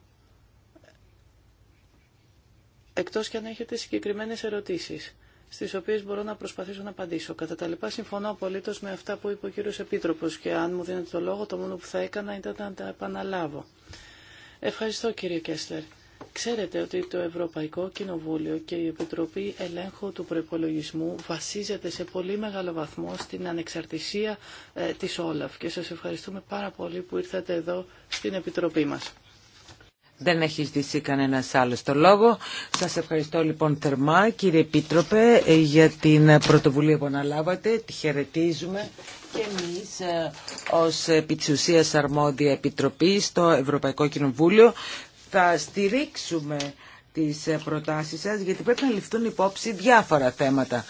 εκτός και αν έχετε συγκεκριμένες ερωτήσεις στις οποίες μπορώ να προσπαθήσω να απαντήσω. Κατά τα λοιπά, συμφωνώ απολύτω με αυτά που είπε ο κύριος Επίτροπος και αν μου δίνετε το λόγο, το μόνο που θα έκανα ήταν να τα επαναλάβω. Ευχαριστώ κύριε Κέσλερ. Ξέρετε ότι το Ευρωπαϊκό Κοινοβούλιο και η Επιτροπή Ελέγχου του Προπολογισμού βασίζεται σε πολύ μεγάλο βαθμό στην ανεξαρτησία ε, της Όλαφ και σας ευχαριστούμε πάρα πολύ που ήρθατε εδώ στην Επιτροπή μας. Δεν έχει ζητήσει κανένα άλλο το λόγο. Σας ευχαριστώ λοιπόν θερμά κύριε Επίτροπε για την πρωτοβουλία που αναλάβατε. Τη χαιρετίζουμε και εμείς ε, ως επί τη αρμόδια επιτροπή στο Ευρωπαϊκό Κοινοβούλιο θα στηρίξουμε τις ε, προτάσεις σας, γιατί πρέπει να ληφθούν υπόψη διάφορα θέματα.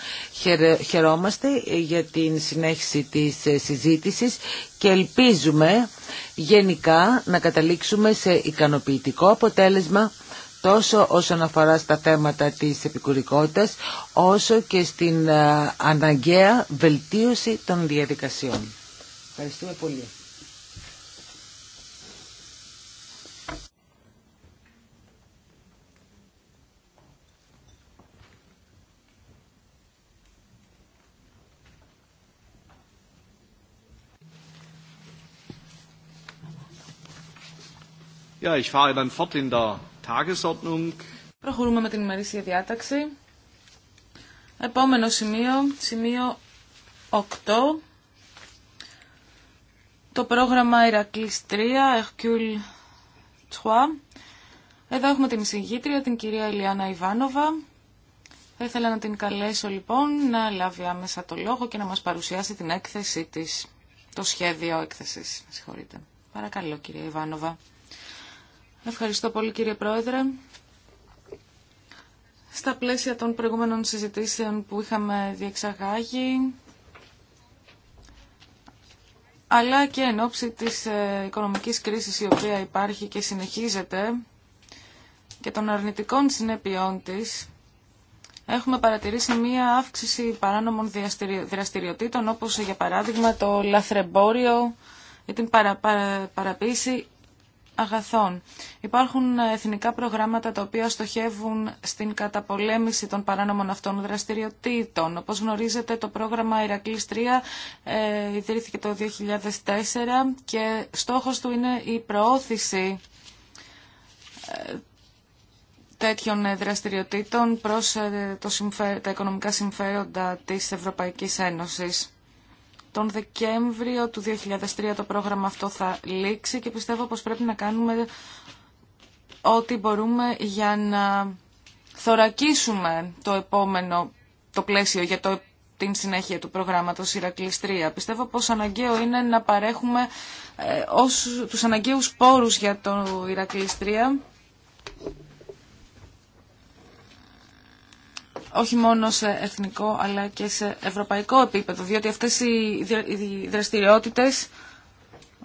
Χαιρόμαστε ε, για την συνέχιση της ε, συζήτησης και ελπίζουμε γενικά να καταλήξουμε σε ικανοποιητικό αποτέλεσμα τόσο όσον αφορά στα θέματα της επικουρικότητας, όσο και στην αναγκαία βελτίωση των διαδικασιών. Ευχαριστούμε πολύ. Ja, ich fahre dann fort in der Προχωρούμε με την ημερήσια διάταξη. Επόμενο σημείο, σημείο 8. Το πρόγραμμα Ηρακλής 3, Ερκούλ 3. Εδώ έχουμε την εισηγήτρια, την κυρία Ηλιάνα Ιβάνοβα. Θα ήθελα να την καλέσω λοιπόν να λάβει άμεσα το λόγο και να μας παρουσιάσει την έκθεσή της, το σχέδιο έκθεσης. Συγχωρείτε. Παρακαλώ κυρία Ιβάνοβα. Ευχαριστώ πολύ κύριε Πρόεδρε. Στα πλαίσια των προηγούμενων συζητήσεων που είχαμε διεξαγάγει, αλλά και εν ώψη της ε, οικονομικής κρίσης η οποία υπάρχει και συνεχίζεται και των αρνητικών συνέπειών της, έχουμε παρατηρήσει μία αύξηση παράνομων δραστηριοτήτων, όπως για παράδειγμα το λαθρεμπόριο ή την παρα, αγαθών. Υπάρχουν εθνικά προγράμματα τα οποία στοχεύουν στην καταπολέμηση των παράνομων αυτών δραστηριοτήτων. Όπως γνωρίζετε το πρόγραμμα Ηρακλής 3 ε, ιδρύθηκε το 2004 και στόχος του είναι η προώθηση ε, τέτοιων δραστηριοτήτων προς ε, το τα οικονομικά συμφέροντα της Ευρωπαϊκής Ένωσης. Τον Δεκέμβριο του 2003 το πρόγραμμα αυτό θα λήξει και πιστεύω πως πρέπει να κάνουμε ό,τι μπορούμε για να θωρακίσουμε το επόμενο, το πλαίσιο για την συνέχεια του προγράμματος Ηρακλής 3. Πιστεύω πως αναγκαίο είναι να παρέχουμε ε, ως, τους αναγκαίους πόρους για το Ηρακλής 3 όχι μόνο σε εθνικό αλλά και σε ευρωπαϊκό επίπεδο, διότι αυτές οι δραστηριότητες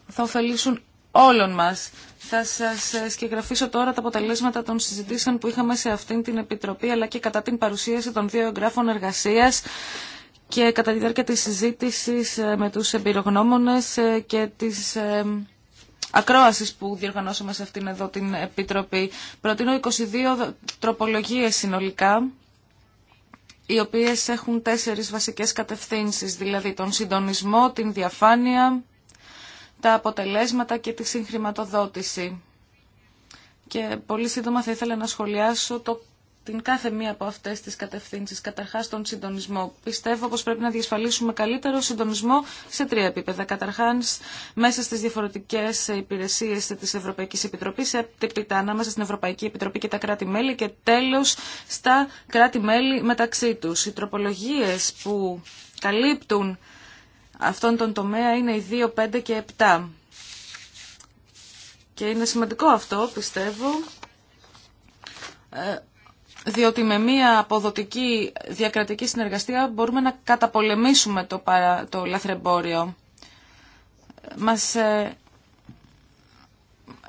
θα ωφελήσουν όλων μας. Θα σας σκεγγραφίσω τώρα τα αποτελέσματα των συζητήσεων που είχαμε σε αυτήν την Επιτροπή αλλά και κατά την παρουσίαση των δύο εγγράφων εργασίας και κατά τη διάρκεια της συζήτησης ε, με τους εμπειρογνώμονες ε, και της ε, ακρόασης που διοργανώσαμε σε αυτήν εδώ την Επιτροπή. Προτείνω 22 τροπολογίες συνολικά οι οποίες έχουν τέσσερις βασικές κατευθύνσεις, δηλαδή τον συντονισμό, την διαφάνεια, τα αποτελέσματα και τη συγχρηματοδότηση. Και πολύ σύντομα θα ήθελα να σχολιάσω το την κάθε μία από αυτές τις κατευθύνσεις. Καταρχάς τον συντονισμό. Πιστεύω πως πρέπει να διασφαλίσουμε καλύτερο συντονισμό σε τρία επίπεδα. Καταρχάς μέσα στις διαφορετικές υπηρεσίες της Ευρωπαϊκής Επιτροπής, έπειτα ανάμεσα στην Ευρωπαϊκή Επιτροπή και τα κράτη-μέλη και τέλος στα κράτη-μέλη μεταξύ τους. Οι τροπολογίες που καλύπτουν αυτόν τον τομέα είναι οι 2, 5 και 7. Και είναι σημαντικό αυτό, πιστεύω, ε, διότι με μία αποδοτική διακρατική συνεργασία μπορούμε να καταπολεμήσουμε το, το λαθρεμπόριο. Μας, ε,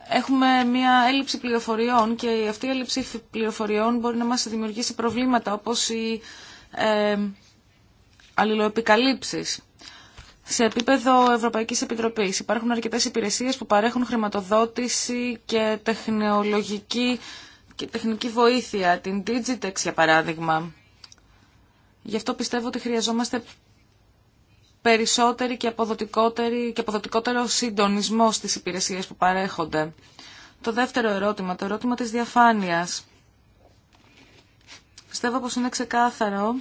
έχουμε μία έλλειψη πληροφοριών και αυτή η έλλειψη πληροφοριών μπορεί να μας δημιουργήσει προβλήματα όπως οι ε, αλληλοεπικαλύψεις. Σε επίπεδο Ευρωπαϊκής Επιτροπής υπάρχουν αρκετές υπηρεσίες που παρέχουν χρηματοδότηση και τεχνολογική και τεχνική βοήθεια, την Digitex για παράδειγμα. Γι' αυτό πιστεύω ότι χρειαζόμαστε περισσότερη και, αποδοτικότερη, και αποδοτικότερο συντονισμό στις υπηρεσίες που παρέχονται. Το δεύτερο ερώτημα, το ερώτημα της διαφάνειας. Πιστεύω πως είναι ξεκάθαρο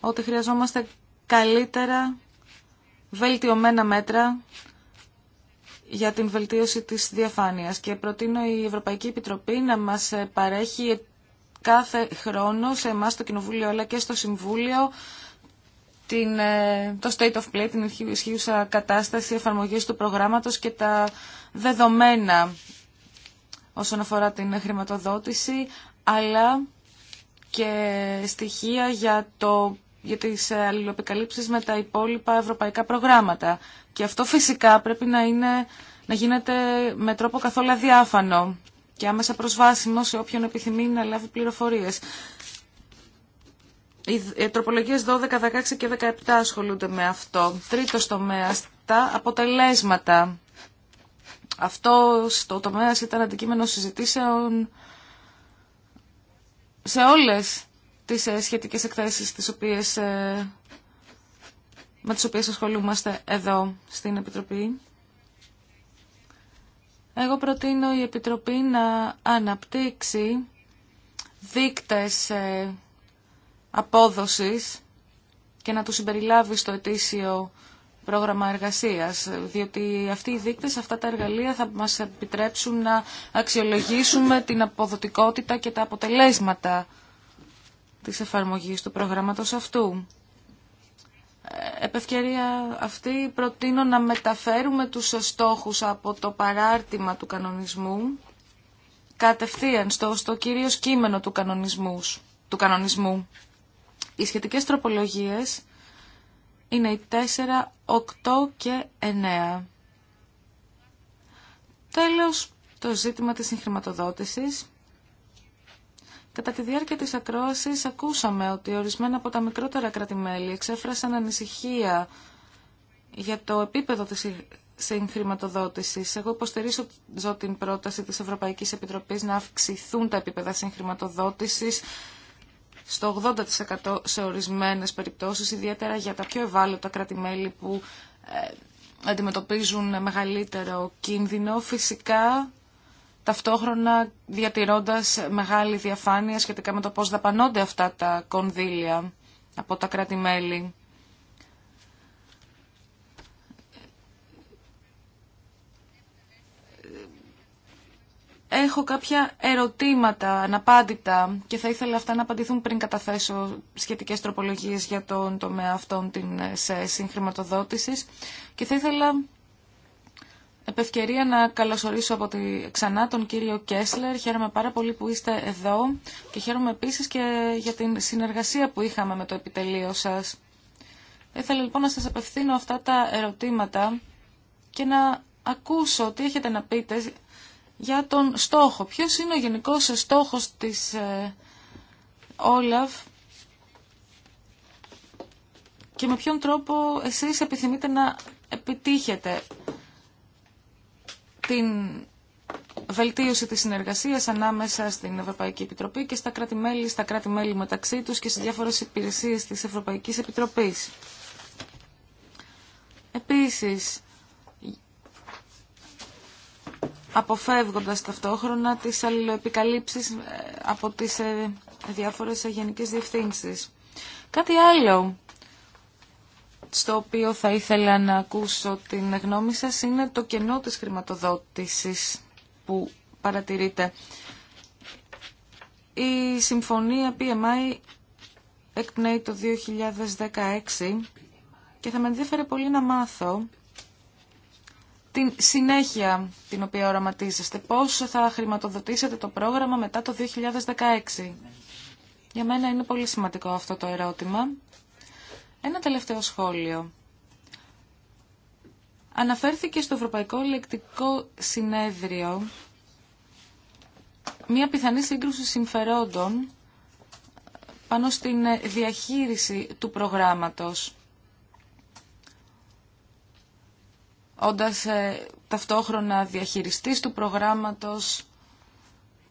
ότι χρειαζόμαστε καλύτερα βελτιωμένα μέτρα για την βελτίωση της διαφάνειας και προτείνω η Ευρωπαϊκή Επιτροπή να μας παρέχει κάθε χρόνο σε εμάς στο Κοινοβούλιο αλλά και στο Συμβούλιο την, ε, το state of play, την ισχύουσα κατάσταση εφαρμογής του προγράμματος και τα δεδομένα όσον αφορά την χρηματοδότηση, αλλά και στοιχεία για, το, για τις αλληλοπικαλύψεις με τα υπόλοιπα ευρωπαϊκά προγράμματα. Και αυτό φυσικά πρέπει να, είναι, να γίνεται με τρόπο καθόλου αδιάφανο και άμεσα προσβάσιμο σε όποιον επιθυμεί να λάβει πληροφορίες. Οι τροπολογίες 12, 16 και 17 ασχολούνται με αυτό. Τρίτος τομέας, τα αποτελέσματα. Αυτό το τομέα ήταν αντικείμενο συζητήσεων σε όλες τις ε, σχετικές εκθέσεις τις οποίες ε, με τις οποίες ασχολούμαστε εδώ στην Επιτροπή. Εγώ προτείνω η Επιτροπή να αναπτύξει δείκτες ε, απόδοσης και να τους συμπεριλάβει στο ετήσιο πρόγραμμα εργασίας, διότι αυτοί οι δείκτες, αυτά τα εργαλεία θα μας επιτρέψουν να αξιολογήσουμε την αποδοτικότητα και τα αποτελέσματα της εφαρμογής του προγράμματος αυτού επευκαιρία αυτή προτείνω να μεταφέρουμε τους στόχους από το παράρτημα του κανονισμού κατευθείαν στο, στο κυρίως κείμενο του κανονισμού, του κανονισμού. Οι σχετικές τροπολογίες είναι οι 4, 8 και 9. Τέλος, το ζήτημα της συγχρηματοδότησης. Κατά τη διάρκεια της ακρόασης ακούσαμε ότι ορισμένα από τα μικρότερα κράτη-μέλη εξέφρασαν ανησυχία για το επίπεδο της συγχρηματοδότησης. Εγώ υποστηρίζω την πρόταση της Ευρωπαϊκής Επιτροπής να αυξηθούν τα επίπεδα συγχρηματοδότησης στο 80% σε ορισμένες περιπτώσεις, ιδιαίτερα για τα πιο ευάλωτα κράτη-μέλη που ε, αντιμετωπίζουν μεγαλύτερο κίνδυνο. Φυσικά ταυτόχρονα διατηρώντας μεγάλη διαφάνεια σχετικά με το πώς δαπανώνται αυτά τα κονδύλια από τα κράτη-μέλη. Έχω κάποια ερωτήματα αναπάντητα και θα ήθελα αυτά να απαντηθούν πριν καταθέσω σχετικές τροπολογίες για τον τομέα αυτών της συγχρηματοδότησης και θα ήθελα επευκαιρία να καλωσορίσω από τη... ξανά τον κύριο Κέσλερ. Χαίρομαι πάρα πολύ που είστε εδώ και χαίρομαι επίσης και για την συνεργασία που είχαμε με το επιτελείο σας. Ήθελα λοιπόν να σας απευθύνω αυτά τα ερωτήματα και να ακούσω τι έχετε να πείτε για τον στόχο. Ποιος είναι ο γενικός στόχος της ε, Όλαφ και με ποιον τρόπο εσείς επιθυμείτε να επιτύχετε την βελτίωση της συνεργασίας ανάμεσα στην Ευρωπαϊκή Επιτροπή και στα κράτη-μέλη, στα κράτη-μέλη μεταξύ τους και στις διάφορες υπηρεσίες της Ευρωπαϊκής Επιτροπής. Επίσης, αποφεύγοντας ταυτόχρονα τις αλληλοεπικαλύψεις ε, από τις ε, διάφορες γενικές διευθύνσεις. Κάτι άλλο στο οποίο θα ήθελα να ακούσω την γνώμη σας είναι το κενό της χρηματοδότησης που παρατηρείτε. Η συμφωνία PMI εκπνέει το 2016 και θα με ενδιαφέρε πολύ να μάθω την συνέχεια την οποία οραματίζεστε. Πώς θα χρηματοδοτήσετε το πρόγραμμα μετά το 2016. Για μένα είναι πολύ σημαντικό αυτό το ερώτημα ένα τελευταίο σχόλιο. Αναφέρθηκε στο Ευρωπαϊκό Ελεκτικό Συνέδριο μία πιθανή σύγκρουση συμφερόντων πάνω στην διαχείριση του προγράμματος, όντας ε, ταυτόχρονα διαχειριστής του προγράμματος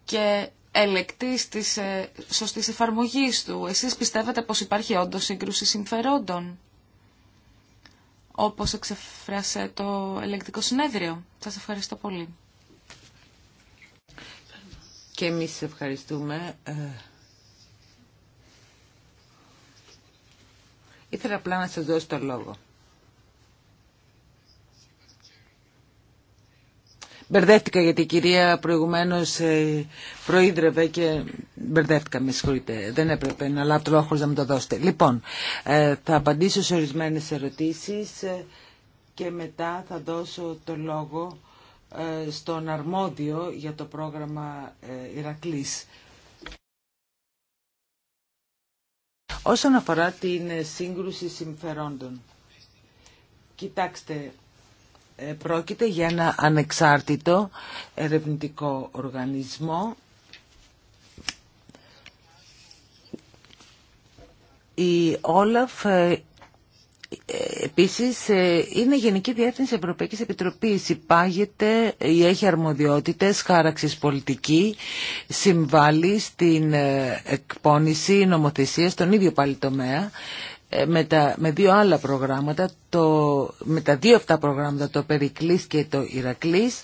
και ελεκτής της ε, σωστής εφαρμογής του. Εσείς πιστεύετε πως υπάρχει όντως σύγκρουση συμφερόντων, όπως εξεφράσε το ελεκτικό συνέδριο. Σας ευχαριστώ πολύ. Και εμείς ευχαριστούμε. Ε, ήθελα απλά να σας δώσω το λόγο. Μπερδεύτηκα γιατί η κυρία προηγουμένως ε, προείδρευε και μπερδεύτηκα, με συγχωρείτε. Δεν έπρεπε να λάβω λόγο χωρίς να μου το δώσετε. Λοιπόν, ε, θα απαντήσω σε ορισμένες ερωτήσεις ε, και μετά θα δώσω το λόγο στον αρμόδιο για το πρόγραμμα Ηρακλής. Όσον αφορά την σύγκρουση συμφερόντων, κοιτάξτε, ε, πρόκειται για ένα ανεξάρτητο ερευνητικό οργανισμό. Η Όλαφ ε, Επίσης, ε, είναι Γενική Διεύθυνση Ευρωπαϊκής Επιτροπής. Υπάγεται ή έχει αρμοδιότητες χάραξης πολιτική, συμβάλλει στην εκπόνηση νομοθεσίας, στον ίδιο πάλι τομέα ε, με, τα, με δύο άλλα προγράμματα, το, με τα δύο αυτά προγράμματα, το Περικλής και το Ηρακλής,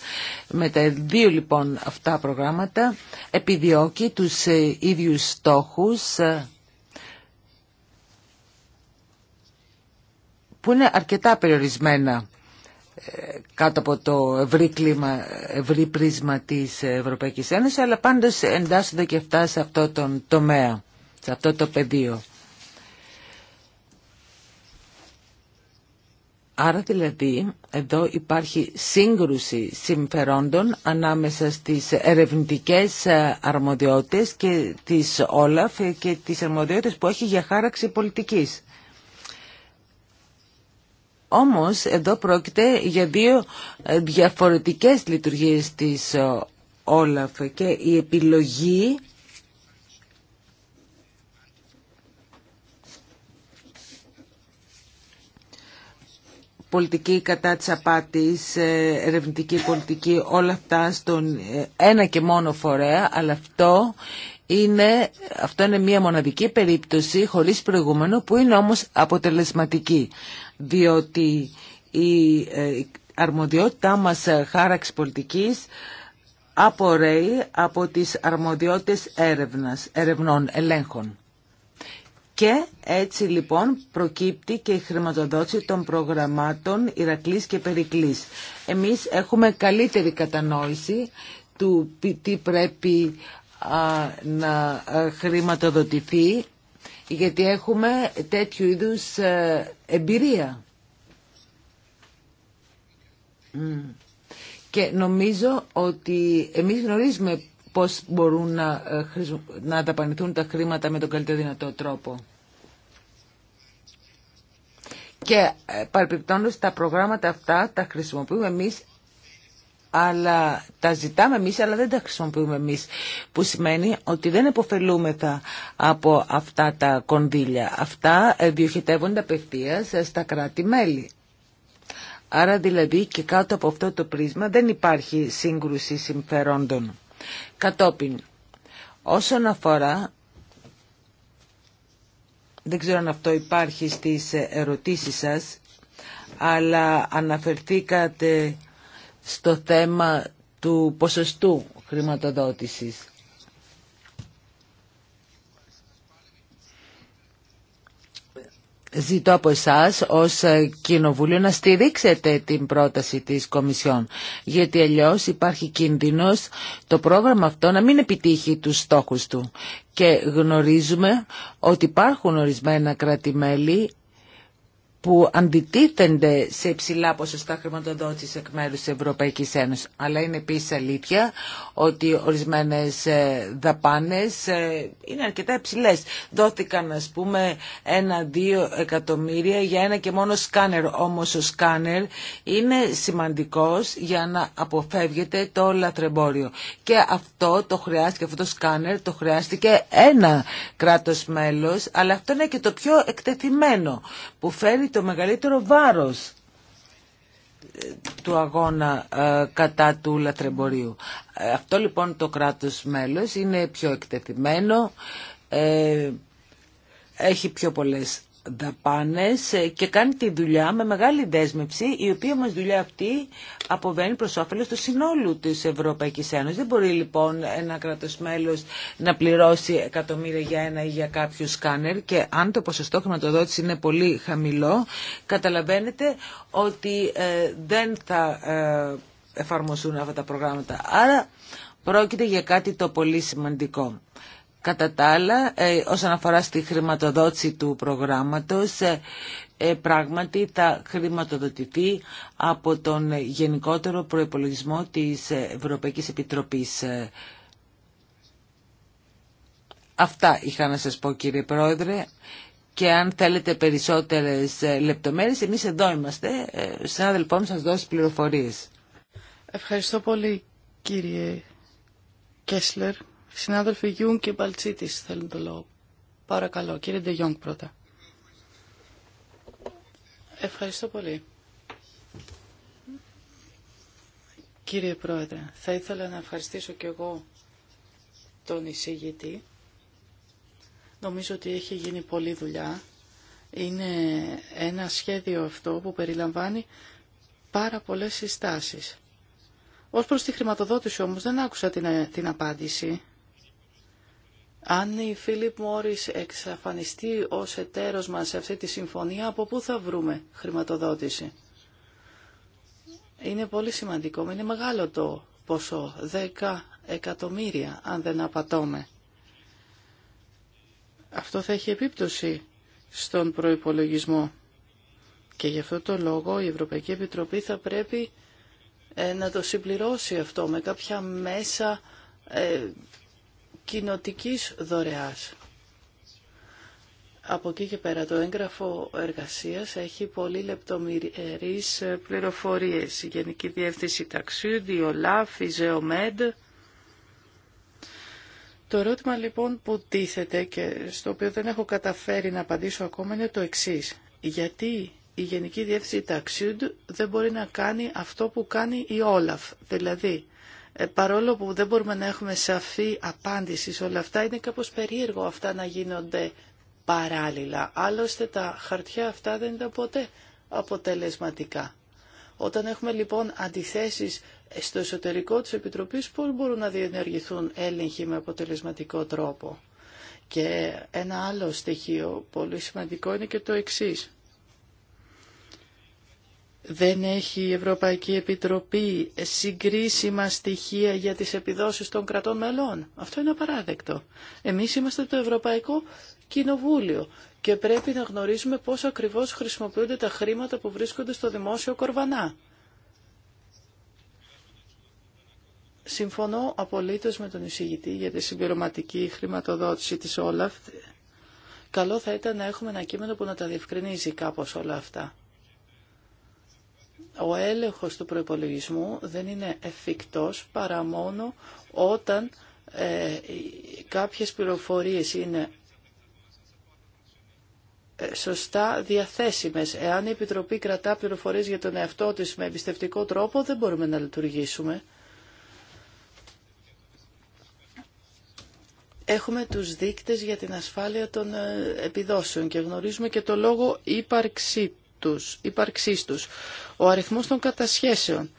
με τα δύο λοιπόν αυτά προγράμματα, επιδιώκει τους ε, ίδιους στόχους ε, που είναι αρκετά περιορισμένα ε, κάτω από το ευρύ, κλίμα, πρίσμα της Ευρωπαϊκής Ένωσης, αλλά πάντως εντάσσονται και αυτά σε αυτό τον τομέα, σε αυτό το πεδίο. Άρα δηλαδή εδώ υπάρχει σύγκρουση συμφερόντων ανάμεσα στις ερευνητικές ε, αρμοδιότητες και της Όλαφ και τις αρμοδιότητες που έχει για χάραξη πολιτικής. Όμως εδώ πρόκειται για δύο ε, διαφορετικές λειτουργίες της ε, Όλαφ και η επιλογή πολιτική κατά της απάτης, ε, ερευνητική πολιτική, όλα αυτά στον ε, ένα και μόνο φορέα, αλλά αυτό είναι, αυτό είναι μια μοναδική περίπτωση χωρίς προηγούμενο που είναι όμως αποτελεσματική, διότι η ε, αρμοδιότητά μας χάραξη πολιτικής απορρέει από τις αρμοδιότητες έρευνας, ερευνών, ελέγχων. Και έτσι λοιπόν προκύπτει και η χρηματοδότηση των προγραμμάτων Ηρακλής και Περικλής. Εμείς έχουμε καλύτερη κατανόηση του τι πρέπει να χρηματοδοτηθεί γιατί έχουμε τέτοιου είδους ε, εμπειρία. Και νομίζω ότι εμείς γνωρίζουμε πώς μπορούν να, ε, να τα χρήματα με τον καλύτερο δυνατό τρόπο. Και ε, παρεπιπτόντως τα προγράμματα αυτά τα χρησιμοποιούμε εμείς αλλά τα ζητάμε εμείς αλλά δεν τα χρησιμοποιούμε εμείς που σημαίνει ότι δεν εποφελούμεθα από αυτά τα κονδύλια αυτά ε, διοχετεύονται απευθεία στα κράτη-μέλη άρα δηλαδή και κάτω από αυτό το πρίσμα δεν υπάρχει σύγκρουση συμφερόντων Κατόπιν, όσον αφορά, δεν ξέρω αν αυτό υπάρχει στις ερωτήσεις σας, αλλά αναφερθήκατε στο θέμα του ποσοστού χρηματοδότησης. Ζητώ από εσάς ως ε, Κοινοβούλιο να στηρίξετε την πρόταση της Κομισιόν, γιατί αλλιώς υπάρχει κίνδυνος το πρόγραμμα αυτό να μην επιτύχει τους στόχους του. Και γνωρίζουμε ότι υπάρχουν ορισμένα κράτη-μέλη που αντιτίθενται σε υψηλά ποσοστά χρηματοδότηση εκ μέρου τη Ευρωπαϊκή Ένωση. Αλλά είναι επίση αλήθεια ότι ορισμένε ε, δαπάνε ε, είναι αρκετά υψηλέ. Δόθηκαν, α πούμε, ένα-δύο εκατομμύρια για ένα και μόνο σκάνερ. Όμω ο σκάνερ είναι σημαντικό για να αποφεύγεται το λαθρεμπόριο. Και αυτό το χρειάστηκε, αυτό το σκάνερ το χρειάστηκε ένα κράτο μέλο, αλλά αυτό είναι και το πιο εκτεθειμένο που φέρει το μεγαλύτερο βάρος ε, του αγώνα ε, κατά του λατρεμπορίου. Ε, αυτό λοιπόν το κράτος μέλος είναι πιο εκτεθειμένο, έχει πιο πολλές δαπάνες ε, και κάνει τη δουλειά με μεγάλη δέσμευση, η οποία μας δουλειά αυτή αποβαίνει προς όφελος του συνόλου της Ευρωπαϊκής Ένωσης. Δεν μπορεί λοιπόν ένα κράτος μέλος να πληρώσει εκατομμύρια για ένα ή για κάποιο σκάνερ και αν το ποσοστό χρηματοδότηση είναι πολύ χαμηλό, καταλαβαίνετε ότι ε, δεν θα ε, εφαρμοσούν αυτά τα προγράμματα. Άρα πρόκειται για κάτι το πολύ σημαντικό. Κατά τα άλλα, ε, όσον αφορά στη χρηματοδότηση του προγράμματος, ε, ε, πράγματι θα χρηματοδοτηθεί από τον γενικότερο προϋπολογισμό της Ευρωπαϊκής Επιτροπής. Αυτά είχα να σας πω κύριε Πρόεδρε και αν θέλετε περισσότερες λεπτομέρειες εμείς εδώ είμαστε. Συνάδελφό μου σας δώσω πληροφορίες. Ευχαριστώ πολύ κύριε Κέσλερ. Συνάδελφοι Γιούγκ και Μπαλτσίτη θέλουν το λόγο. Παρακαλώ, κύριε Ντε πρώτα. Ευχαριστώ πολύ. Κύριε Πρόεδρε, θα ήθελα να ευχαριστήσω και εγώ τον εισηγητή. Νομίζω ότι έχει γίνει πολλή δουλειά. Είναι ένα σχέδιο αυτό που περιλαμβάνει πάρα πολλές συστάσεις. Ως προς τη χρηματοδότηση όμως δεν άκουσα την, την απάντηση αν η Φίλιπ Μόρις εξαφανιστεί ως εταίρος μας σε αυτή τη συμφωνία, από πού θα βρούμε χρηματοδότηση. Είναι πολύ σημαντικό, είναι μεγάλο το ποσό, 10 εκατομμύρια αν δεν απατώμε. Αυτό θα έχει επίπτωση στον προϋπολογισμό και γι' αυτό το λόγο η Ευρωπαϊκή Επιτροπή θα πρέπει ε, να το συμπληρώσει αυτό με κάποια μέσα ε, κοινοτική δωρεάς. Από εκεί και πέρα το έγγραφο εργασίας έχει πολύ λεπτομερείς πληροφορίες. Η Γενική Διεύθυνση Ταξίδι, ΟΛΑΦ, η ΖΕΟΜΕΔ. Το ερώτημα λοιπόν που τίθεται και στο οποίο δεν έχω καταφέρει να απαντήσω ακόμα είναι το εξής. Γιατί η Γενική Διεύθυνση Ταξίδι δεν μπορεί να κάνει αυτό που κάνει η ΟΛΑΦ, δηλαδή ε, παρόλο που δεν μπορούμε να έχουμε σαφή απάντηση σε όλα αυτά, είναι κάπως περίεργο αυτά να γίνονται παράλληλα. Άλλωστε τα χαρτιά αυτά δεν ήταν ποτέ αποτελεσματικά. Όταν έχουμε λοιπόν αντιθέσεις στο εσωτερικό της Επιτροπής, πώς μπορούν να διενεργηθούν έλεγχοι με αποτελεσματικό τρόπο. Και ένα άλλο στοιχείο πολύ σημαντικό είναι και το εξής. Δεν έχει η Ευρωπαϊκή Επιτροπή συγκρίσιμα στοιχεία για τις επιδόσεις των κρατών μελών. Αυτό είναι απαράδεκτο. Εμείς είμαστε το Ευρωπαϊκό Κοινοβούλιο και πρέπει να γνωρίζουμε πώς ακριβώς χρησιμοποιούνται τα χρήματα που βρίσκονται στο δημόσιο κορβανά. Συμφωνώ απολύτως με τον εισηγητή για τη συμπληρωματική χρηματοδότηση της Όλαφ. Καλό θα ήταν να έχουμε ένα κείμενο που να τα διευκρινίζει κάπως όλα αυτά ο έλεγχος του προϋπολογισμού δεν είναι εφικτός παρά μόνο όταν ε, κάποιες πληροφορίες είναι ε, σωστά διαθέσιμες. Εάν η Επιτροπή κρατά πληροφορίες για τον εαυτό της με εμπιστευτικό τρόπο, δεν μπορούμε να λειτουργήσουμε. Έχουμε τους δείκτες για την ασφάλεια των ε, επιδόσεων και γνωρίζουμε και το λόγο ύπαρξή τους, ύπαρξής ο αριθμός των κατασχέσεων,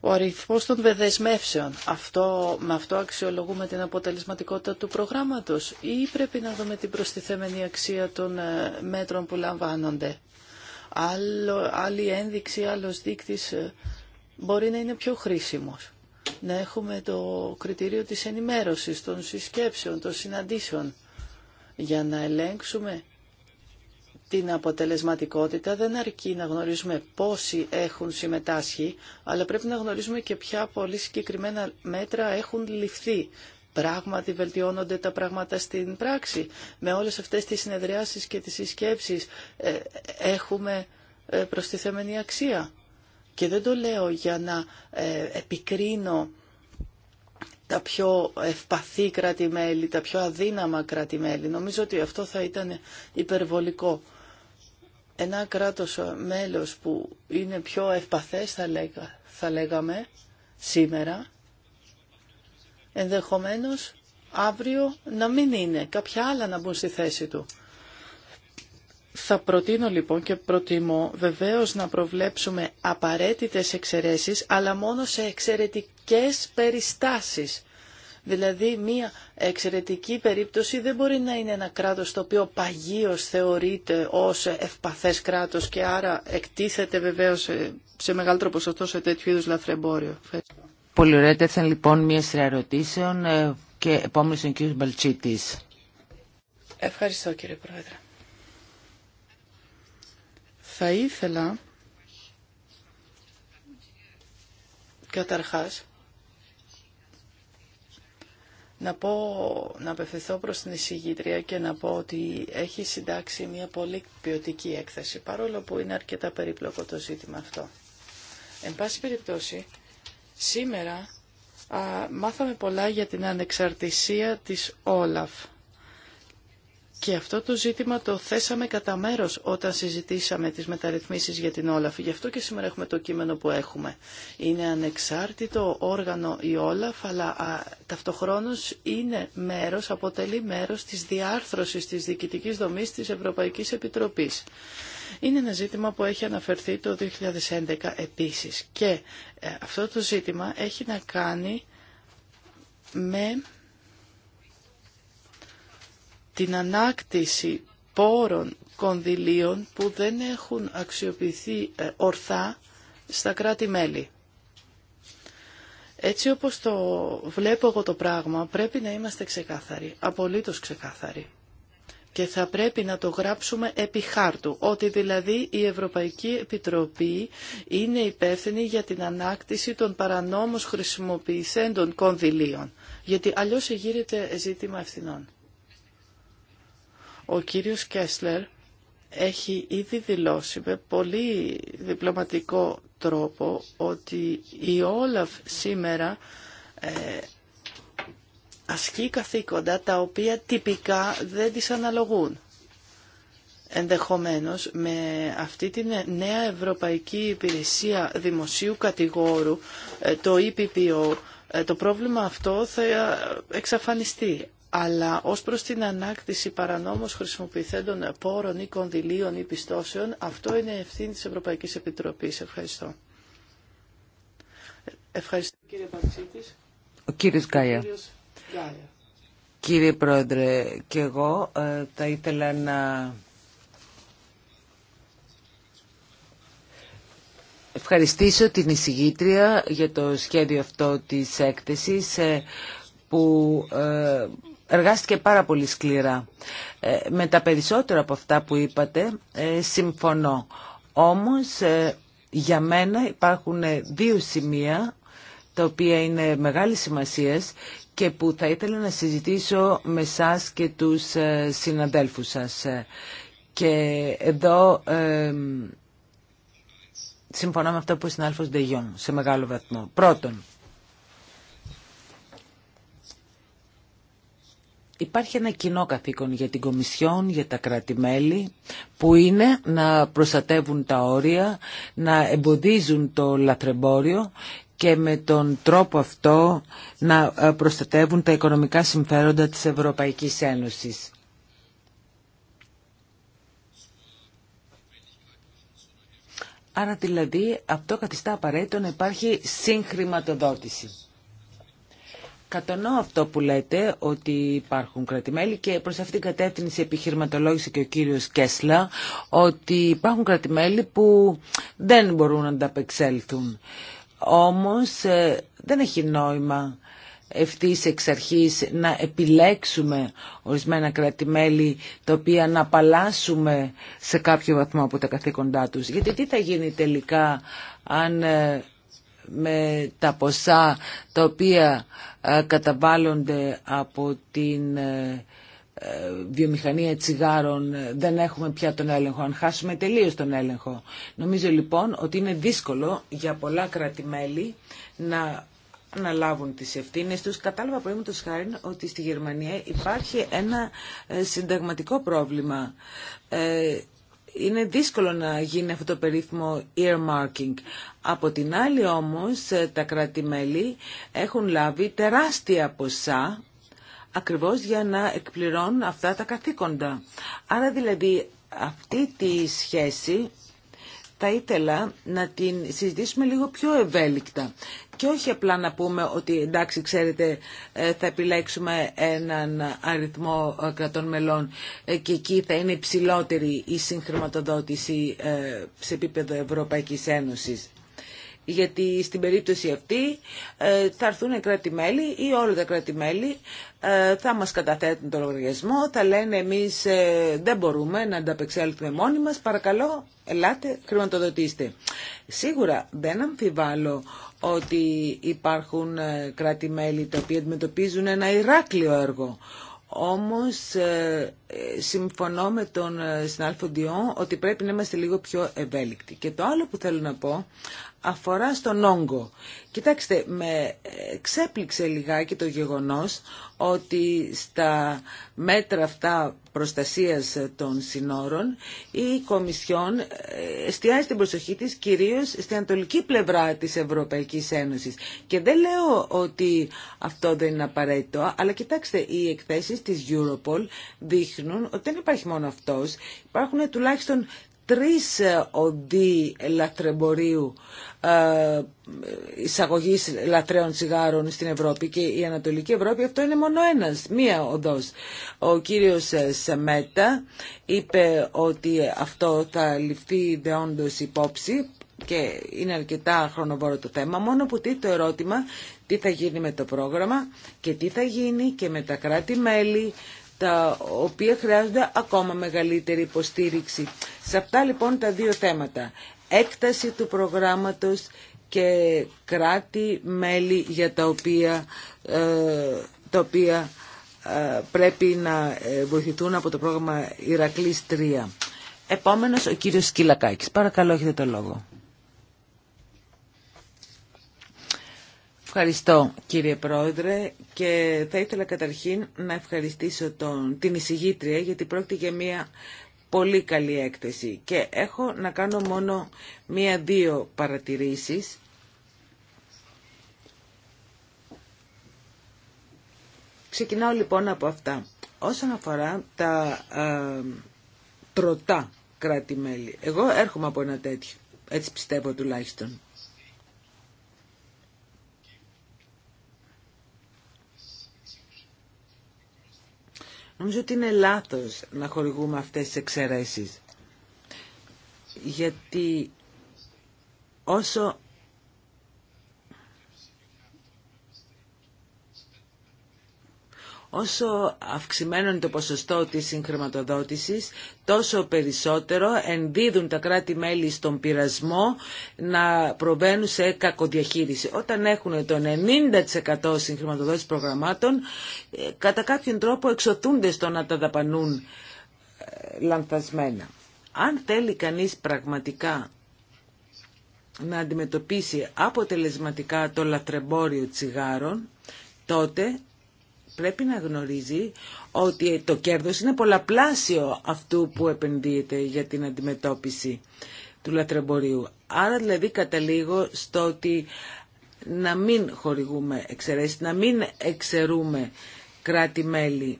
ο αριθμός των δεσμεύσεων. Αυτό, με αυτό αξιολογούμε την αποτελεσματικότητα του προγράμματος ή πρέπει να δούμε την προστιθέμενη αξία των ε, μέτρων που λαμβάνονται. Άλλο, άλλη ένδειξη, άλλος δείκτης ε, μπορεί να είναι πιο χρήσιμος. Να έχουμε το κριτήριο της ενημέρωσης, των συσκέψεων, των συναντήσεων για να ελέγξουμε την αποτελεσματικότητα δεν αρκεί να γνωρίζουμε πόσοι έχουν συμμετάσχει, αλλά πρέπει να γνωρίζουμε και ποια πολύ συγκεκριμένα μέτρα έχουν ληφθεί. Πράγματι βελτιώνονται τα πράγματα στην πράξη. Με όλες αυτές τις συνεδριάσεις και τις συσκέψεις ε, έχουμε ε, προστιθέμενη αξία. Και δεν το λέω για να ε, επικρίνω τα πιο ευπαθή κράτη-μέλη, τα πιο αδύναμα κράτη-μέλη. Νομίζω ότι αυτό θα ήταν υπερβολικό ένα κράτος μέλος που είναι πιο ευπαθές θα, λέγα, θα λέγαμε σήμερα, ενδεχομένως αύριο να μην είναι, κάποια άλλα να μπουν στη θέση του. Θα προτείνω λοιπόν και προτιμώ βεβαίως να προβλέψουμε απαραίτητες εξαιρέσεις, αλλά μόνο σε εξαιρετικές περιστάσεις Δηλαδή μια εξαιρετική περίπτωση δεν μπορεί να είναι ένα κράτος το οποίο παγίως θεωρείται ως ευπαθές κράτος και άρα εκτίθεται βεβαίως σε μεγαλύτερο ποσοστό σε τέτοιου είδους λαθρεμπόριο. Πολύ λοιπόν μια σειρά ερωτήσεων ε, και επόμενος ο κ. Μπαλτσίτης. Ευχαριστώ κύριε Πρόεδρε. Θα ήθελα καταρχάς να, πω, να απευθυνθώ προς την εισηγήτρια και να πω ότι έχει συντάξει μια πολύ ποιοτική έκθεση, παρόλο που είναι αρκετά περίπλοκο το ζήτημα αυτό. Εν πάση περιπτώσει, σήμερα μάθαμε πολλά για την ανεξαρτησία της Όλαφ. Και αυτό το ζήτημα το θέσαμε κατά μέρος όταν συζητήσαμε τις μεταρρυθμίσεις για την Όλαφ. Γι' αυτό και σήμερα έχουμε το κείμενο που έχουμε. Είναι ανεξάρτητο όργανο η Όλαφ, αλλά α, είναι μέρος, αποτελεί μέρος της διάρθρωσης της διοικητικής δομής της Ευρωπαϊκής Επιτροπής. Είναι ένα ζήτημα που έχει αναφερθεί το 2011 επίσης. Και ε, αυτό το ζήτημα έχει να κάνει με την ανάκτηση πόρων κονδυλίων που δεν έχουν αξιοποιηθεί ε, ορθά στα κράτη-μέλη. Έτσι όπως το βλέπω εγώ το πράγμα, πρέπει να είμαστε ξεκάθαροι, απολύτως ξεκάθαροι. Και θα πρέπει να το γράψουμε επί χάρτου, ότι δηλαδή η Ευρωπαϊκή Επιτροπή είναι υπεύθυνη για την ανάκτηση των παρανόμως χρησιμοποιηθέντων κονδυλίων, γιατί αλλιώς εγείρεται ζήτημα ευθυνών. Ο κύριος Κέσλερ έχει ήδη δηλώσει με πολύ διπλωματικό τρόπο ότι η Όλαφ σήμερα ε, ασκεί καθήκοντα τα οποία τυπικά δεν τις αναλογούν. Ενδεχομένως με αυτή την νέα Ευρωπαϊκή Υπηρεσία Δημοσίου Κατηγόρου, ε, το EPPO, ε, το πρόβλημα αυτό θα εξαφανιστεί αλλά ως προς την ανάκτηση παρανόμως χρησιμοποιηθέντων πόρων ή κονδυλίων ή πιστώσεων, αυτό είναι ευθύνη της Ευρωπαϊκής Επιτροπής. Ευχαριστώ. Ευχαριστώ κύριε Πατσίτης. Ο κύριος Γκάια. Κύριε Πρόεδρε, και εγώ ε, θα ήθελα να ευχαριστήσω την εισηγήτρια για το σχέδιο αυτό της έκθεσης ε, που ε, εργάστηκε πάρα πολύ σκληρά. Ε, με τα περισσότερα από αυτά που είπατε ε, συμφωνώ. Όμως ε, για μένα υπάρχουν δύο σημεία τα οποία είναι μεγάλη σημασία και που θα ήθελα να συζητήσω με σας και τους συναδέλφους σας. Και εδώ συμφωνώ με αυτό που ο Ντεγιόν σε μεγάλο βαθμό. Πρώτον, Υπάρχει ένα κοινό καθήκον για την Κομισιόν, για τα κράτη-μέλη, που είναι να προστατεύουν τα όρια, να εμποδίζουν το λαθρεμπόριο και με τον τρόπο αυτό να ε, προστατεύουν τα οικονομικά συμφέροντα της Ευρωπαϊκής Ένωσης. Άρα δηλαδή αυτό καθιστά απαραίτητο να υπάρχει συγχρηματοδότηση. Κατανοώ αυτό που λέτε ότι υπάρχουν κρατημέλη και προς αυτήν την κατεύθυνση επιχειρηματολόγησε και ο κύριος Κέσλα ότι υπάρχουν κρατημέλη που δεν μπορούν να ανταπεξέλθουν. Όμως ε, δεν έχει νόημα ευθύς εξ αρχής να επιλέξουμε ορισμένα κρατημέλη τα οποία να απαλλάσσουμε σε κάποιο βαθμό από τα καθήκοντά τους. Γιατί τι θα γίνει τελικά αν ε, με τα ποσά τα οποία ε, καταβάλλονται από την ε, ε, βιομηχανία τσιγάρων δεν έχουμε πια τον έλεγχο, αν χάσουμε τελείως τον έλεγχο. Νομίζω λοιπόν ότι είναι δύσκολο για πολλά κράτη-μέλη να λάβουν τις ευθύνες τους. Κατάλαβα τους χάρη ότι στη Γερμανία υπάρχει ένα συνταγματικό πρόβλημα είναι δύσκολο να γίνει αυτό το περίφημο earmarking. Από την άλλη όμως ε, τα κράτη-μέλη έχουν λάβει τεράστια ποσά ακριβώς για να εκπληρώνουν αυτά τα καθήκοντα. Άρα δηλαδή αυτή τη σχέση θα ήθελα να την συζητήσουμε λίγο πιο ευέλικτα. Και όχι απλά να πούμε ότι εντάξει ξέρετε ε, θα επιλέξουμε έναν αριθμό ε, κρατών μελών ε, και εκεί θα είναι υψηλότερη η συγχρηματοδότηση σε επίπεδο Ευρωπαϊκής Ένωσης γιατί στην περίπτωση αυτή ε, θα έρθουν κράτη-μέλη ή όλα τα κράτη-μέλη ε, θα μας καταθέτουν τον λογαριασμό, θα λένε εμείς ε, δεν μπορούμε να ανταπεξέλθουμε μόνοι μας, παρακαλώ ελάτε χρηματοδοτήστε. Σίγουρα δεν αμφιβάλλω ότι υπάρχουν κράτη-μέλη τα οποία αντιμετωπίζουν ένα Ηράκλειο έργο. Όμως συμφωνώ με τον συνάλφο Ντιό ότι πρέπει να είμαστε λίγο πιο ευέλικτοι. Και το άλλο που θέλω να πω αφορά στον όγκο. Κοιτάξτε, με ε, ξέπληξε λιγάκι το γεγονός ότι στα μέτρα αυτά προστασίας των συνόρων η Κομισιόν ε, εστιάζει την προσοχή της κυρίως στην ανατολική πλευρά της Ευρωπαϊκής Ένωσης. Και δεν λέω ότι αυτό δεν είναι απαραίτητο, αλλά κοιτάξτε, οι εκθέσεις της Europol δείχνουν ότι δεν υπάρχει μόνο αυτός. Υπάρχουν τουλάχιστον τρεις ε, οντί λατρεμπορίου ε, εισαγωγή λατρέων τσιγάρων στην Ευρώπη και η Ανατολική Ευρώπη αυτό είναι μόνο ένας, μία οδός. Ο κύριος ε, Σεμέτα είπε ότι αυτό θα ληφθεί δεόντως υπόψη και είναι αρκετά χρονοβόρο το θέμα, μόνο που τι το ερώτημα τι θα γίνει με το πρόγραμμα και τι θα γίνει και με τα κράτη-μέλη, τα οποία χρειάζονται ακόμα μεγαλύτερη υποστήριξη. Σε αυτά λοιπόν τα δύο θέματα, έκταση του προγράμματος και κράτη-μέλη για τα οποία, ε, τα οποία ε, πρέπει να ε, βοηθηθούν από το πρόγραμμα Ηρακλής 3. Επόμενος ο κύριος Σκυλακάκης. Παρακαλώ έχετε το λόγο. Ευχαριστώ κύριε Πρόεδρε και θα ήθελα καταρχήν να ευχαριστήσω τον, την εισηγήτρια γιατί πρόκειται για μια πολύ καλή έκθεση και έχω να κάνω μόνο μία-δύο παρατηρήσεις. Ξεκινάω λοιπόν από αυτά. Όσον αφορά τα ε, τροτά κράτη-μέλη, εγώ έρχομαι από ένα τέτοιο, έτσι πιστεύω τουλάχιστον. Νομίζω ότι είναι λάθος να χορηγούμε αυτές τις εξαιρέσεις. Γιατί όσο Όσο αυξημένο είναι το ποσοστό της συγχρηματοδότησης, τόσο περισσότερο ενδίδουν τα κράτη-μέλη στον πειρασμό να προβαίνουν σε κακοδιαχείριση. Όταν έχουν το 90% συγχρηματοδότηση προγραμμάτων, ε, κατά κάποιον τρόπο εξωθούνται στο να τα δαπανούν ε, λανθασμένα. Αν θέλει κανείς πραγματικά να αντιμετωπίσει αποτελεσματικά το λατρεμπόριο τσιγάρων, τότε πρέπει να γνωρίζει ότι το κέρδος είναι πολλαπλάσιο αυτού που επενδύεται για την αντιμετώπιση του λατρεμπορίου. Άρα δηλαδή καταλήγω στο ότι να μην χορηγούμε εξαιρέσεις, να μην εξαιρούμε κράτη-μέλη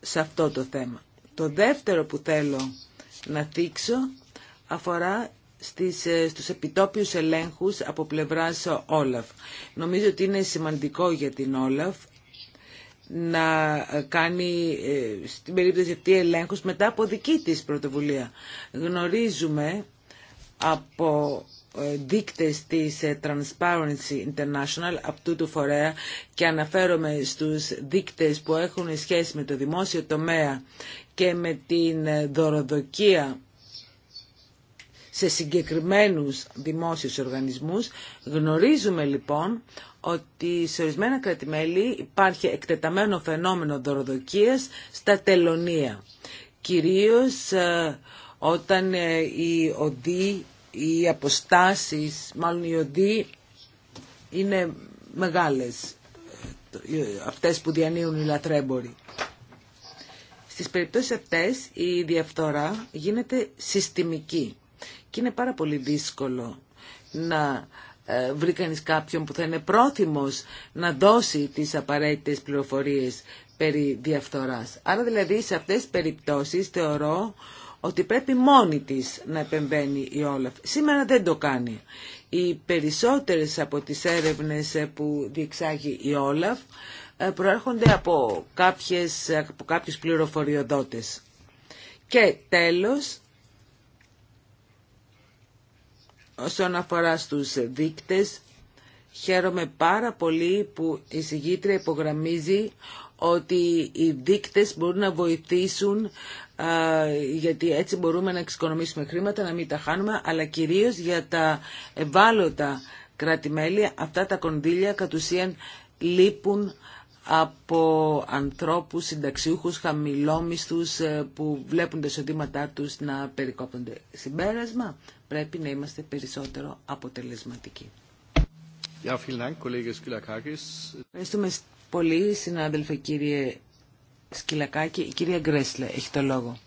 σε αυτό το θέμα. Το δεύτερο που θέλω να θίξω αφορά στις, ε, στους επιτόπιους ελέγχους από πλευράς Όλαφ. Νομίζω ότι είναι σημαντικό για την Όλαφ να κάνει ε, στην περίπτωση αυτή ελέγχους μετά από δική της πρωτοβουλία. Γνωρίζουμε από ε, δείκτες της ε, Transparency International από τούτου φορέα και αναφέρομαι στους δείκτες που έχουν σχέση με το δημόσιο τομέα και με την δωροδοκία σε συγκεκριμένους δημόσιους οργανισμούς. Γνωρίζουμε λοιπόν ότι σε ορισμένα κρατημέλη υπάρχει εκτεταμένο φαινόμενο δωροδοκίας στα τελωνία. Κυρίως ε, όταν ε, οι οδοί, οι αποστάσεις, μάλλον οι οδοί είναι μεγάλες, ε, αυτές που διανύουν οι λατρέμποροι. Στις περιπτώσεις αυτές η διαφθορά γίνεται συστημική. Και είναι πάρα πολύ δύσκολο να ε, βρει κανείς κάποιον που θα είναι πρόθυμος να δώσει τις απαραίτητες πληροφορίες περί διαφθοράς. Άρα δηλαδή σε αυτές τις περιπτώσεις θεωρώ ότι πρέπει μόνη της να επεμβαίνει η Όλαφ. Σήμερα δεν το κάνει. Οι περισσότερες από τις έρευνες που διεξάγει η Όλαφ ε, προέρχονται από, κάποιες, από κάποιους πληροφοριοδότες. Και τέλος, Όσον αφορά στους δείκτες, χαίρομαι πάρα πολύ που η συγγήτρια υπογραμμίζει ότι οι δείκτες μπορούν να βοηθήσουν γιατί έτσι μπορούμε να εξοικονομήσουμε χρήματα, να μην τα χάνουμε, αλλά κυρίως για τα ευάλωτα αυτά τα κονδύλια κατ' ουσίαν λείπουν από ανθρώπους συνταξιούχους χαμηλόμισθους ε, που βλέπουν τα εισοδήματά τους να περικόπτονται. Συμπέρασμα, πρέπει να είμαστε περισσότερο αποτελεσματικοί. Ja, Dank, Ευχαριστούμε πολύ, συνάδελφε κύριε Σκυλακάκη. Η κυρία Γκρέσλε έχει το λόγο.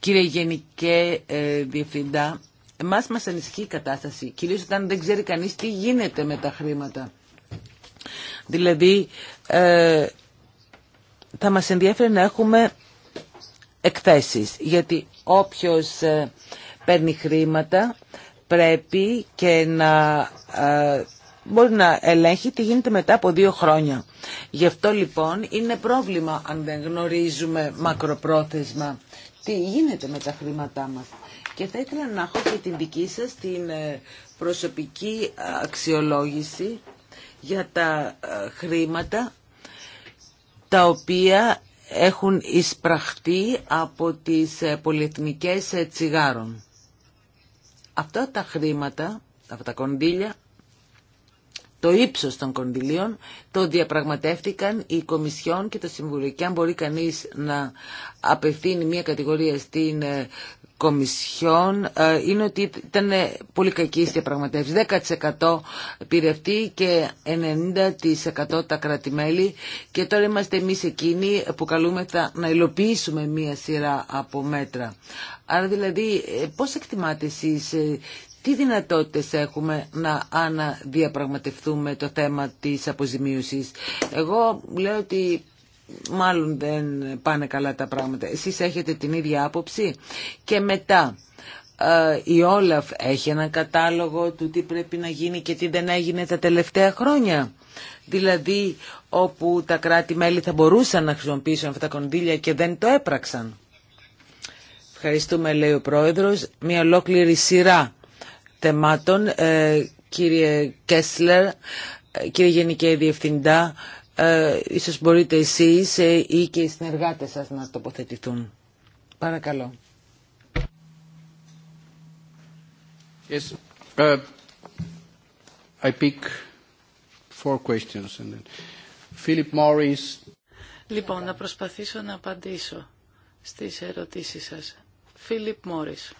Κύριε Γενικέ ε, Διευθυντά, εμάς μας ανησυχεί η κατάσταση, κυρίως όταν δεν ξέρει κανείς τι γίνεται με τα χρήματα. Δηλαδή, ε, θα μας ενδιαφέρει να έχουμε εκθέσεις, γιατί όποιος ε, παίρνει χρήματα πρέπει και να ε, μπορεί να ελέγχει τι γίνεται μετά από δύο χρόνια. Γι' αυτό λοιπόν είναι πρόβλημα αν δεν γνωρίζουμε μακροπρόθεσμα τι γίνεται με τα χρήματά μας. Και θα ήθελα να έχω και την δική σας την ε, προσωπική αξιολόγηση για τα χρήματα τα οποία έχουν εισπραχτεί από τις ε, πολυεθνικές ε, τσιγάρων. Αυτά τα χρήματα, αυτά τα κονδύλια το ύψος των κονδυλίων το διαπραγματεύτηκαν οι Κομισιόν και το Συμβούλιο. Και αν μπορεί κανείς να απευθύνει μια κατηγορία στην ε, Κομισιόν ε, είναι ότι ήταν πολύ κακή η διαπραγματεύση. 10% πήρε αυτή και 90% τα κρατημέλη και τώρα είμαστε εμείς εκείνοι που καλούμε να υλοποιήσουμε μία σειρά από μέτρα. Άρα δηλαδή ε, πώς εκτιμάτε εσείς τι δυνατότητες έχουμε να αναδιαπραγματευτούμε το θέμα της αποζημίωσης. Εγώ λέω ότι μάλλον δεν πάνε καλά τα πράγματα. Εσείς έχετε την ίδια άποψη. Και μετά, ε, η Όλαφ έχει έναν κατάλογο του τι πρέπει να γίνει και τι δεν έγινε τα τελευταία χρόνια. Δηλαδή, όπου τα κράτη-μέλη θα μπορούσαν να χρησιμοποιήσουν αυτά τα κονδύλια και δεν το έπραξαν. Ευχαριστούμε, λέει ο Πρόεδρος, μια ολόκληρη σειρά θεμάτων. Ε, κύριε Κέσλερ, ε, κύριε Γενική Διευθυντά, ε, ίσως μπορείτε εσείς ή και οι συνεργάτες σας να τοποθετηθούν. Παρακαλώ. Yes. Uh, I pick four questions Λοιπόν, να προσπαθήσω να απαντήσω στις ερωτήσεις σας. Φίλιπ Μόρις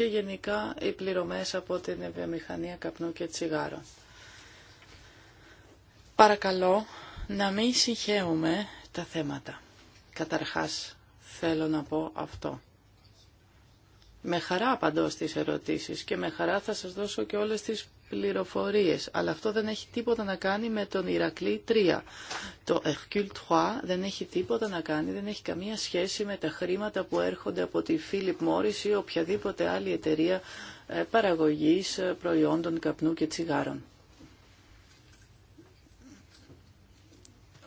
και γενικά οι πληρωμές από την βιομηχανία καπνού και τσιγάρων. Παρακαλώ να μην συγχαίουμε τα θέματα. Καταρχάς θέλω να πω αυτό. Με χαρά απαντώ στις ερωτήσεις και με χαρά θα σας δώσω και όλες τις πληροφορίες. Αλλά αυτό δεν έχει τίποτα να κάνει με τον Ηρακλή 3. Το Hercule 3 δεν έχει τίποτα να κάνει, δεν έχει καμία σχέση με τα χρήματα που έρχονται από τη Philip Morris ή οποιαδήποτε άλλη εταιρεία ε, παραγωγής ε, προϊόντων καπνού και τσιγάρων.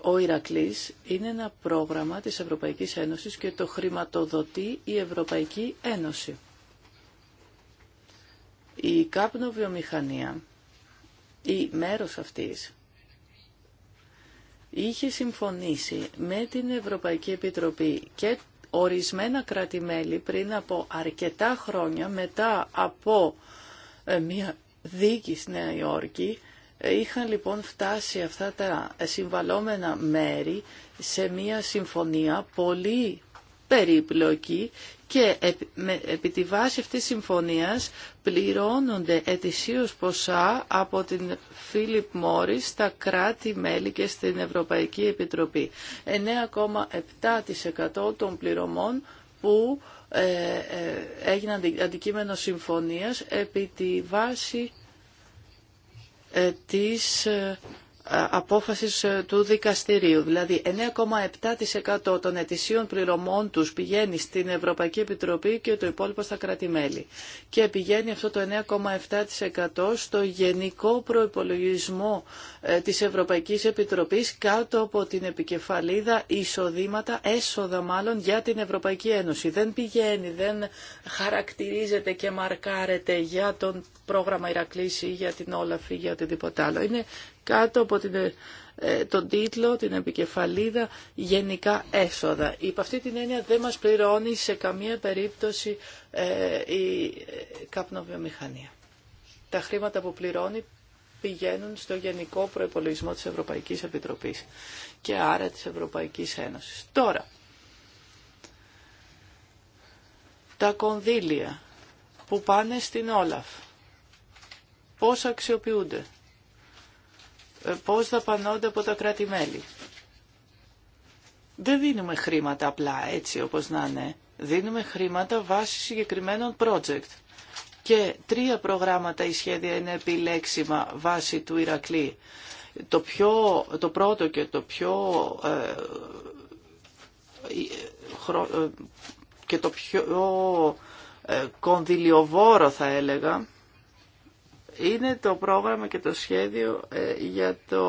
Ο Ηρακλής είναι ένα πρόγραμμα της Ευρωπαϊκής Ένωσης και το χρηματοδοτεί η Ευρωπαϊκή Ένωση. Η καπνοβιομηχανία, η μέρος αυτής, είχε συμφωνήσει με την Ευρωπαϊκή Επιτροπή και ορισμένα πριν από αρκετά χρόνια μετά από ε, μια δίκη στη Νέα Υόρκη ε, είχαν λοιπόν φτάσει αυτά τα συμβαλόμενα μέρη σε μια συμφωνία πολύ περίπλοκη και επί τη βάση αυτής της συμφωνίας πληρώνονται ετησίως ποσά από την Φίλιπ Μόρι στα κράτη-μέλη και στην Ευρωπαϊκή Επιτροπή. 9,7% των πληρωμών που ε, ε, έγιναν αντικείμενο συμφωνίας επί τη βάση ε, της ε, απόφασης ε, του δικαστηρίου. Δηλαδή 9,7% των ετησίων πληρωμών τους πηγαίνει στην Ευρωπαϊκή Επιτροπή και το υπόλοιπο στα κράτη-μέλη. Και πηγαίνει αυτό το 9,7% στο γενικό προϋπολογισμό ε, της Ευρωπαϊκής Επιτροπής κάτω από την επικεφαλίδα εισοδήματα, έσοδα μάλλον για την Ευρωπαϊκή Ένωση. Δεν πηγαίνει, δεν χαρακτηρίζεται και μαρκάρεται για τον πρόγραμμα Ηρακλής ή για την Όλαφ ή για οτιδήποτε άλλο. Είναι κάτω από την, ε, τον τίτλο, την επικεφαλίδα «Γενικά έσοδα». Υπ' αυτή την έννοια δεν μας πληρώνει σε καμία περίπτωση ε, η ε, καπνοβιομηχανία. Τα χρήματα που πληρώνει πηγαίνουν στο γενικό προϋπολογισμό της Ευρωπαϊκής Επιτροπής και άρα της Ευρωπαϊκής Ένωσης. Τώρα, τα κονδύλια που πάνε στην Όλαφ πώς αξιοποιούνται, ε, πώς δαπανώνται από τα κράτη-μέλη. Δεν δίνουμε χρήματα απλά έτσι όπως να είναι. Δίνουμε χρήματα βάσει συγκεκριμένων project. Και τρία προγράμματα ή σχέδια είναι επιλέξιμα βάσει του Ηρακλή. Το, πιο, το πρώτο και το πιο ε, ε, και το πιο κονδυλιοβόρο θα έλεγα είναι το πρόγραμμα και το σχέδιο ε, για το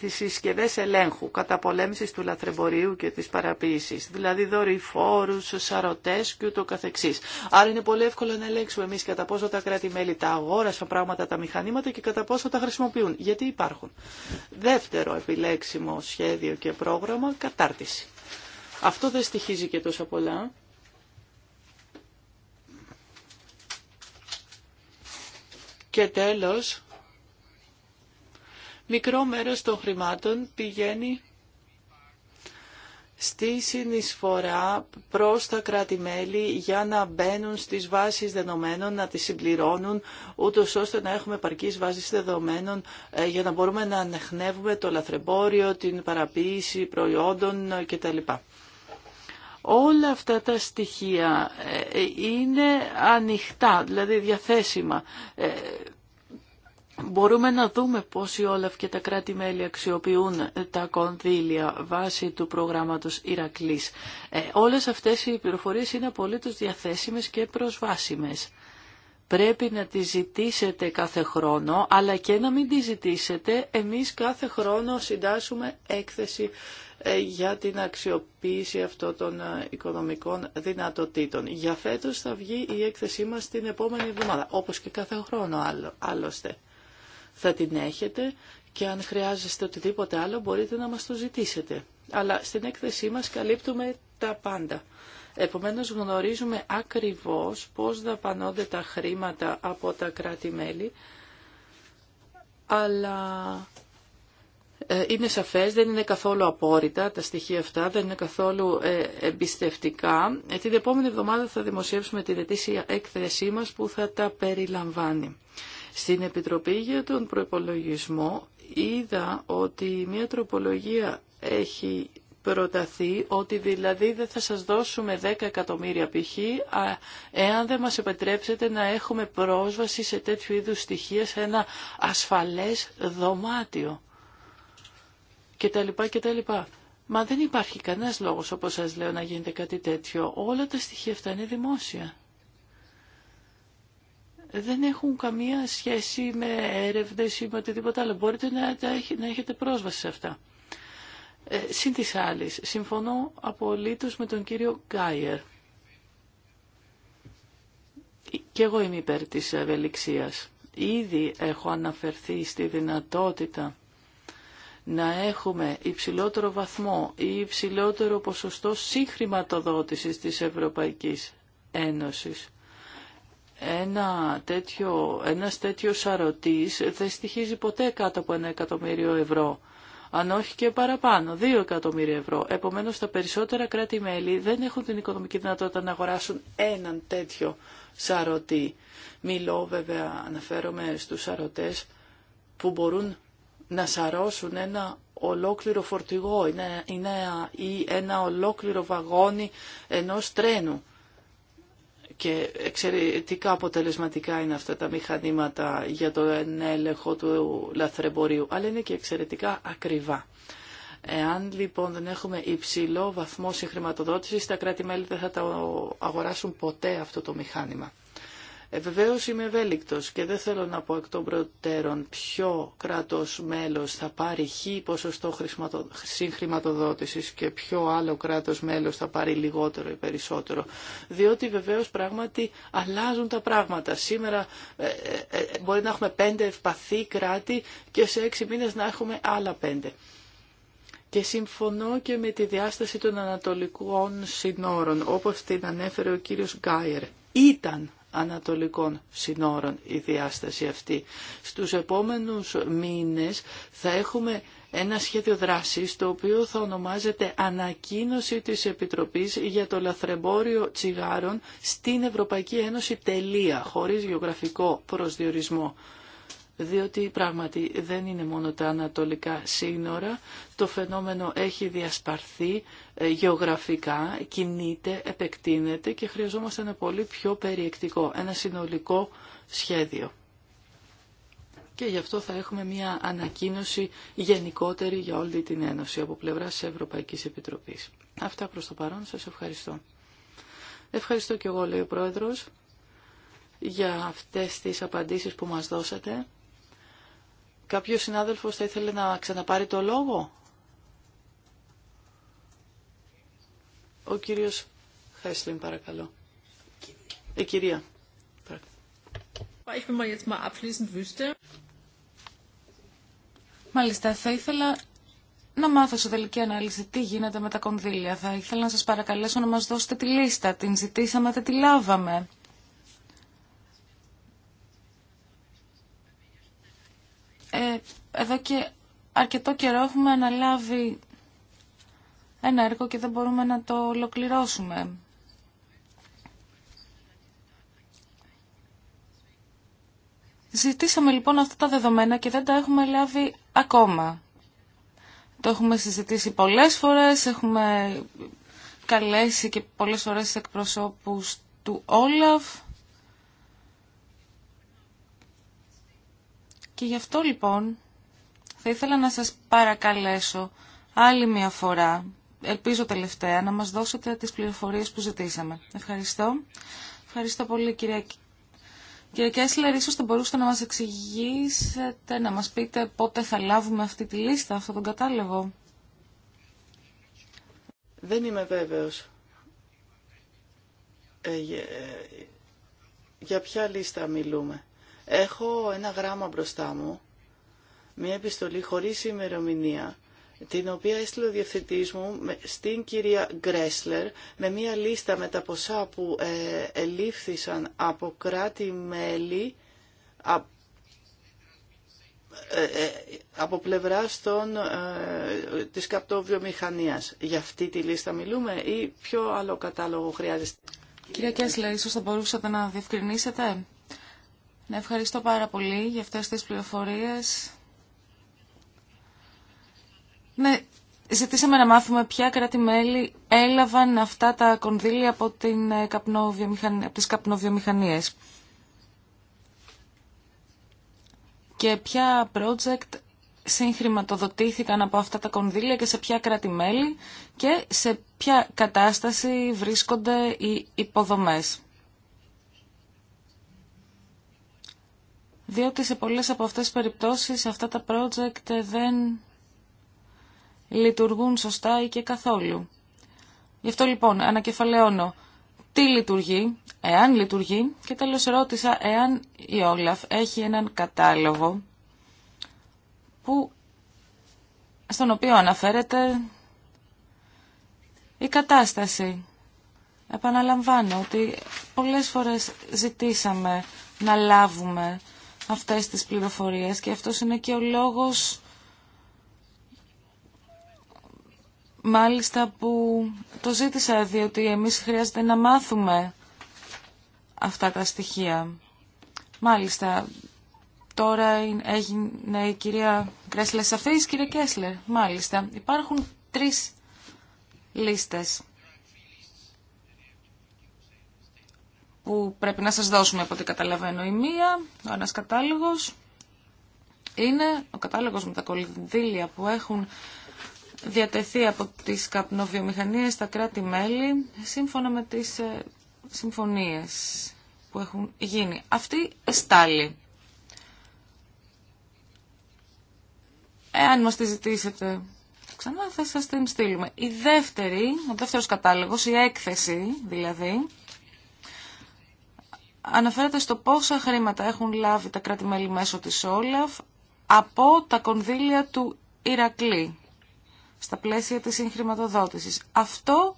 τις συσκευές ελέγχου, καταπολέμησης του λαθρεμπορίου και της παραποίησης, δηλαδή δορυφόρους, σαρωτές και ούτω καθεξής. Άρα είναι πολύ εύκολο να ελέγξουμε εμείς κατά πόσο τα κράτη-μέλη τα αγόρασαν πράγματα, τα μηχανήματα και κατά πόσο τα χρησιμοποιούν, γιατί υπάρχουν. Δεύτερο επιλέξιμο σχέδιο και πρόγραμμα, κατάρτιση. Αυτό δεν στοιχίζει και τόσο πολλά. Και τέλος, μικρό μέρος των χρημάτων πηγαίνει στη συνεισφορά προς τα κράτη-μέλη για να μπαίνουν στις βάσεις δεδομένων, να τις συμπληρώνουν, ούτω ώστε να έχουμε επαρκείς βάσεις δεδομένων ε, για να μπορούμε να ανεχνεύουμε το λαθρεμπόριο, την παραποίηση προϊόντων ε, κτλ. Όλα αυτά τα στοιχεία ε, είναι ανοιχτά, δηλαδή διαθέσιμα. Ε, μπορούμε να δούμε πώς οι Όλαφ και τα κράτη-μέλη αξιοποιούν τα κονδύλια βάσει του προγράμματος Ηρακλής. Ε, όλες αυτές οι πληροφορίες είναι απολύτως διαθέσιμες και προσβάσιμες πρέπει να τη ζητήσετε κάθε χρόνο, αλλά και να μην τη ζητήσετε, εμείς κάθε χρόνο συντάσσουμε έκθεση ε, για την αξιοποίηση αυτών των ε, οικονομικών δυνατοτήτων. Για φέτος θα βγει η έκθεσή μας την επόμενη εβδομάδα, όπως και κάθε χρόνο άλλωστε. Θα την έχετε και αν χρειάζεστε οτιδήποτε άλλο μπορείτε να μας το ζητήσετε. Αλλά στην έκθεσή μας καλύπτουμε τα πάντα. Επομένως γνωρίζουμε ακριβώς πώς δαπανώνται τα χρήματα από τα κράτη-μέλη, αλλά ε, είναι σαφές, δεν είναι καθόλου απόρριτα τα στοιχεία αυτά, δεν είναι καθόλου ε, εμπιστευτικά. Ε, την επόμενη εβδομάδα θα δημοσιεύσουμε την ετήσια έκθεσή μας που θα τα περιλαμβάνει. Στην Επιτροπή για τον Προϋπολογισμό είδα ότι μια τροπολογία έχει προταθεί ότι δηλαδή δεν θα σας δώσουμε 10 εκατομμύρια π.χ. εάν δεν μας επιτρέψετε να έχουμε πρόσβαση σε τέτοιου είδους στοιχεία σε ένα ασφαλές δωμάτιο και κτλ. κτλ. Μα δεν υπάρχει κανένας λόγος όπως σας λέω να γίνεται κάτι τέτοιο. Όλα τα στοιχεία αυτά είναι δημόσια δεν έχουν καμία σχέση με έρευνες ή με οτιδήποτε άλλο. Μπορείτε να, έχετε πρόσβαση σε αυτά. Ε, συν της άλλης, συμφωνώ απολύτως με τον κύριο Γκάιερ. Και εγώ είμαι υπέρ της ευελιξίας. Ήδη έχω αναφερθεί στη δυνατότητα να έχουμε υψηλότερο βαθμό ή υψηλότερο ποσοστό συγχρηματοδότησης της Ευρωπαϊκής Ένωσης. Ένα τέτοιο, ένας τέτοιος αρωτής δεν στοιχίζει ποτέ κάτω από ένα εκατομμύριο ευρώ αν όχι και παραπάνω, 2 εκατομμύρια ευρώ. Επομένως, τα περισσότερα κράτη-μέλη δεν έχουν την οικονομική δυνατότητα να αγοράσουν έναν τέτοιο σαρωτή. Μιλώ βέβαια, αναφέρομαι στους σαρωτές που μπορούν να σαρώσουν ένα ολόκληρο φορτηγό ή ένα ολόκληρο βαγόνι ενός τρένου και εξαιρετικά αποτελεσματικά είναι αυτά τα μηχανήματα για το έλεγχο του λαθρεμπορίου, αλλά είναι και εξαιρετικά ακριβά. Εάν λοιπόν δεν έχουμε υψηλό βαθμό συγχρηματοδότησης, τα κράτη-μέλη δεν θα τα αγοράσουν ποτέ αυτό το μηχάνημα. Ε, βεβαίως είμαι ευέλικτο και δεν θέλω να πω εκ των προτέρων ποιο κράτος μέλος θα πάρει χ ποσοστό συγχρηματοδότησης και ποιο άλλο κράτος μέλος θα πάρει λιγότερο ή περισσότερο. Διότι βεβαίως πράγματι αλλάζουν τα πράγματα. Σήμερα ε, ε, ε, μπορεί να έχουμε πέντε ευπαθή κράτη και σε έξι μήνες να έχουμε άλλα πέντε. Και συμφωνώ και με τη διάσταση των ανατολικών συνόρων, όπως την ανέφερε ο κύριος Γκάιερ. Ήταν ανατολικών συνόρων η διάσταση αυτή. Στους επόμενους μήνες θα έχουμε ένα σχέδιο δράσης το οποίο θα ονομάζεται «Ανακοίνωση της Επιτροπής για το λαθρεμπόριο τσιγάρων στην Ευρωπαϊκή Ένωση τελεία, χωρίς γεωγραφικό προσδιορισμό» διότι πράγματι δεν είναι μόνο τα ανατολικά σύνορα, το φαινόμενο έχει διασπαρθεί ε, γεωγραφικά, κινείται, επεκτείνεται και χρειαζόμαστε ένα πολύ πιο περιεκτικό, ένα συνολικό σχέδιο. Και γι' αυτό θα έχουμε μια ανακοίνωση γενικότερη για όλη την Ένωση από πλευράς της Ευρωπαϊκής Επιτροπής. Αυτά προς το παρόν. Σας ευχαριστώ. Ευχαριστώ και εγώ, λέει ο Πρόεδρος, για αυτές τις απαντήσεις που μας δώσατε. Κάποιος συνάδελφος θα ήθελε να ξαναπάρει το λόγο. Ο κύριος Χέσλιν, παρακαλώ. Η κυρία. Μάλιστα, θα ήθελα να μάθω σε τελική ανάλυση τι γίνεται με τα κονδύλια. Θα ήθελα να σας παρακαλέσω να μας δώσετε τη λίστα. Την ζητήσαμε, δεν τη λάβαμε. Ε, εδώ και αρκετό καιρό έχουμε αναλάβει ένα έργο και δεν μπορούμε να το ολοκληρώσουμε. Ζητήσαμε λοιπόν αυτά τα δεδομένα και δεν τα έχουμε λάβει ακόμα. Το έχουμε συζητήσει πολλές φορές, έχουμε καλέσει και πολλές φορές εκπροσώπους του Όλαφ. Και γι' αυτό λοιπόν θα ήθελα να σας παρακαλέσω άλλη μια φορά, ελπίζω τελευταία, να μας δώσετε τις πληροφορίες που ζητήσαμε. Ευχαριστώ. Ευχαριστώ πολύ κυρία Κύριε Κέσλερ, ίσως θα μπορούσατε να μας εξηγήσετε, να μας πείτε πότε θα λάβουμε αυτή τη λίστα, αυτό τον κατάλογο. Δεν είμαι βέβαιος. Ε, ε, για ποια λίστα μιλούμε. Έχω ένα γράμμα μπροστά μου, μια επιστολή χωρίς ημερομηνία, την οποία έστειλε ο διευθυντής μου στην κυρία Γκρέσλερ με μια λίστα με τα ποσά που ε, ελήφθησαν από κράτη-μέλη ε, ε, από πλευράς των, ε, της καπτοβιομηχανίας. Για αυτή τη λίστα μιλούμε ή ποιο άλλο κατάλογο χρειάζεται. Κυρία Κέσλερ, ίσως θα μπορούσατε να διευκρινίσετε. Να ευχαριστώ πάρα πολύ για αυτές τις πληροφορίες. Ναι, ζητήσαμε να μάθουμε ποια κράτη-μέλη έλαβαν αυτά τα κονδύλια από, την ε, από τις καπνοβιομηχανίες. Και ποια project συγχρηματοδοτήθηκαν από αυτά τα κονδύλια και σε ποια κράτη-μέλη και σε ποια κατάσταση βρίσκονται οι υποδομές. διότι σε πολλές από αυτές τις περιπτώσεις αυτά τα project δεν λειτουργούν σωστά ή και καθόλου. Γι' αυτό λοιπόν ανακεφαλαιώνω τι λειτουργεί, εάν λειτουργεί και τέλος ερώτησα εάν η Όλαφ έχει και τελος ρωτησα εαν η κατάλογο που, στον οποίο αναφέρεται η κατάσταση. Επαναλαμβάνω ότι πολλές φορές ζητήσαμε να λάβουμε αυτές τις πληροφορίες και αυτός είναι και ο λόγος μάλιστα που το ζήτησα διότι εμείς χρειάζεται να μάθουμε αυτά τα στοιχεία. Μάλιστα, τώρα έγινε η κυρία Κρέσλε σαφής, κύριε Κέσλερ. Μάλιστα, υπάρχουν τρεις λίστες. που πρέπει να σας δώσουμε από ό,τι καταλαβαίνω η μία, ο ένας κατάλογος είναι ο κατάλογος με τα κονδύλια που έχουν διατεθεί από τις καπνοβιομηχανίες στα κράτη-μέλη σύμφωνα με τις ε, συμφωνίες που έχουν γίνει. Αυτή εστάλη Εάν μας τη ζητήσετε ξανά θα σας την στείλουμε. Η δεύτερη, ο δεύτερος κατάλογος, η έκθεση δηλαδή, αναφέρεται στο πόσα χρήματα έχουν λάβει τα κράτη-μέλη μέσω της Όλαφ από τα κονδύλια του Ηρακλή στα πλαίσια της συγχρηματοδότησης. Αυτό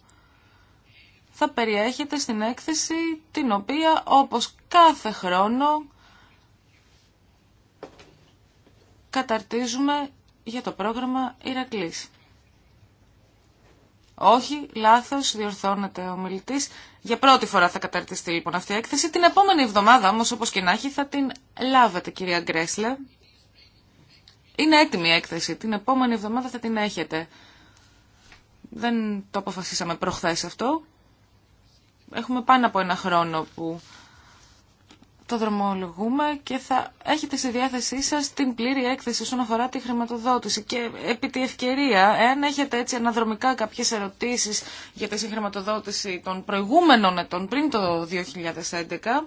θα περιέχεται στην έκθεση την οποία όπως κάθε χρόνο καταρτίζουμε για το πρόγραμμα Ηρακλής. Όχι, λάθος, διορθώνεται ο μιλητή. Για πρώτη φορά θα καταρτιστεί λοιπόν αυτή η έκθεση. Την επόμενη εβδομάδα όμω όπως και να έχει θα την λάβετε κυρία Γκρέσλε. Είναι έτοιμη η έκθεση. Την επόμενη εβδομάδα θα την έχετε. Δεν το αποφασίσαμε προχθές αυτό. Έχουμε πάνω από ένα χρόνο που το δρομολογούμε και θα έχετε στη διάθεσή σας την πλήρη έκθεση όσον αφορά τη χρηματοδότηση. Και επί τη ευκαιρία, εάν έχετε έτσι αναδρομικά κάποιες ερωτήσεις για τη συγχρηματοδότηση των προηγούμενων ετών πριν το 2011,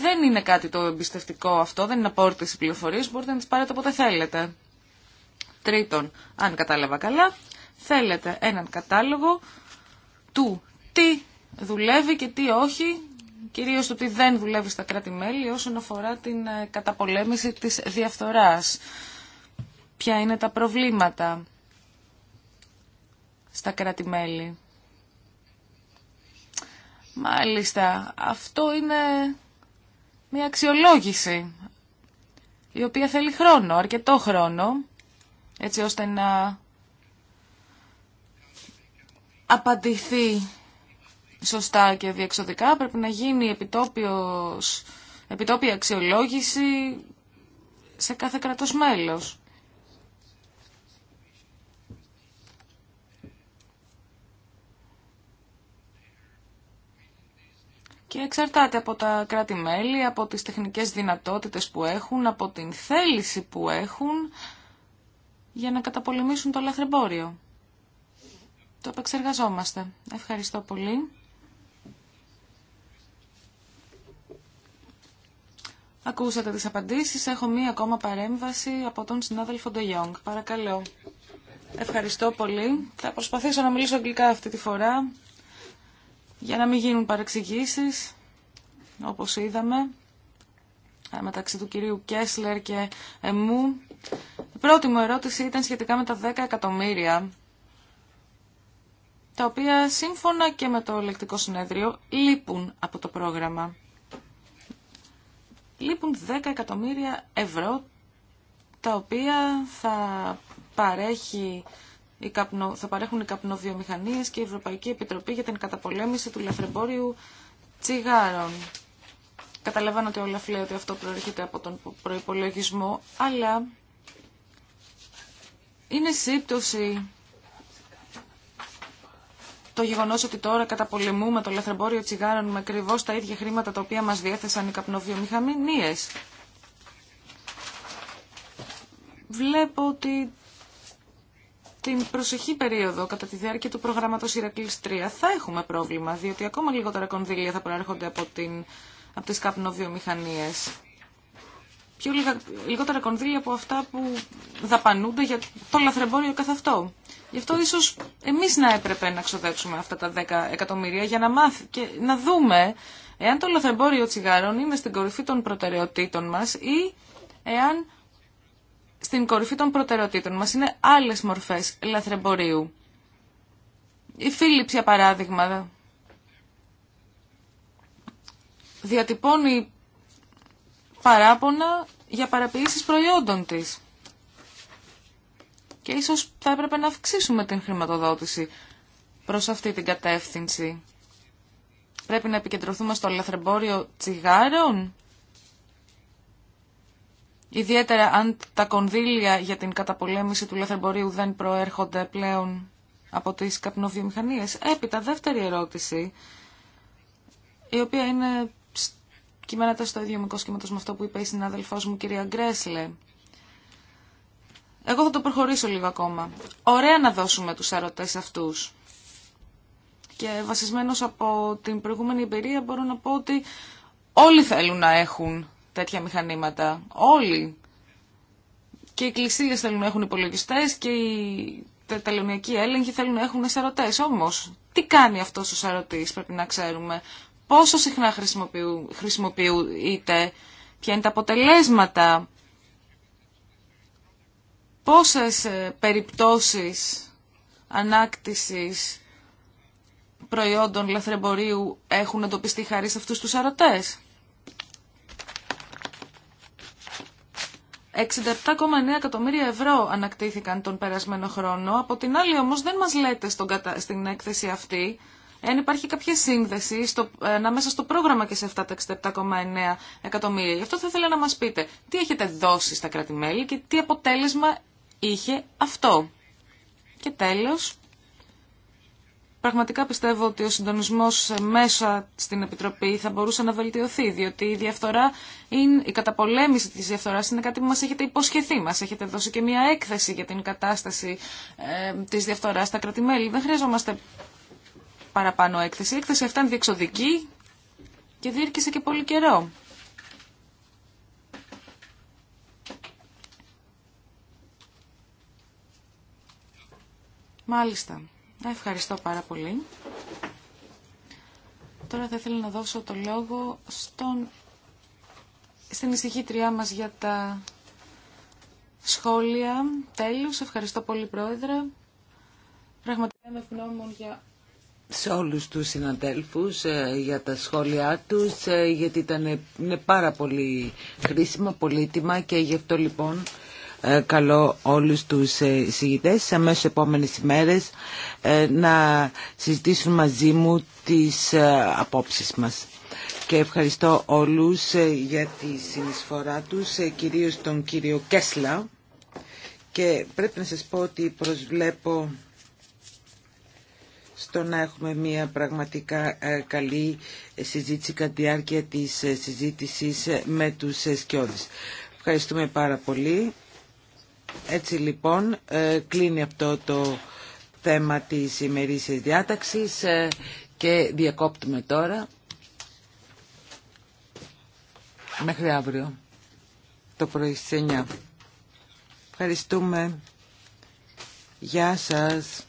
δεν είναι κάτι το εμπιστευτικό αυτό, δεν είναι απόρριτες πληροφορίες, μπορείτε να τις πάρετε όποτε θέλετε. Τρίτον, αν κατάλαβα καλά, θέλετε έναν κατάλογο του τι δουλεύει και τι όχι κυρίως το ότι δεν δουλεύει στα κράτη-μέλη όσον αφορά την ε, καταπολέμηση της διαφθοράς. Ποια είναι τα προβλήματα στα κράτη-μέλη. Μάλιστα, αυτό είναι μια αξιολόγηση η οποία θέλει χρόνο, αρκετό χρόνο, έτσι ώστε να απαντηθεί σωστά και διεξοδικά, πρέπει να γίνει επιτόπιος, επιτόπια αξιολόγηση σε κάθε κρατός μέλος. Και εξαρτάται από τα κράτη-μέλη, από τις τεχνικές δυνατότητες που έχουν, από την θέληση που έχουν για να καταπολεμήσουν το λαθρεμπόριο. Το επεξεργαζόμαστε. Ευχαριστώ πολύ. Ακούσατε τις απαντήσεις. Έχω μία ακόμα παρέμβαση από τον συνάδελφο Ντε Παρακαλώ. Ευχαριστώ πολύ. Θα προσπαθήσω να μιλήσω αγγλικά αυτή τη φορά για να μην γίνουν παρεξηγήσεις, όπως είδαμε, ε, μεταξύ του κυρίου Κέσλερ και εμού. Η πρώτη μου ερώτηση ήταν σχετικά με τα 10 εκατομμύρια, τα οποία σύμφωνα και με το λεκτικό συνέδριο λείπουν από το πρόγραμμα λείπουν 10 εκατομμύρια ευρώ τα οποία θα, παρέχει, θα παρέχουν οι καπνοβιομηχανίες και η Ευρωπαϊκή Επιτροπή για την καταπολέμηση του λαθρεμπόριου τσιγάρων. Καταλαβαίνω ότι όλα λέει ότι αυτό προέρχεται από τον προϋπολογισμό, αλλά είναι σύπτωση το γεγονό ότι τώρα καταπολεμούμε το λαθρεμπόριο τσιγάρων με ακριβώ τα ίδια χρήματα τα οποία μα διέθεσαν οι καπνοβιομηχανίε. Βλέπω ότι την προσεχή περίοδο κατά τη διάρκεια του προγράμματο Ηρακλή 3 θα έχουμε πρόβλημα, διότι ακόμα λιγότερα κονδύλια θα προέρχονται από, την, από τις καπνοβιομηχανίες. Πιο λιγότερα κονδύλια από αυτά που δαπανούνται για το λαθρεμπόριο καθ' αυτό. Γι' αυτό ίσω εμείς να έπρεπε να ξοδέψουμε αυτά τα 10 εκατομμύρια για να μάθει και να δούμε εάν το λαθρεμπόριο τσιγάρων είναι στην κορυφή των προτεραιοτήτων μας ή εάν στην κορυφή των προτεραιοτήτων μας είναι άλλες μορφές λαθρεμπορίου. Η εαν στην κορυφη των προτεραιοτητων μας ειναι άλλε μορφες λαθρεμποριου η φιλιπ για παράδειγμα, διατυπώνει παράπονα για παραποιήσεις προϊόντων της και ίσως θα έπρεπε να αυξήσουμε την χρηματοδότηση προς αυτή την κατεύθυνση. Πρέπει να επικεντρωθούμε στο λαθρεμπόριο τσιγάρων. Ιδιαίτερα αν τα κονδύλια για την καταπολέμηση του λαθρεμπορίου δεν προέρχονται πλέον από τις καπνοβιομηχανίες. Έπειτα, δεύτερη ερώτηση, η οποία είναι κυμαίνεται στο ίδιο μικρό σχήματος με αυτό που είπε η συνάδελφός μου κυρία Γκρέσλε. Εγώ θα το προχωρήσω λίγο ακόμα. Ωραία να δώσουμε τους ερωτές αυτούς. Και βασισμένος από την προηγούμενη εμπειρία μπορώ να πω ότι όλοι θέλουν να έχουν τέτοια μηχανήματα. Όλοι. Και οι εκκλησίες θέλουν να έχουν υπολογιστέ και οι τελωνιακοί έλεγχοι θέλουν να έχουν σαρωτές. Όμως, τι κάνει αυτός ο σαρωτής πρέπει να ξέρουμε. Πόσο συχνά χρησιμοποιείται, ποια είναι τα αποτελέσματα πόσες ε, περιπτώσεις ανάκτησης προϊόντων λαθρεμπορίου έχουν εντοπιστεί χάρη σε αυτούς τους αρωτές. 67,9 εκατομμύρια ευρώ ανακτήθηκαν τον περασμένο χρόνο. Από την άλλη όμως δεν μας λέτε στον στην έκθεση αυτή εάν υπάρχει κάποια σύνδεση στο... ανάμεσα στο πρόγραμμα και σε αυτά τα 67,9 εκατομμύρια. Γι' αυτό θα ήθελα να μας πείτε τι έχετε δώσει στα κράτη-μέλη και τι αποτέλεσμα είχε αυτό. Και τέλος, πραγματικά πιστεύω ότι ο συντονισμός μέσα στην Επιτροπή θα μπορούσε να βελτιωθεί, διότι η, διαφθορά είναι, η καταπολέμηση της διαφθοράς είναι κάτι που μας έχετε υποσχεθεί. Μας έχετε δώσει και μια έκθεση για την κατάσταση ε, της διαφθοράς στα κρατημέλη. Δεν χρειαζόμαστε παραπάνω έκθεση. Η έκθεση αυτά είναι διεξοδική και διήρκησε και πολύ καιρό. Μάλιστα. Ευχαριστώ πάρα πολύ. Τώρα θα ήθελα να δώσω το λόγο στον... στην ησυχήτριά μας για τα σχόλια. Τέλος, ευχαριστώ πολύ Πρόεδρε. Πραγματικά είμαι ευγνώμων για σε όλους τους συναντέλφους ε, για τα σχόλιά τους ε, γιατί ήταν ε, είναι πάρα πολύ χρήσιμα, πολύτιμα και γι' αυτό λοιπόν ε, καλώ όλους τους ε, συγητές σε αμέσως επόμενες ημέρες ε, να συζητήσουν μαζί μου τις απόψεις μας. Και ευχαριστώ όλους για τη συνεισφορά τους, κυρίως τον κύριο Κέσλα. Και πρέπει να σας πω ότι προσβλέπω στο να έχουμε μια πραγματικά καλή συζήτηση κατά τη διάρκεια της συζήτησης με τους σκιώδεις. Ευχαριστούμε πάρα πολύ. Έτσι λοιπόν ε, κλείνει αυτό το θέμα της ημερήσιας διάταξης ε, και διακόπτουμε τώρα μέχρι αύριο το πρωί στις 9. Ευχαριστούμε. Γεια σας.